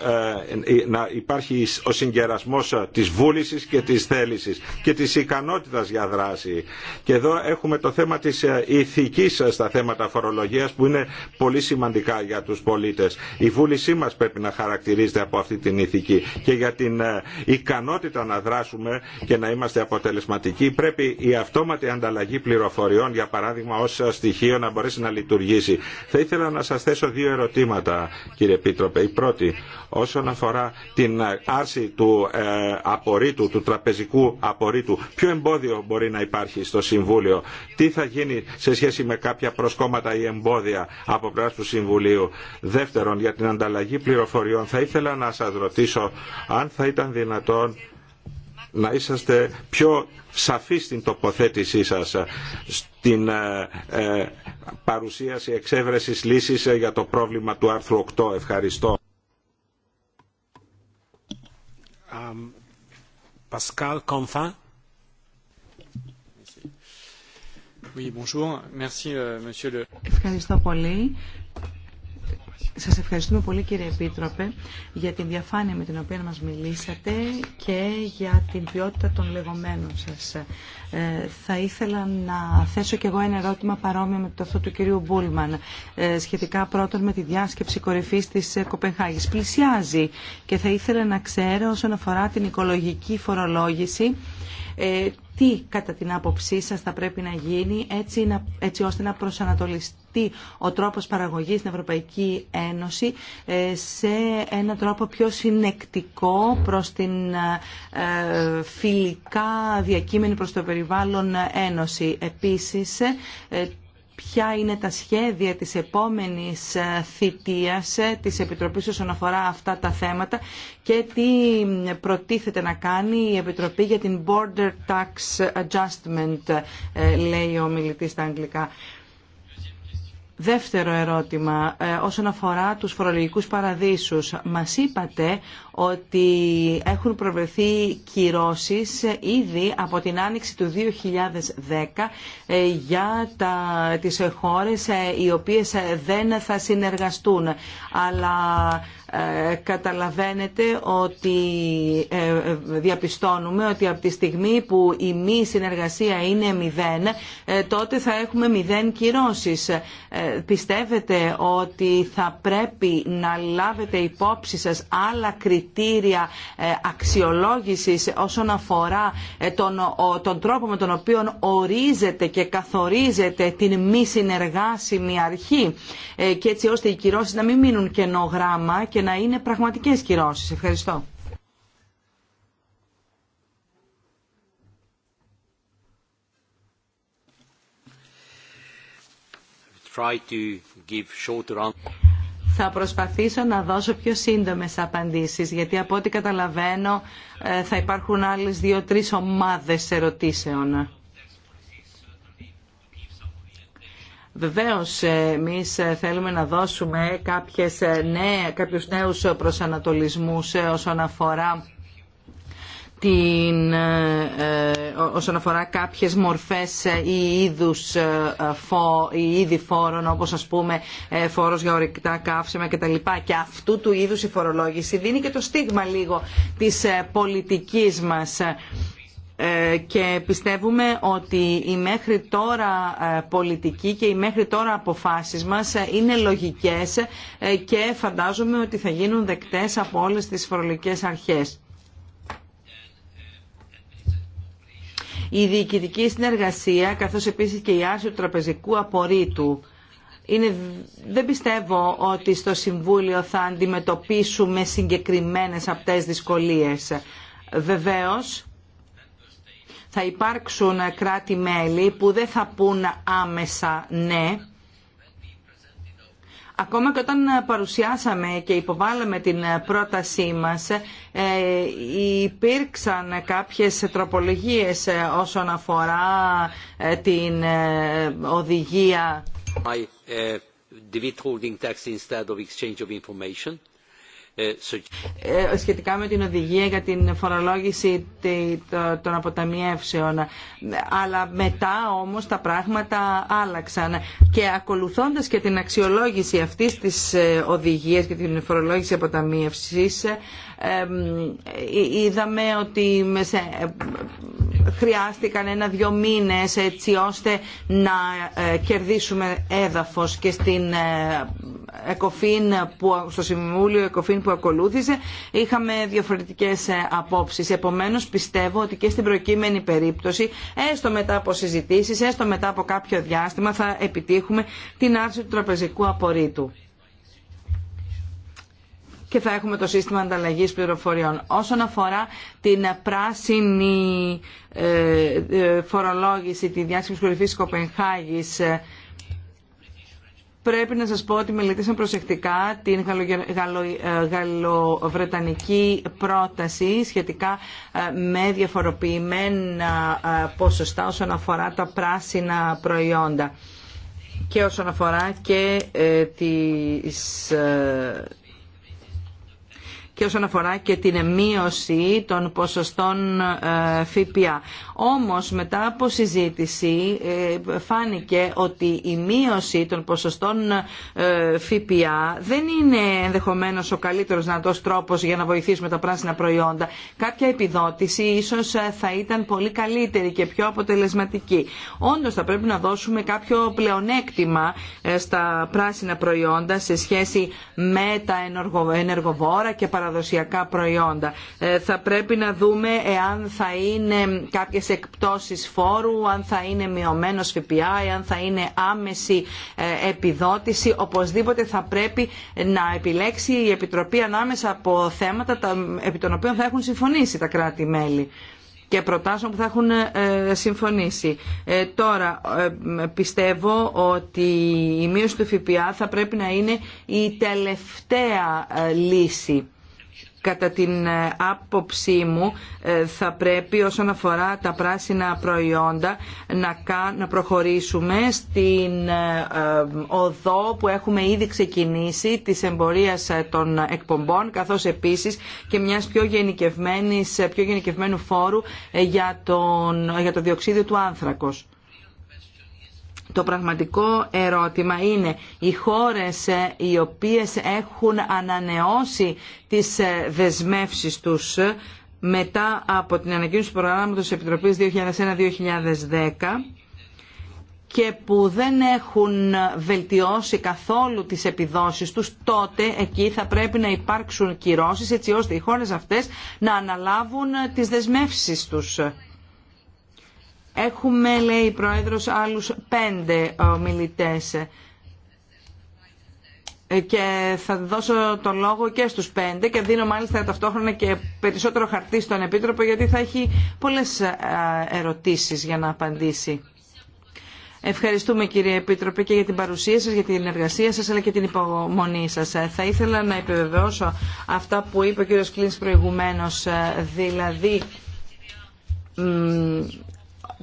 ε, να υπάρχει ο συγκερασμός της βούλησης και της θέλησης και της ικανότητας για δράση. Και εδώ έχουμε το θέμα της ηθικής στα θέματα φορολογίας που είναι πολύ σημαντικά για τους πολίτες η βούλησή μας πρέπει να χαρακτηρίζεται από αυτή την ηθική και για την ε, ικανότητα να δράσουμε και να είμαστε αποτελεσματικοί πρέπει η αυτόματη ανταλλαγή πληροφοριών για παράδειγμα ως ε, στοιχείο να μπορέσει να λειτουργήσει. Θα ήθελα να σας θέσω δύο ερωτήματα κύριε πίτροπε. Η πρώτη όσον αφορά την ε, άρση του απορρίτου, του τραπεζικού απορρίτου. Ποιο εμπόδιο μπορεί να υπάρχει στο Συμβούλιο. Τι θα γίνει σε σχέση με κάποια προσκόμματα ή εμπόδια από πλευρά του Συμβουλίου. Δεύτερον, για την ανταλλαγή πληροφοριών θα ήθελα να σας ρωτήσω αν θα ήταν δυνατόν να είσαστε πιο σαφείς στην τοποθέτησή σας στην ε, ε, παρουσίαση εξέβρεσης λύσης ε, για το πρόβλημα του άρθρου 8. Ευχαριστώ. Um, monsieur Ευχαριστώ πολύ. Σας ευχαριστούμε πολύ κύριε Επίτροπε για την διαφάνεια με την οποία μας μιλήσατε και για την ποιότητα των λεγόμενων σας. Ε, θα ήθελα να θέσω κι εγώ ένα ερώτημα παρόμοιο με το αυτό του κυρίου Μπούλμαν ε, σχετικά πρώτον με τη διάσκεψη κορυφής της ε, Κοπενχάγης. Πλησιάζει και θα ήθελα να ξέρω όσον αφορά την οικολογική φορολόγηση ε, τι κατά την άποψή σας θα πρέπει να γίνει έτσι, έτσι ώστε να προσανατολιστεί ο τρόπος παραγωγής στην Ευρωπαϊκή Ένωση ε, σε έναν τρόπο πιο συνεκτικό προς την ε, φιλικά διακείμενη προς το περιβάλλον Ένωση. Επίσης, ε, ποια είναι τα σχέδια της επόμενης θητείας της Επιτροπής όσον αφορά αυτά τα θέματα και τι προτίθεται να κάνει η Επιτροπή για την Border Tax Adjustment, λέει ο μιλητής στα αγγλικά. Δεύτερο ερώτημα, ε, όσον αφορά τους φορολογικούς παραδείσους. Μας είπατε ότι έχουν προβληθεί κυρώσεις ήδη από την άνοιξη του 2010 ε, για τα, τις χώρες ε, οι οποίες δεν θα συνεργαστούν. Αλλά ε, καταλαβαίνετε ότι ε, διαπιστώνουμε ότι από τη στιγμή που η μη συνεργασία είναι μηδέν, ε, τότε θα έχουμε μηδέν κυρώσεις. Πιστεύετε ότι θα πρέπει να λάβετε υπόψη σας άλλα κριτήρια αξιολόγησης όσον αφορά τον, τον τρόπο με τον οποίο ορίζεται και καθορίζεται την μη συνεργάσιμη αρχή και έτσι ώστε οι κυρώσεις να μην μείνουν κενό γράμμα και να είναι πραγματικές κυρώσεις. Ευχαριστώ. Θα προσπαθήσω να δώσω πιο σύντομες απαντήσεις, γιατί από ό,τι καταλαβαίνω ε, θα υπάρχουν άλλες δύο-τρεις ομάδες ερωτήσεων. Βεβαίως εμείς θέλουμε να δώσουμε κάποιες νέες, κάποιους νέους προσανατολισμούς όσον αφορά την, ε, ε, όσον αφορά κάποιες μορφές ή είδους ε, ή είδη φόρων όπως ας πούμε φόρος για ορεικτά καύσιμα κτλ. Και αυτού του είδους η φορολόγηση δίνει και το στίγμα λίγο της πολιτικής μας ε, και πιστεύουμε ότι η μέχρι τώρα ε, πολιτική και οι μέχρι τώρα αποφάσεις μας ε, είναι λογικές και φαντάζομαι ότι θα γίνουν δεκτές από όλες τις φορολογικές αρχές. Η διοικητική συνεργασία, καθώς επίσης και η άρση του τραπεζικού απορρίτου, είναι, δεν πιστεύω ότι στο Συμβούλιο θα αντιμετωπίσουμε συγκεκριμένες αυτές δυσκολίες. Βεβαίως, θα υπάρξουν κράτη-μέλη που δεν θα πούν άμεσα ναι. Ακόμα και όταν παρουσιάσαμε και υποβάλαμε την πρότασή μας, ε, υπήρξαν κάποιες τροπολογίες όσον αφορά ε, την ε, οδηγία. Ε, ε, σχετικά με την οδηγία για την φορολόγηση των αποταμιεύσεων. Αλλά μετά όμως τα πράγματα άλλαξαν και ακολουθώντας και την αξιολόγηση αυτής της ε, οδηγίας και την φορολόγηση αποταμίευσης είδαμε ότι χρειάστηκαν ένα-δυο μήνες έτσι ώστε να κερδίσουμε έδαφος και στην εκοφήν που, στο Συμβούλιο Εκοφήν ακολούθησε είχαμε διαφορετικές ε, απόψεις. Επομένως πιστεύω ότι και στην προκείμενη περίπτωση, έστω μετά από συζητήσεις, έστω μετά από κάποιο διάστημα θα επιτύχουμε την άρση του τραπεζικού απορρίτου και θα έχουμε το σύστημα ανταλλαγής πληροφοριών. Όσον αφορά την πράσινη ε, ε, φορολόγηση, τη διάσκεψη κορυφής Κοπενχάγης, πρέπει να σας πω ότι μελετήσαμε προσεκτικά την ε, γαλλοβρετανική πρόταση σχετικά ε, με διαφοροποιημένα ε, ποσοστά όσον αφορά τα πράσινα προϊόντα και όσον αφορά και τις και όσον αφορά και την μείωση των ποσοστών ε, ΦΠΑ. Όμως μετά από συζήτηση ε, φάνηκε ότι η μείωση των ποσοστών ε, ΦΠΑ δεν είναι ενδεχομένως ο καλύτερος δυνατός τρόπος για να βοηθήσουμε τα πράσινα προϊόντα. Κάποια επιδότηση ίσως θα ήταν πολύ καλύτερη και πιο αποτελεσματική. Όντως θα πρέπει να δώσουμε κάποιο πλεονέκτημα στα πράσινα προϊόντα σε σχέση με τα ενεργοβόρα και παραδοσιακά παραδοσιακά προϊόντα. Ε, θα πρέπει να δούμε εάν θα είναι κάποιες εκπτώσεις φόρου, αν θα είναι μειωμένος ΦΠΑ, εάν θα είναι άμεση ε, επιδότηση. Οπωσδήποτε θα πρέπει να επιλέξει η Επιτροπή ανάμεσα από θέματα επί των οποίων θα έχουν συμφωνήσει τα κράτη-μέλη και προτάσεων που θα έχουν ε, συμφωνήσει. Τώρα, πιστεύω ότι η μείωση του ΦΠΑ θα πρέπει να είναι η τελευταία λύση Κατά την ε, άποψή μου ε, θα πρέπει όσον αφορά τα πράσινα προϊόντα να προχωρήσουμε στην ε, οδό που έχουμε ήδη ξεκινήσει της εμπορίας των εκπομπών καθώς επίσης και μιας πιο, γενικευμένης, πιο γενικευμένου φόρου για, τον, για το διοξίδιο του άνθρακος. Το πραγματικό ερώτημα είναι οι χώρες ε, οι οποίες έχουν ανανεώσει τις ε, δεσμεύσεις τους ε, μετά από την ανακοίνωση του προγράμματος Επιτροπής 2001-2010 και που δεν έχουν βελτιώσει καθόλου τις επιδόσεις τους, τότε εκεί θα πρέπει να υπάρξουν κυρώσεις έτσι ώστε οι χώρες αυτές να αναλάβουν τις δεσμεύσεις τους. Έχουμε, λέει η Πρόεδρος, άλλους πέντε ομιλητές ε, και θα δώσω το λόγο και στους πέντε και δίνω μάλιστα ταυτόχρονα και περισσότερο χαρτί στον Επίτροπο γιατί θα έχει πολλές ε, ερωτήσεις για να απαντήσει. Ευχαριστούμε κύριε Επίτροπε και για την παρουσία σας, για την εργασία σας αλλά και την υπομονή σας. Ε, θα ήθελα να επιβεβαιώσω αυτά που είπε ο κύριος Κλίνς προηγουμένως, δηλαδή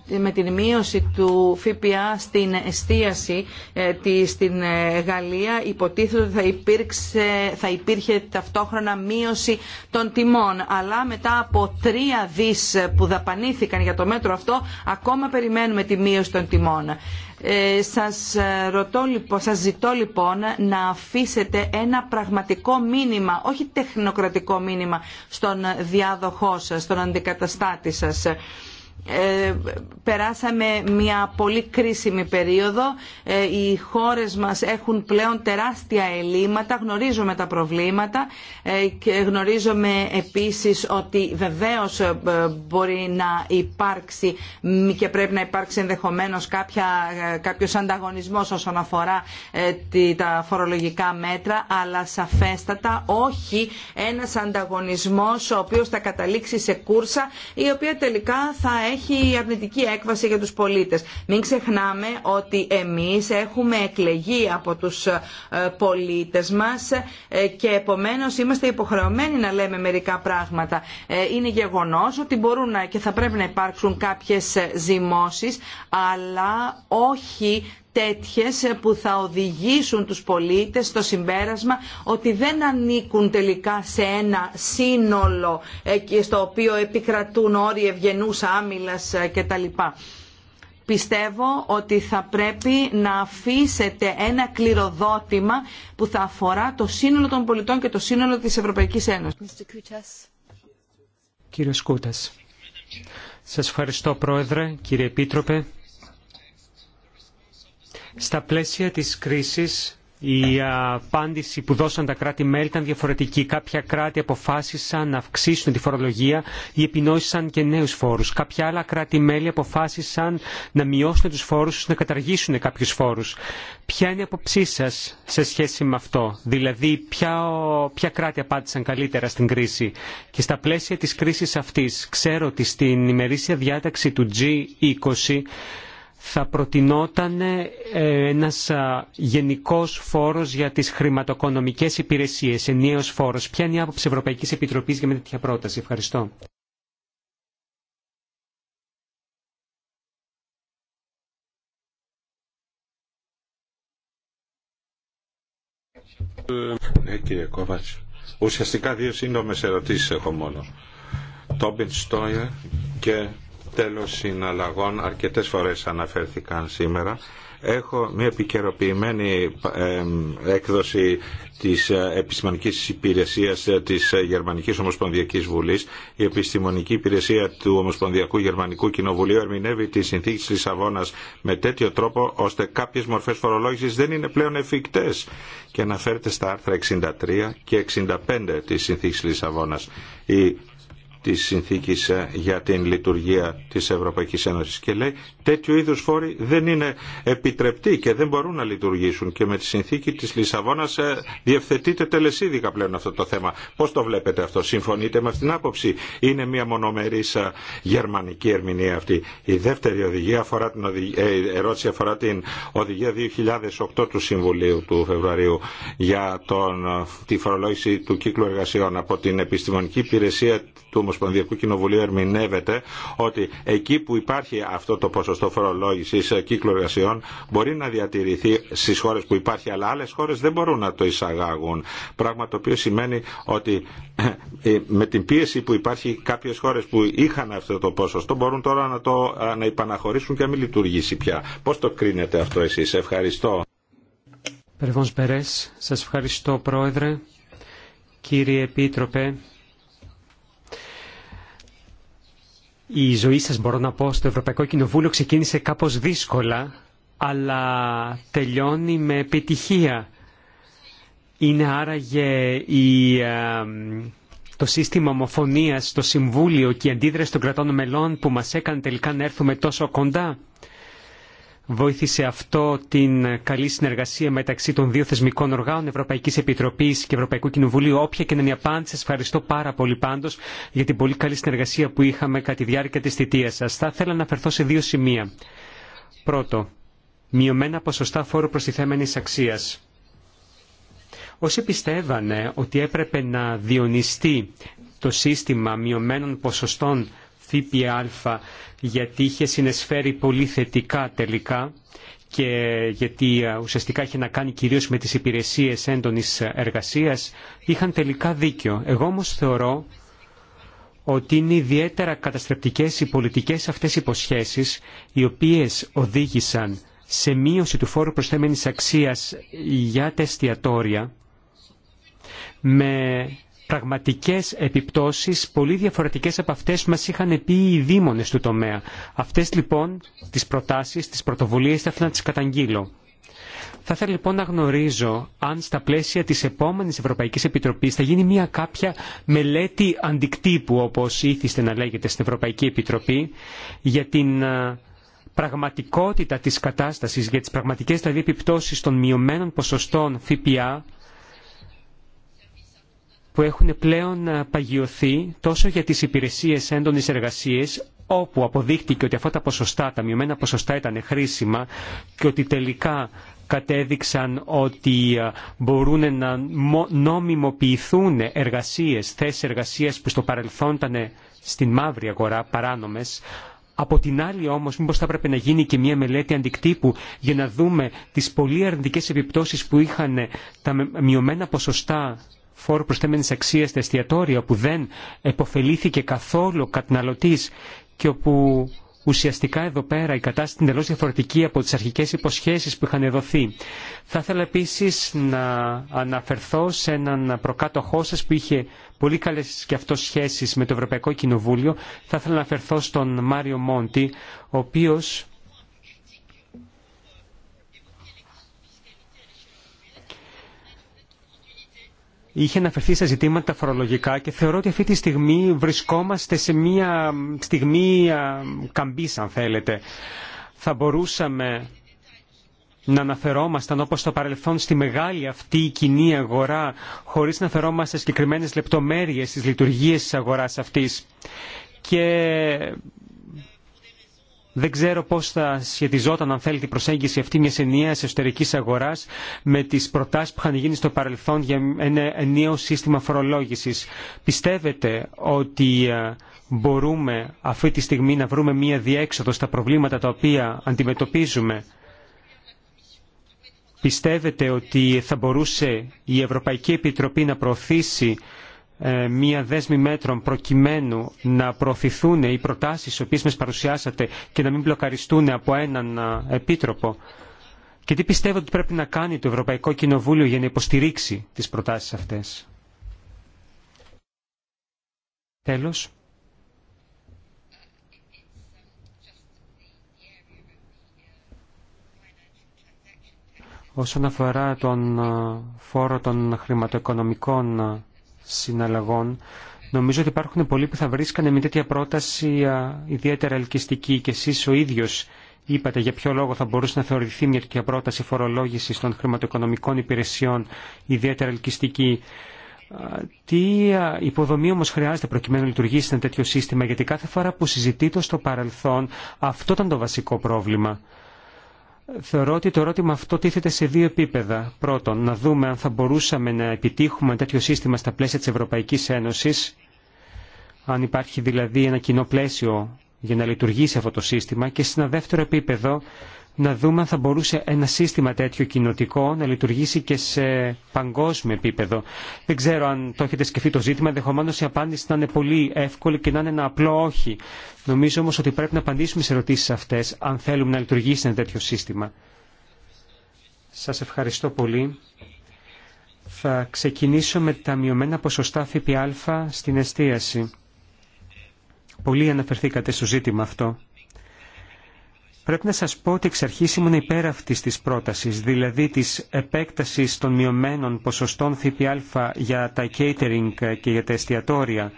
με την μείωση του ΦΠΑ στην εστίαση ε, στην ε, Γαλλία υποτίθεται ότι θα, υπήρξε, θα υπήρχε ταυτόχρονα μείωση των τιμών. Αλλά μετά από τρία δις που δαπανήθηκαν για το μέτρο αυτό ακόμα περιμένουμε τη μείωση των τιμών. Ε, σας, ρωτώ, λοιπόν, σας ζητώ λοιπόν να αφήσετε ένα πραγματικό μήνυμα, όχι τεχνοκρατικό μήνυμα στον διάδοχό σας, στον αντικαταστάτη σας ε, περάσαμε μια πολύ κρίσιμη περίοδο. Ε, οι χώρες μας έχουν πλέον τεράστια ελλείμματα, γνωρίζουμε τα προβλήματα ε, και γνωρίζουμε επίσης ότι βεβαίως μπορεί να υπάρξει και πρέπει να υπάρξει ενδεχομένως κάποια, κάποιος ανταγωνισμός όσον αφορά τα φορολογικά μέτρα, αλλά σαφέστατα όχι ένας ανταγωνισμός ο οποίος θα καταλήξει σε κούρσα η οποία τελικά θα έχει έχει αρνητική έκβαση για τους πολίτες. Μην ξεχνάμε ότι εμείς έχουμε εκλεγεί από τους ε, πολίτες μας ε, και επομένως είμαστε υποχρεωμένοι να λέμε μερικά πράγματα. Ε, είναι γεγονός ότι μπορούν και θα πρέπει να υπάρξουν κάποιες ζυμώσεις αλλά όχι τέτοιες που θα οδηγήσουν τους πολίτες στο συμπέρασμα ότι δεν ανήκουν τελικά σε ένα σύνολο ε, στο οποίο επικρατούν όροι ευγενούς άμυλας ε, κτλ. Πιστεύω ότι θα πρέπει να αφήσετε ένα κληροδότημα που θα αφορά το σύνολο των πολιτών και το σύνολο της Ευρωπαϊκής Ένωσης. Κύριε Σκούτας, σας ευχαριστώ Πρόεδρε, κύριε Επίτροπε. Στα πλαίσια της κρίσης η απάντηση που δώσαν τα κράτη-μέλη ήταν διαφορετική. Κάποια κράτη αποφάσισαν να αυξήσουν τη φορολογία ή επινόησαν και νέους φόρους. Κάποια άλλα κράτη-μέλη αποφάσισαν να μειώσουν τους φόρους, να καταργήσουν κάποιους φόρους. Ποια είναι η αποψή σα σε σχέση με αυτό, δηλαδή ποια, ποια κράτη απάντησαν καλύτερα στην κρίση. Και στα πλαίσια της κρίσης αυτής, ξέρω ότι στην ημερήσια διάταξη του G20 θα προτινόταν ε, ένας γενικός φόρος για τις χρηματοοικονομικές υπηρεσίες, ενιαίος φόρος. Ποια είναι η άποψη Ευρωπαϊκής Επιτροπής για μια τέτοια πρόταση. Ευχαριστώ. Ναι κύριε Κόβατς. Ουσιαστικά δύο σύντομες ερωτήσεις έχω μόνο. Τόμπιν Στόιερ και τέλος συναλλαγών αρκετές φορές αναφέρθηκαν σήμερα. Έχω μια επικαιροποιημένη έκδοση της ε, επιστημονικής υπηρεσίας ε, της ε, Γερμανικής Ομοσπονδιακής Βουλής. Η επιστημονική υπηρεσία του Ομοσπονδιακού Γερμανικού Κοινοβουλίου ερμηνεύει τη συνθήκη της Λισαβόνας με τέτοιο τρόπο ώστε κάποιες μορφές φορολόγησης δεν είναι πλέον εφικτές και αναφέρεται στα άρθρα 63 και 65 της συνθήκης Λισαβόνας. Η Τη συνθήκη ε, για την λειτουργία τη Ευρωπαϊκή Ένωση. και λέει τέτοιου είδου φόροι δεν είναι επιτρεπτοί και δεν μπορούν να λειτουργήσουν και με τη συνθήκη τη Λισαβόνα ε, διευθετείται τελεσίδικα πλέον αυτό το θέμα. Πώ το βλέπετε αυτό, συμφωνείτε με αυτήν την άποψη. Είναι μια μονομερή ε, γερμανική ερμηνεία αυτή. Η δεύτερη οδηγία αφορά την ερώτηση αφορά την οδηγία 2008 του Συμβουλίου του Φεβρουαρίου για τον, τη φορολόγηση του κύκλου εργασιών από την επιστημονική υπηρεσία του Ομοσπονδιακού Κοινοβουλίου ερμηνεύεται ότι εκεί που υπάρχει αυτό το ποσοστό φορολόγηση ε, κύκλου εργασιών μπορεί να διατηρηθεί στι χώρε που υπάρχει, αλλά άλλε χώρε δεν μπορούν να το εισαγάγουν. Πράγμα το οποίο σημαίνει ότι ε, ε, με την πίεση που υπάρχει κάποιε χώρε που είχαν αυτό το ποσοστό μπορούν τώρα να το να υπαναχωρήσουν και να μην λειτουργήσει πια. Πώ το κρίνετε αυτό εσεί, ευχαριστώ. Περβόν σας ευχαριστώ Πρόεδρε, κύριε Επίτροπε, η ζωή σας μπορώ να πω στο Ευρωπαϊκό Κοινοβούλιο ξεκίνησε κάπως δύσκολα αλλά τελειώνει με επιτυχία. Είναι άραγε η, ε, το σύστημα ομοφωνίας το Συμβούλιο και η αντίδραση των κρατών μελών που μας έκανε τελικά να έρθουμε τόσο κοντά. Βοήθησε αυτό την καλή συνεργασία μεταξύ των δύο θεσμικών οργάνων Ευρωπαϊκής Επιτροπής και Ευρωπαϊκού Κοινοβουλίου. Όποια και να είναι η απάντηση, σας ευχαριστώ πάρα πολύ πάντως για την πολύ καλή συνεργασία που είχαμε κατά τη διάρκεια της θητείας σας. Θα ήθελα να αναφερθώ σε δύο σημεία. Πρώτο, μειωμένα ποσοστά φόρου προστιθέμενης αξίας. Όσοι πιστεύανε ότι έπρεπε να διονυστεί το σύστημα μειωμένων ποσοστών ΦΠΑ γιατί είχε συνεσφέρει πολύ θετικά τελικά και γιατί ε, ουσιαστικά είχε να κάνει κυρίως με τις υπηρεσίες έντονης εργασίας, είχαν τελικά δίκιο. Εγώ όμως θεωρώ ότι είναι ιδιαίτερα καταστρεπτικές οι πολιτικές αυτές υποσχέσεις, οι οποίες οδήγησαν σε μείωση του φόρου προσθέμενης αξίας για τα εστιατόρια, με πραγματικές επιπτώσεις πολύ διαφορετικές από αυτές που μας είχαν πει οι δήμονες του τομέα. Αυτές λοιπόν τις προτάσεις, τις πρωτοβουλίες θα ήθελα να τις καταγγείλω. Θα ήθελα λοιπόν να γνωρίζω αν στα πλαίσια της επόμενης Ευρωπαϊκής Επιτροπής θα γίνει μια κάποια μελέτη αντικτύπου όπως ήθιστε να λέγεται στην Ευρωπαϊκή Επιτροπή για την ε, πραγματικότητα της κατάστασης, για τις πραγματικές δηλαδή επιπτώσεις των μειωμένων ποσοστών ΦΠΑ που έχουν πλέον παγιωθεί τόσο για τις υπηρεσίες έντονης εργασίες όπου αποδείχτηκε ότι αυτά τα ποσοστά, τα μειωμένα ποσοστά ήταν χρήσιμα και ότι τελικά κατέδειξαν ότι μπορούν να νομιμοποιηθούν εργασίες, θέσεις εργασίας που στο παρελθόν ήταν στην μαύρη αγορά παράνομες. Από την άλλη όμως μήπως θα έπρεπε να γίνει και μια μελέτη αντικτύπου για να δούμε τις πολύ αρνητικές επιπτώσεις που είχαν τα μειωμένα ποσοστά φόρου προσθέμενης αξίας στα εστιατόρια που δεν επωφελήθηκε καθόλου ο καταναλωτής και όπου ουσιαστικά εδώ πέρα η κατάσταση είναι εντελώ διαφορετική από τις αρχικές υποσχέσεις που είχαν δοθεί. Θα ήθελα επίσης να αναφερθώ σε έναν προκάτοχό σας που είχε πολύ καλές και αυτό σχέσεις με το Ευρωπαϊκό Κοινοβούλιο. Θα ήθελα να αναφερθώ στον Μάριο Μόντι, ο οποίος είχε αναφερθεί σε ζητήματα φορολογικά και θεωρώ ότι αυτή τη στιγμή βρισκόμαστε σε μια στιγμή καμπής αν θέλετε. Θα μπορούσαμε να αναφερόμασταν όπως στο παρελθόν στη μεγάλη αυτή κοινή αγορά χωρίς να αναφερόμαστε σε συγκεκριμένες λεπτομέρειες στις λειτουργίες της αγοράς αυτής. Και δεν ξέρω πώς θα σχετιζόταν, αν θέλει, την προσέγγιση αυτή μια ενιαία εσωτερική αγοράς με τις προτάσεις που είχαν γίνει στο παρελθόν για ένα ενιαίο σύστημα φορολόγησης. Πιστεύετε ότι ε, μπορούμε αυτή τη στιγμή να βρούμε μία διέξοδο στα προβλήματα τα οποία αντιμετωπίζουμε. Πιστεύετε ότι θα μπορούσε η Ευρωπαϊκή Επιτροπή να προωθήσει ε, μία δέσμη μέτρων προκειμένου να προωθηθούν οι προτάσεις τις οποίες μας παρουσιάσατε και να μην μπλοκαριστούν από έναν ε, επίτροπο. Και τι πιστεύω ότι πρέπει να κάνει το Ευρωπαϊκό Κοινοβούλιο για να υποστηρίξει τις προτάσεις αυτές. Τέλος. Όσον αφορά τον ε, φόρο των χρηματοοικονομικών συναλλαγών. Νομίζω ότι υπάρχουν πολλοί που θα βρίσκανε μια τέτοια πρόταση ιδιαίτερα ελκυστική και εσεί ο ίδιος είπατε για ποιο λόγο θα μπορούσε να θεωρηθεί μια τέτοια πρόταση φορολογήση των χρηματοοικονομικών υπηρεσιών ιδιαίτερα ελκυστική. Τι υποδομή όμω χρειάζεται προκειμένου να λειτουργήσει ένα τέτοιο σύστημα, γιατί κάθε φορά που συζητείτε στο παρελθόν αυτό ήταν το βασικό πρόβλημα. Θεωρώ ότι το ερώτημα αυτό τίθεται σε δύο επίπεδα. Πρώτον, να δούμε αν θα μπορούσαμε να επιτύχουμε τέτοιο σύστημα στα πλαίσια της Ευρωπαϊκής Ένωσης, αν υπάρχει δηλαδή ένα κοινό πλαίσιο για να λειτουργήσει αυτό το σύστημα και σε ένα δεύτερο επίπεδο να δούμε αν θα μπορούσε ένα σύστημα τέτοιο κοινοτικό να λειτουργήσει και σε παγκόσμιο επίπεδο. Δεν ξέρω αν το έχετε σκεφτεί το ζήτημα, ενδεχομένω η απάντηση να είναι πολύ εύκολη και να είναι ένα απλό όχι. Νομίζω όμω ότι πρέπει να απαντήσουμε σε ερωτήσει αυτέ, αν θέλουμε να λειτουργήσει ένα τέτοιο σύστημα. Σα ευχαριστώ πολύ. Θα ξεκινήσω με τα μειωμένα ποσοστά ΦΠΑ στην εστίαση. Πολλοί αναφερθήκατε στο ζήτημα αυτό. Πρέπει να σας πω ότι εξ αρχής ήμουν υπέρ αυτής της πρότασης, δηλαδή της επέκτασης των μειωμένων ποσοστών ΦΠΑ για τα catering και για τα εστιατόρια.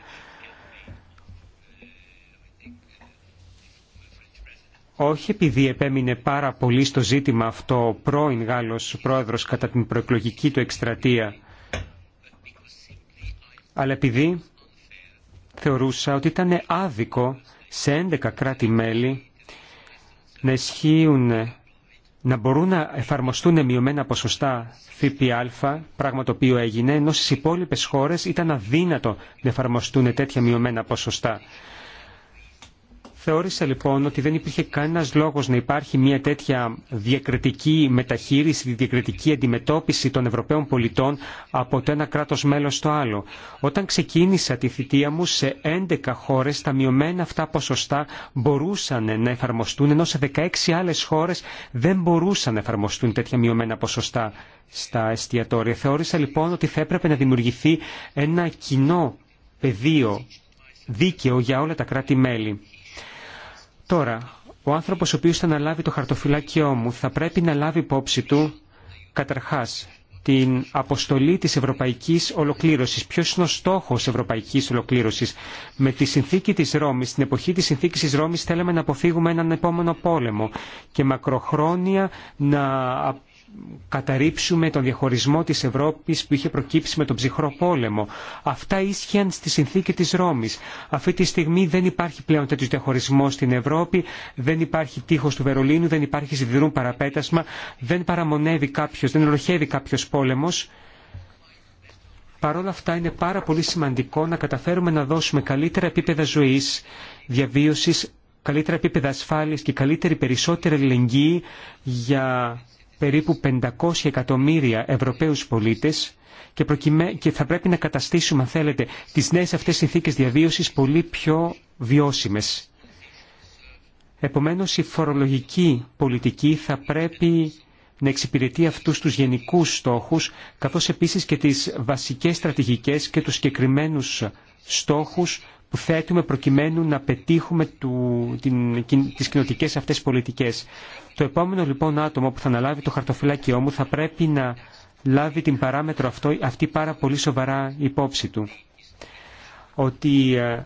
όχι επειδή επέμεινε πάρα πολύ στο ζήτημα αυτό ο πρώην Γάλλος πρόεδρος κατά την προεκλογική του εκστρατεία, αλλά επειδή θεωρούσα ότι ήταν άδικο σε 11 κράτη-μέλη να ισχύουν, να μπορούν να εφαρμοστούν μειωμένα ποσοστά ΦΠΑ, πράγμα το οποίο έγινε, ενώ στι υπόλοιπε χώρε ήταν αδύνατο να εφαρμοστούν τέτοια μειωμένα ποσοστά. Θεώρησα λοιπόν ότι δεν υπήρχε κανένα λόγο να υπάρχει μια τέτοια διακριτική μεταχείριση, διακριτική αντιμετώπιση των Ευρωπαίων πολιτών από το ένα κράτο μέλο στο άλλο. Όταν ξεκίνησα τη θητεία μου σε 11 χώρε τα μειωμένα αυτά ποσοστά μπορούσαν να εφαρμοστούν ενώ σε 16 άλλε χώρε δεν μπορούσαν να εφαρμοστούν τέτοια μειωμένα ποσοστά στα εστιατόρια. Θεώρησα λοιπόν ότι θα έπρεπε να δημιουργηθεί ένα κοινό πεδίο δίκαιο για όλα τα κράτη-μέλη. Τώρα, ο άνθρωπος ο οποίος θα αναλάβει το χαρτοφυλάκιό μου θα πρέπει να λάβει υπόψη του, καταρχάς, την αποστολή της ευρωπαϊκής ολοκλήρωσης. Ποιος είναι ο στόχος ευρωπαϊκής ολοκλήρωσης. Με τη συνθήκη της Ρώμης, την εποχή της συνθήκης της Ρώμης θέλαμε να αποφύγουμε έναν επόμενο πόλεμο και μακροχρόνια να καταρρύψουμε τον διαχωρισμό της Ευρώπης που είχε προκύψει με τον ψυχρό πόλεμο. Αυτά ίσχυαν στη συνθήκη της Ρώμης. Αυτή τη στιγμή δεν υπάρχει πλέον τέτοιο διαχωρισμό στην Ευρώπη, δεν υπάρχει τείχος του Βερολίνου, δεν υπάρχει σιδηρού παραπέτασμα, δεν παραμονεύει κάποιος, δεν ροχεύει κάποιος πόλεμος. Παρ' όλα αυτά είναι πάρα πολύ σημαντικό να καταφέρουμε να δώσουμε καλύτερα επίπεδα ζωής, διαβίωσης, καλύτερα επίπεδα ασφάλειας και καλύτερη περισσότερη ελεγγύη για περίπου 500 εκατομμύρια Ευρωπαίους πολίτες και, και θα πρέπει να καταστήσουμε, αν θέλετε, τις νέες αυτές συνθήκες διαβίωσης πολύ πιο βιώσιμες. Επομένως, η φορολογική πολιτική θα πρέπει να εξυπηρετεί αυτούς τους γενικούς στόχους, καθώς επίσης και τις βασικές στρατηγικές και τους συγκεκριμένου στόχους που θέτουμε προκειμένου να πετύχουμε του, την, τις πολιτικέ. αυτές πολιτικές. Το επόμενο λοιπόν άτομο που θα αναλάβει το χαρτοφυλάκιό μου θα πρέπει να λάβει την παράμετρο αυτό, αυτή πάρα πολύ σοβαρά υπόψη του. Ότι ε,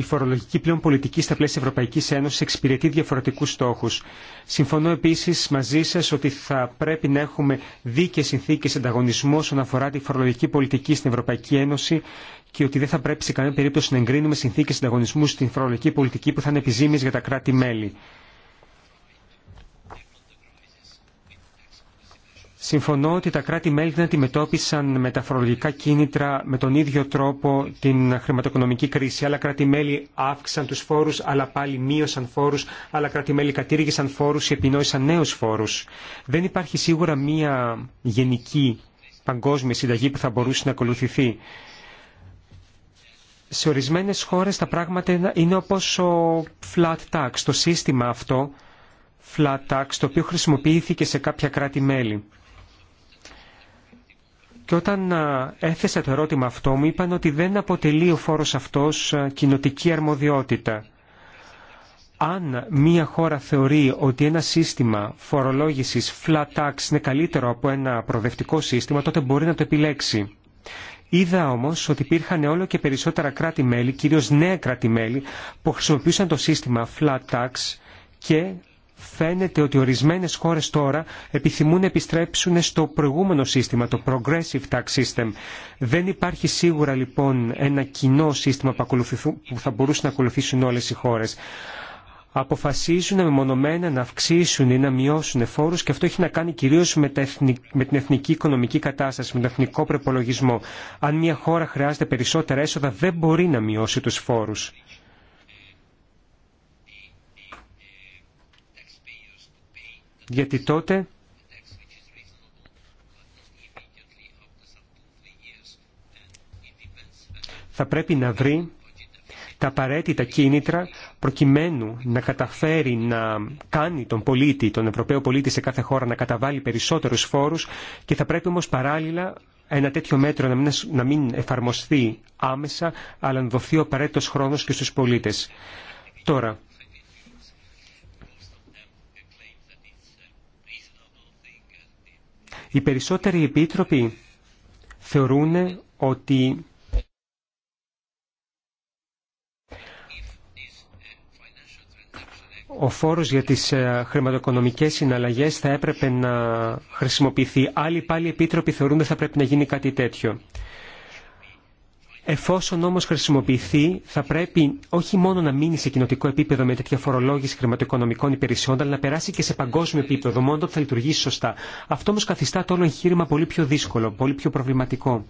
η φορολογική πλέον πολιτική στα πλαίσια Ευρωπαϊκής Ένωσης εξυπηρετεί διαφορετικούς στόχους. Συμφωνώ επίσης μαζί σας ότι θα πρέπει να έχουμε δίκαιε συνθήκες ανταγωνισμού όσον αφορά τη φορολογική πολιτική στην Ευρωπαϊκή Ένωση και ότι δεν θα πρέπει σε κανένα περίπτωση να εγκρίνουμε συνθήκε ανταγωνισμού στην φορολογική πολιτική που θα είναι επιζήμιε για τα κράτη-μέλη. Συμφωνώ ότι τα κράτη-μέλη δεν αντιμετώπισαν με τα φορολογικά κίνητρα με τον ίδιο τρόπο την χρηματοοικονομική κρίση. Άλλα κράτη-μέλη αύξησαν του φόρου, αλλά πάλι μείωσαν φόρου. Άλλα κράτη-μέλη κατήργησαν φόρου ή επινόησαν νέου φόρου. Δεν υπάρχει σίγουρα μία γενική παγκόσμια συνταγή που θα μπορούσε να ακολουθηθεί. Σε ορισμένε χώρε τα πράγματα είναι όπω ο flat tax, το σύστημα αυτό flat tax, το οποίο χρησιμοποιήθηκε σε κάποια κράτη-μέλη. Και όταν έθεσα το ερώτημα αυτό μου είπαν ότι δεν αποτελεί ο φόρος αυτός κοινοτική αρμοδιότητα. Αν μία χώρα θεωρεί ότι ένα σύστημα φορολόγησης flat tax είναι καλύτερο από ένα προοδευτικό σύστημα, τότε μπορεί να το επιλέξει. Είδα όμως ότι υπήρχαν όλο και περισσότερα κράτη-μέλη, κυρίως νέα κράτη-μέλη, που χρησιμοποιούσαν το σύστημα flat tax και φαίνεται ότι ορισμένες χώρες τώρα επιθυμούν να επιστρέψουν στο προηγούμενο σύστημα, το Progressive Tax System. Δεν υπάρχει σίγουρα λοιπόν ένα κοινό σύστημα που, θα μπορούσαν να ακολουθήσουν όλες οι χώρες. Αποφασίζουν μεμονωμένα να αυξήσουν ή να μειώσουν φόρους και αυτό έχει να κάνει κυρίως με, με την εθνική οικονομική κατάσταση, με τον εθνικό προπολογισμό. Αν μια χώρα χρειάζεται περισσότερα έσοδα δεν μπορεί να μειώσει τους φόρους. γιατί τότε θα πρέπει να βρει τα απαραίτητα κίνητρα προκειμένου να καταφέρει να κάνει τον πολίτη, τον Ευρωπαίο πολίτη σε κάθε χώρα να καταβάλει περισσότερους φόρους και θα πρέπει όμως παράλληλα ένα τέτοιο μέτρο να μην, εφαρμοστεί άμεσα αλλά να δοθεί ο απαραίτητος χρόνος και στους πολίτες. Τώρα, Οι περισσότεροι επίτροποι θεωρούν ότι ο φόρος για τις ε, χρηματοοικονομικές συναλλαγές θα έπρεπε να χρησιμοποιηθεί. Άλλοι πάλι επίτροποι θεωρούν ότι θα πρέπει να γίνει κάτι τέτοιο. Εφόσον όμως χρησιμοποιηθεί, θα πρέπει όχι μόνο να μείνει σε κοινοτικό επίπεδο με τέτοια φορολόγηση χρηματοοικονομικών υπηρεσιών, αλλά να περάσει και σε παγκόσμιο επίπεδο, μόνο όταν θα λειτουργήσει σωστά. Αυτό όμως καθιστά το όλο εγχείρημα πολύ πιο δύσκολο, πολύ πιο προβληματικό.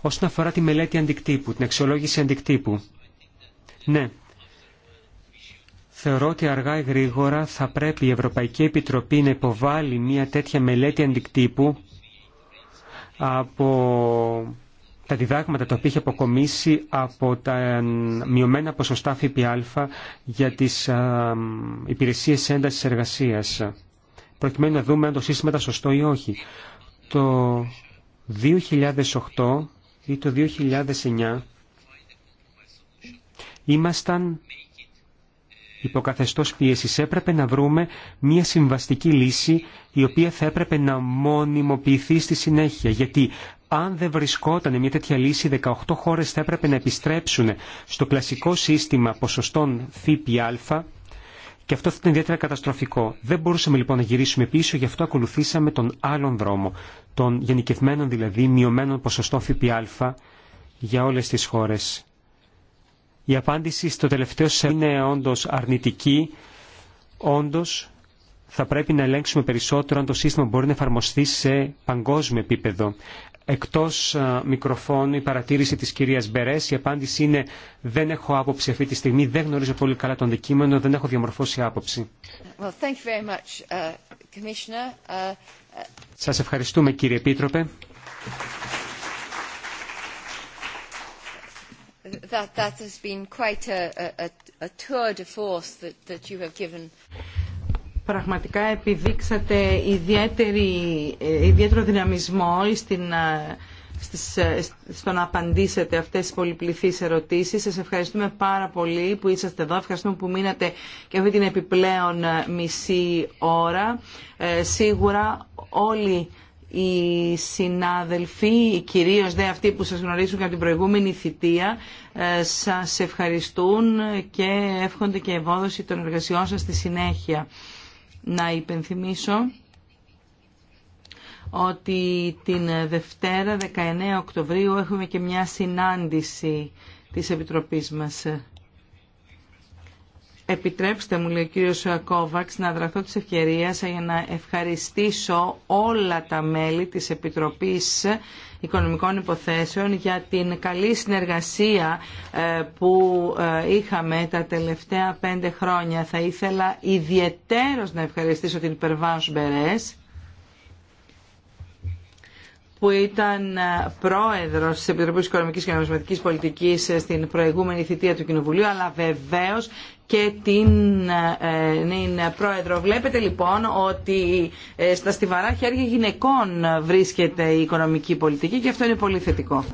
Όσον αφορά τη μελέτη αντικτύπου, την αξιολόγηση αντικτύπου. Ναι, θεωρώ ότι αργά ή γρήγορα θα πρέπει η Ευρωπαϊκή Επιτροπή να υποβάλει μια τέτοια μελέτη αντικτύπου από τα διδάγματα τα οποία είχε αποκομίσει από τα μειωμένα ποσοστά ΦΠΑ για τις υπηρεσίες έντασης εργασίας, προκειμένου να δούμε αν το σύστημα ήταν σωστό ή όχι. Το 2008 ή το 2009 ήμασταν υποκαθεστώς πίεσης. Έπρεπε να βρούμε μια συμβαστική λύση η οποία θα έπρεπε να μονιμοποιηθεί στη συνέχεια. Γιατί αν δεν βρισκόταν μια τέτοια λύση, 18 χώρες θα έπρεπε να επιστρέψουν στο κλασικό σύστημα ποσοστών ΦΠΑ και αυτό θα ήταν ιδιαίτερα καταστροφικό. Δεν μπορούσαμε λοιπόν να γυρίσουμε πίσω, γι' αυτό ακολουθήσαμε τον άλλον δρόμο, των γενικευμένων δηλαδή μειωμένων ποσοστών ΦΠΑ για όλες τις χώρες. Η απάντηση στο τελευταίο σε είναι όντως αρνητική, όντως θα πρέπει να ελέγξουμε περισσότερο αν το σύστημα μπορεί να εφαρμοστεί σε παγκόσμιο επίπεδο εκτός μικροφώνου η παρατήρηση της κυρίας Μπερές. Η απάντηση είναι δεν έχω άποψη αυτή τη στιγμή, δεν γνωρίζω πολύ καλά το δικείμενο δεν έχω διαμορφώσει άποψη. Well, thank you very much, uh, uh, uh, Σας ευχαριστούμε κύριε Επίτροπε. That, that has been quite a, tour de force that you have given. Πραγματικά επιδείξατε ιδιαίτερη, ε, ιδιαίτερο δυναμισμό στην, ε, στις, ε, στο να απαντήσετε αυτές τις πολυπληθείς ερωτήσεις. Σας ευχαριστούμε πάρα πολύ που είσαστε εδώ. Ευχαριστούμε που μείνατε και αυτή την επιπλέον μισή ώρα. σίγουρα όλοι οι συνάδελφοι, κυρίως δε αυτοί που σας γνωρίζουν και από την προηγούμενη θητεία, σας ευχαριστούν και εύχονται και ευόδοση των εργασιών σας στη συνέχεια να υπενθυμίσω ότι την Δευτέρα 19 Οκτωβρίου έχουμε και μια συνάντηση της Επιτροπής μας. Επιτρέψτε μου, λέει ο κύριος Κόβαξ, να δραθώ της ευκαιρίας για να ευχαριστήσω όλα τα μέλη της Επιτροπής Οικονομικών Υποθέσεων για την καλή συνεργασία ε, που ε, είχαμε τα τελευταία πέντε χρόνια. Θα ήθελα ιδιαίτερος να ευχαριστήσω την Περβάνς Μπερές που ήταν ε, πρόεδρος της Επιτροπής Οικονομικής και Νομισματικής Πολιτικής στην προηγούμενη θητεία του Κοινοβουλίου, αλλά βεβαίως και την ε, πρόεδρο. Βλέπετε λοιπόν ότι ε, στα στιβαρά χέρια γυναικών βρίσκεται η οικονομική πολιτική και αυτό είναι πολύ θετικό.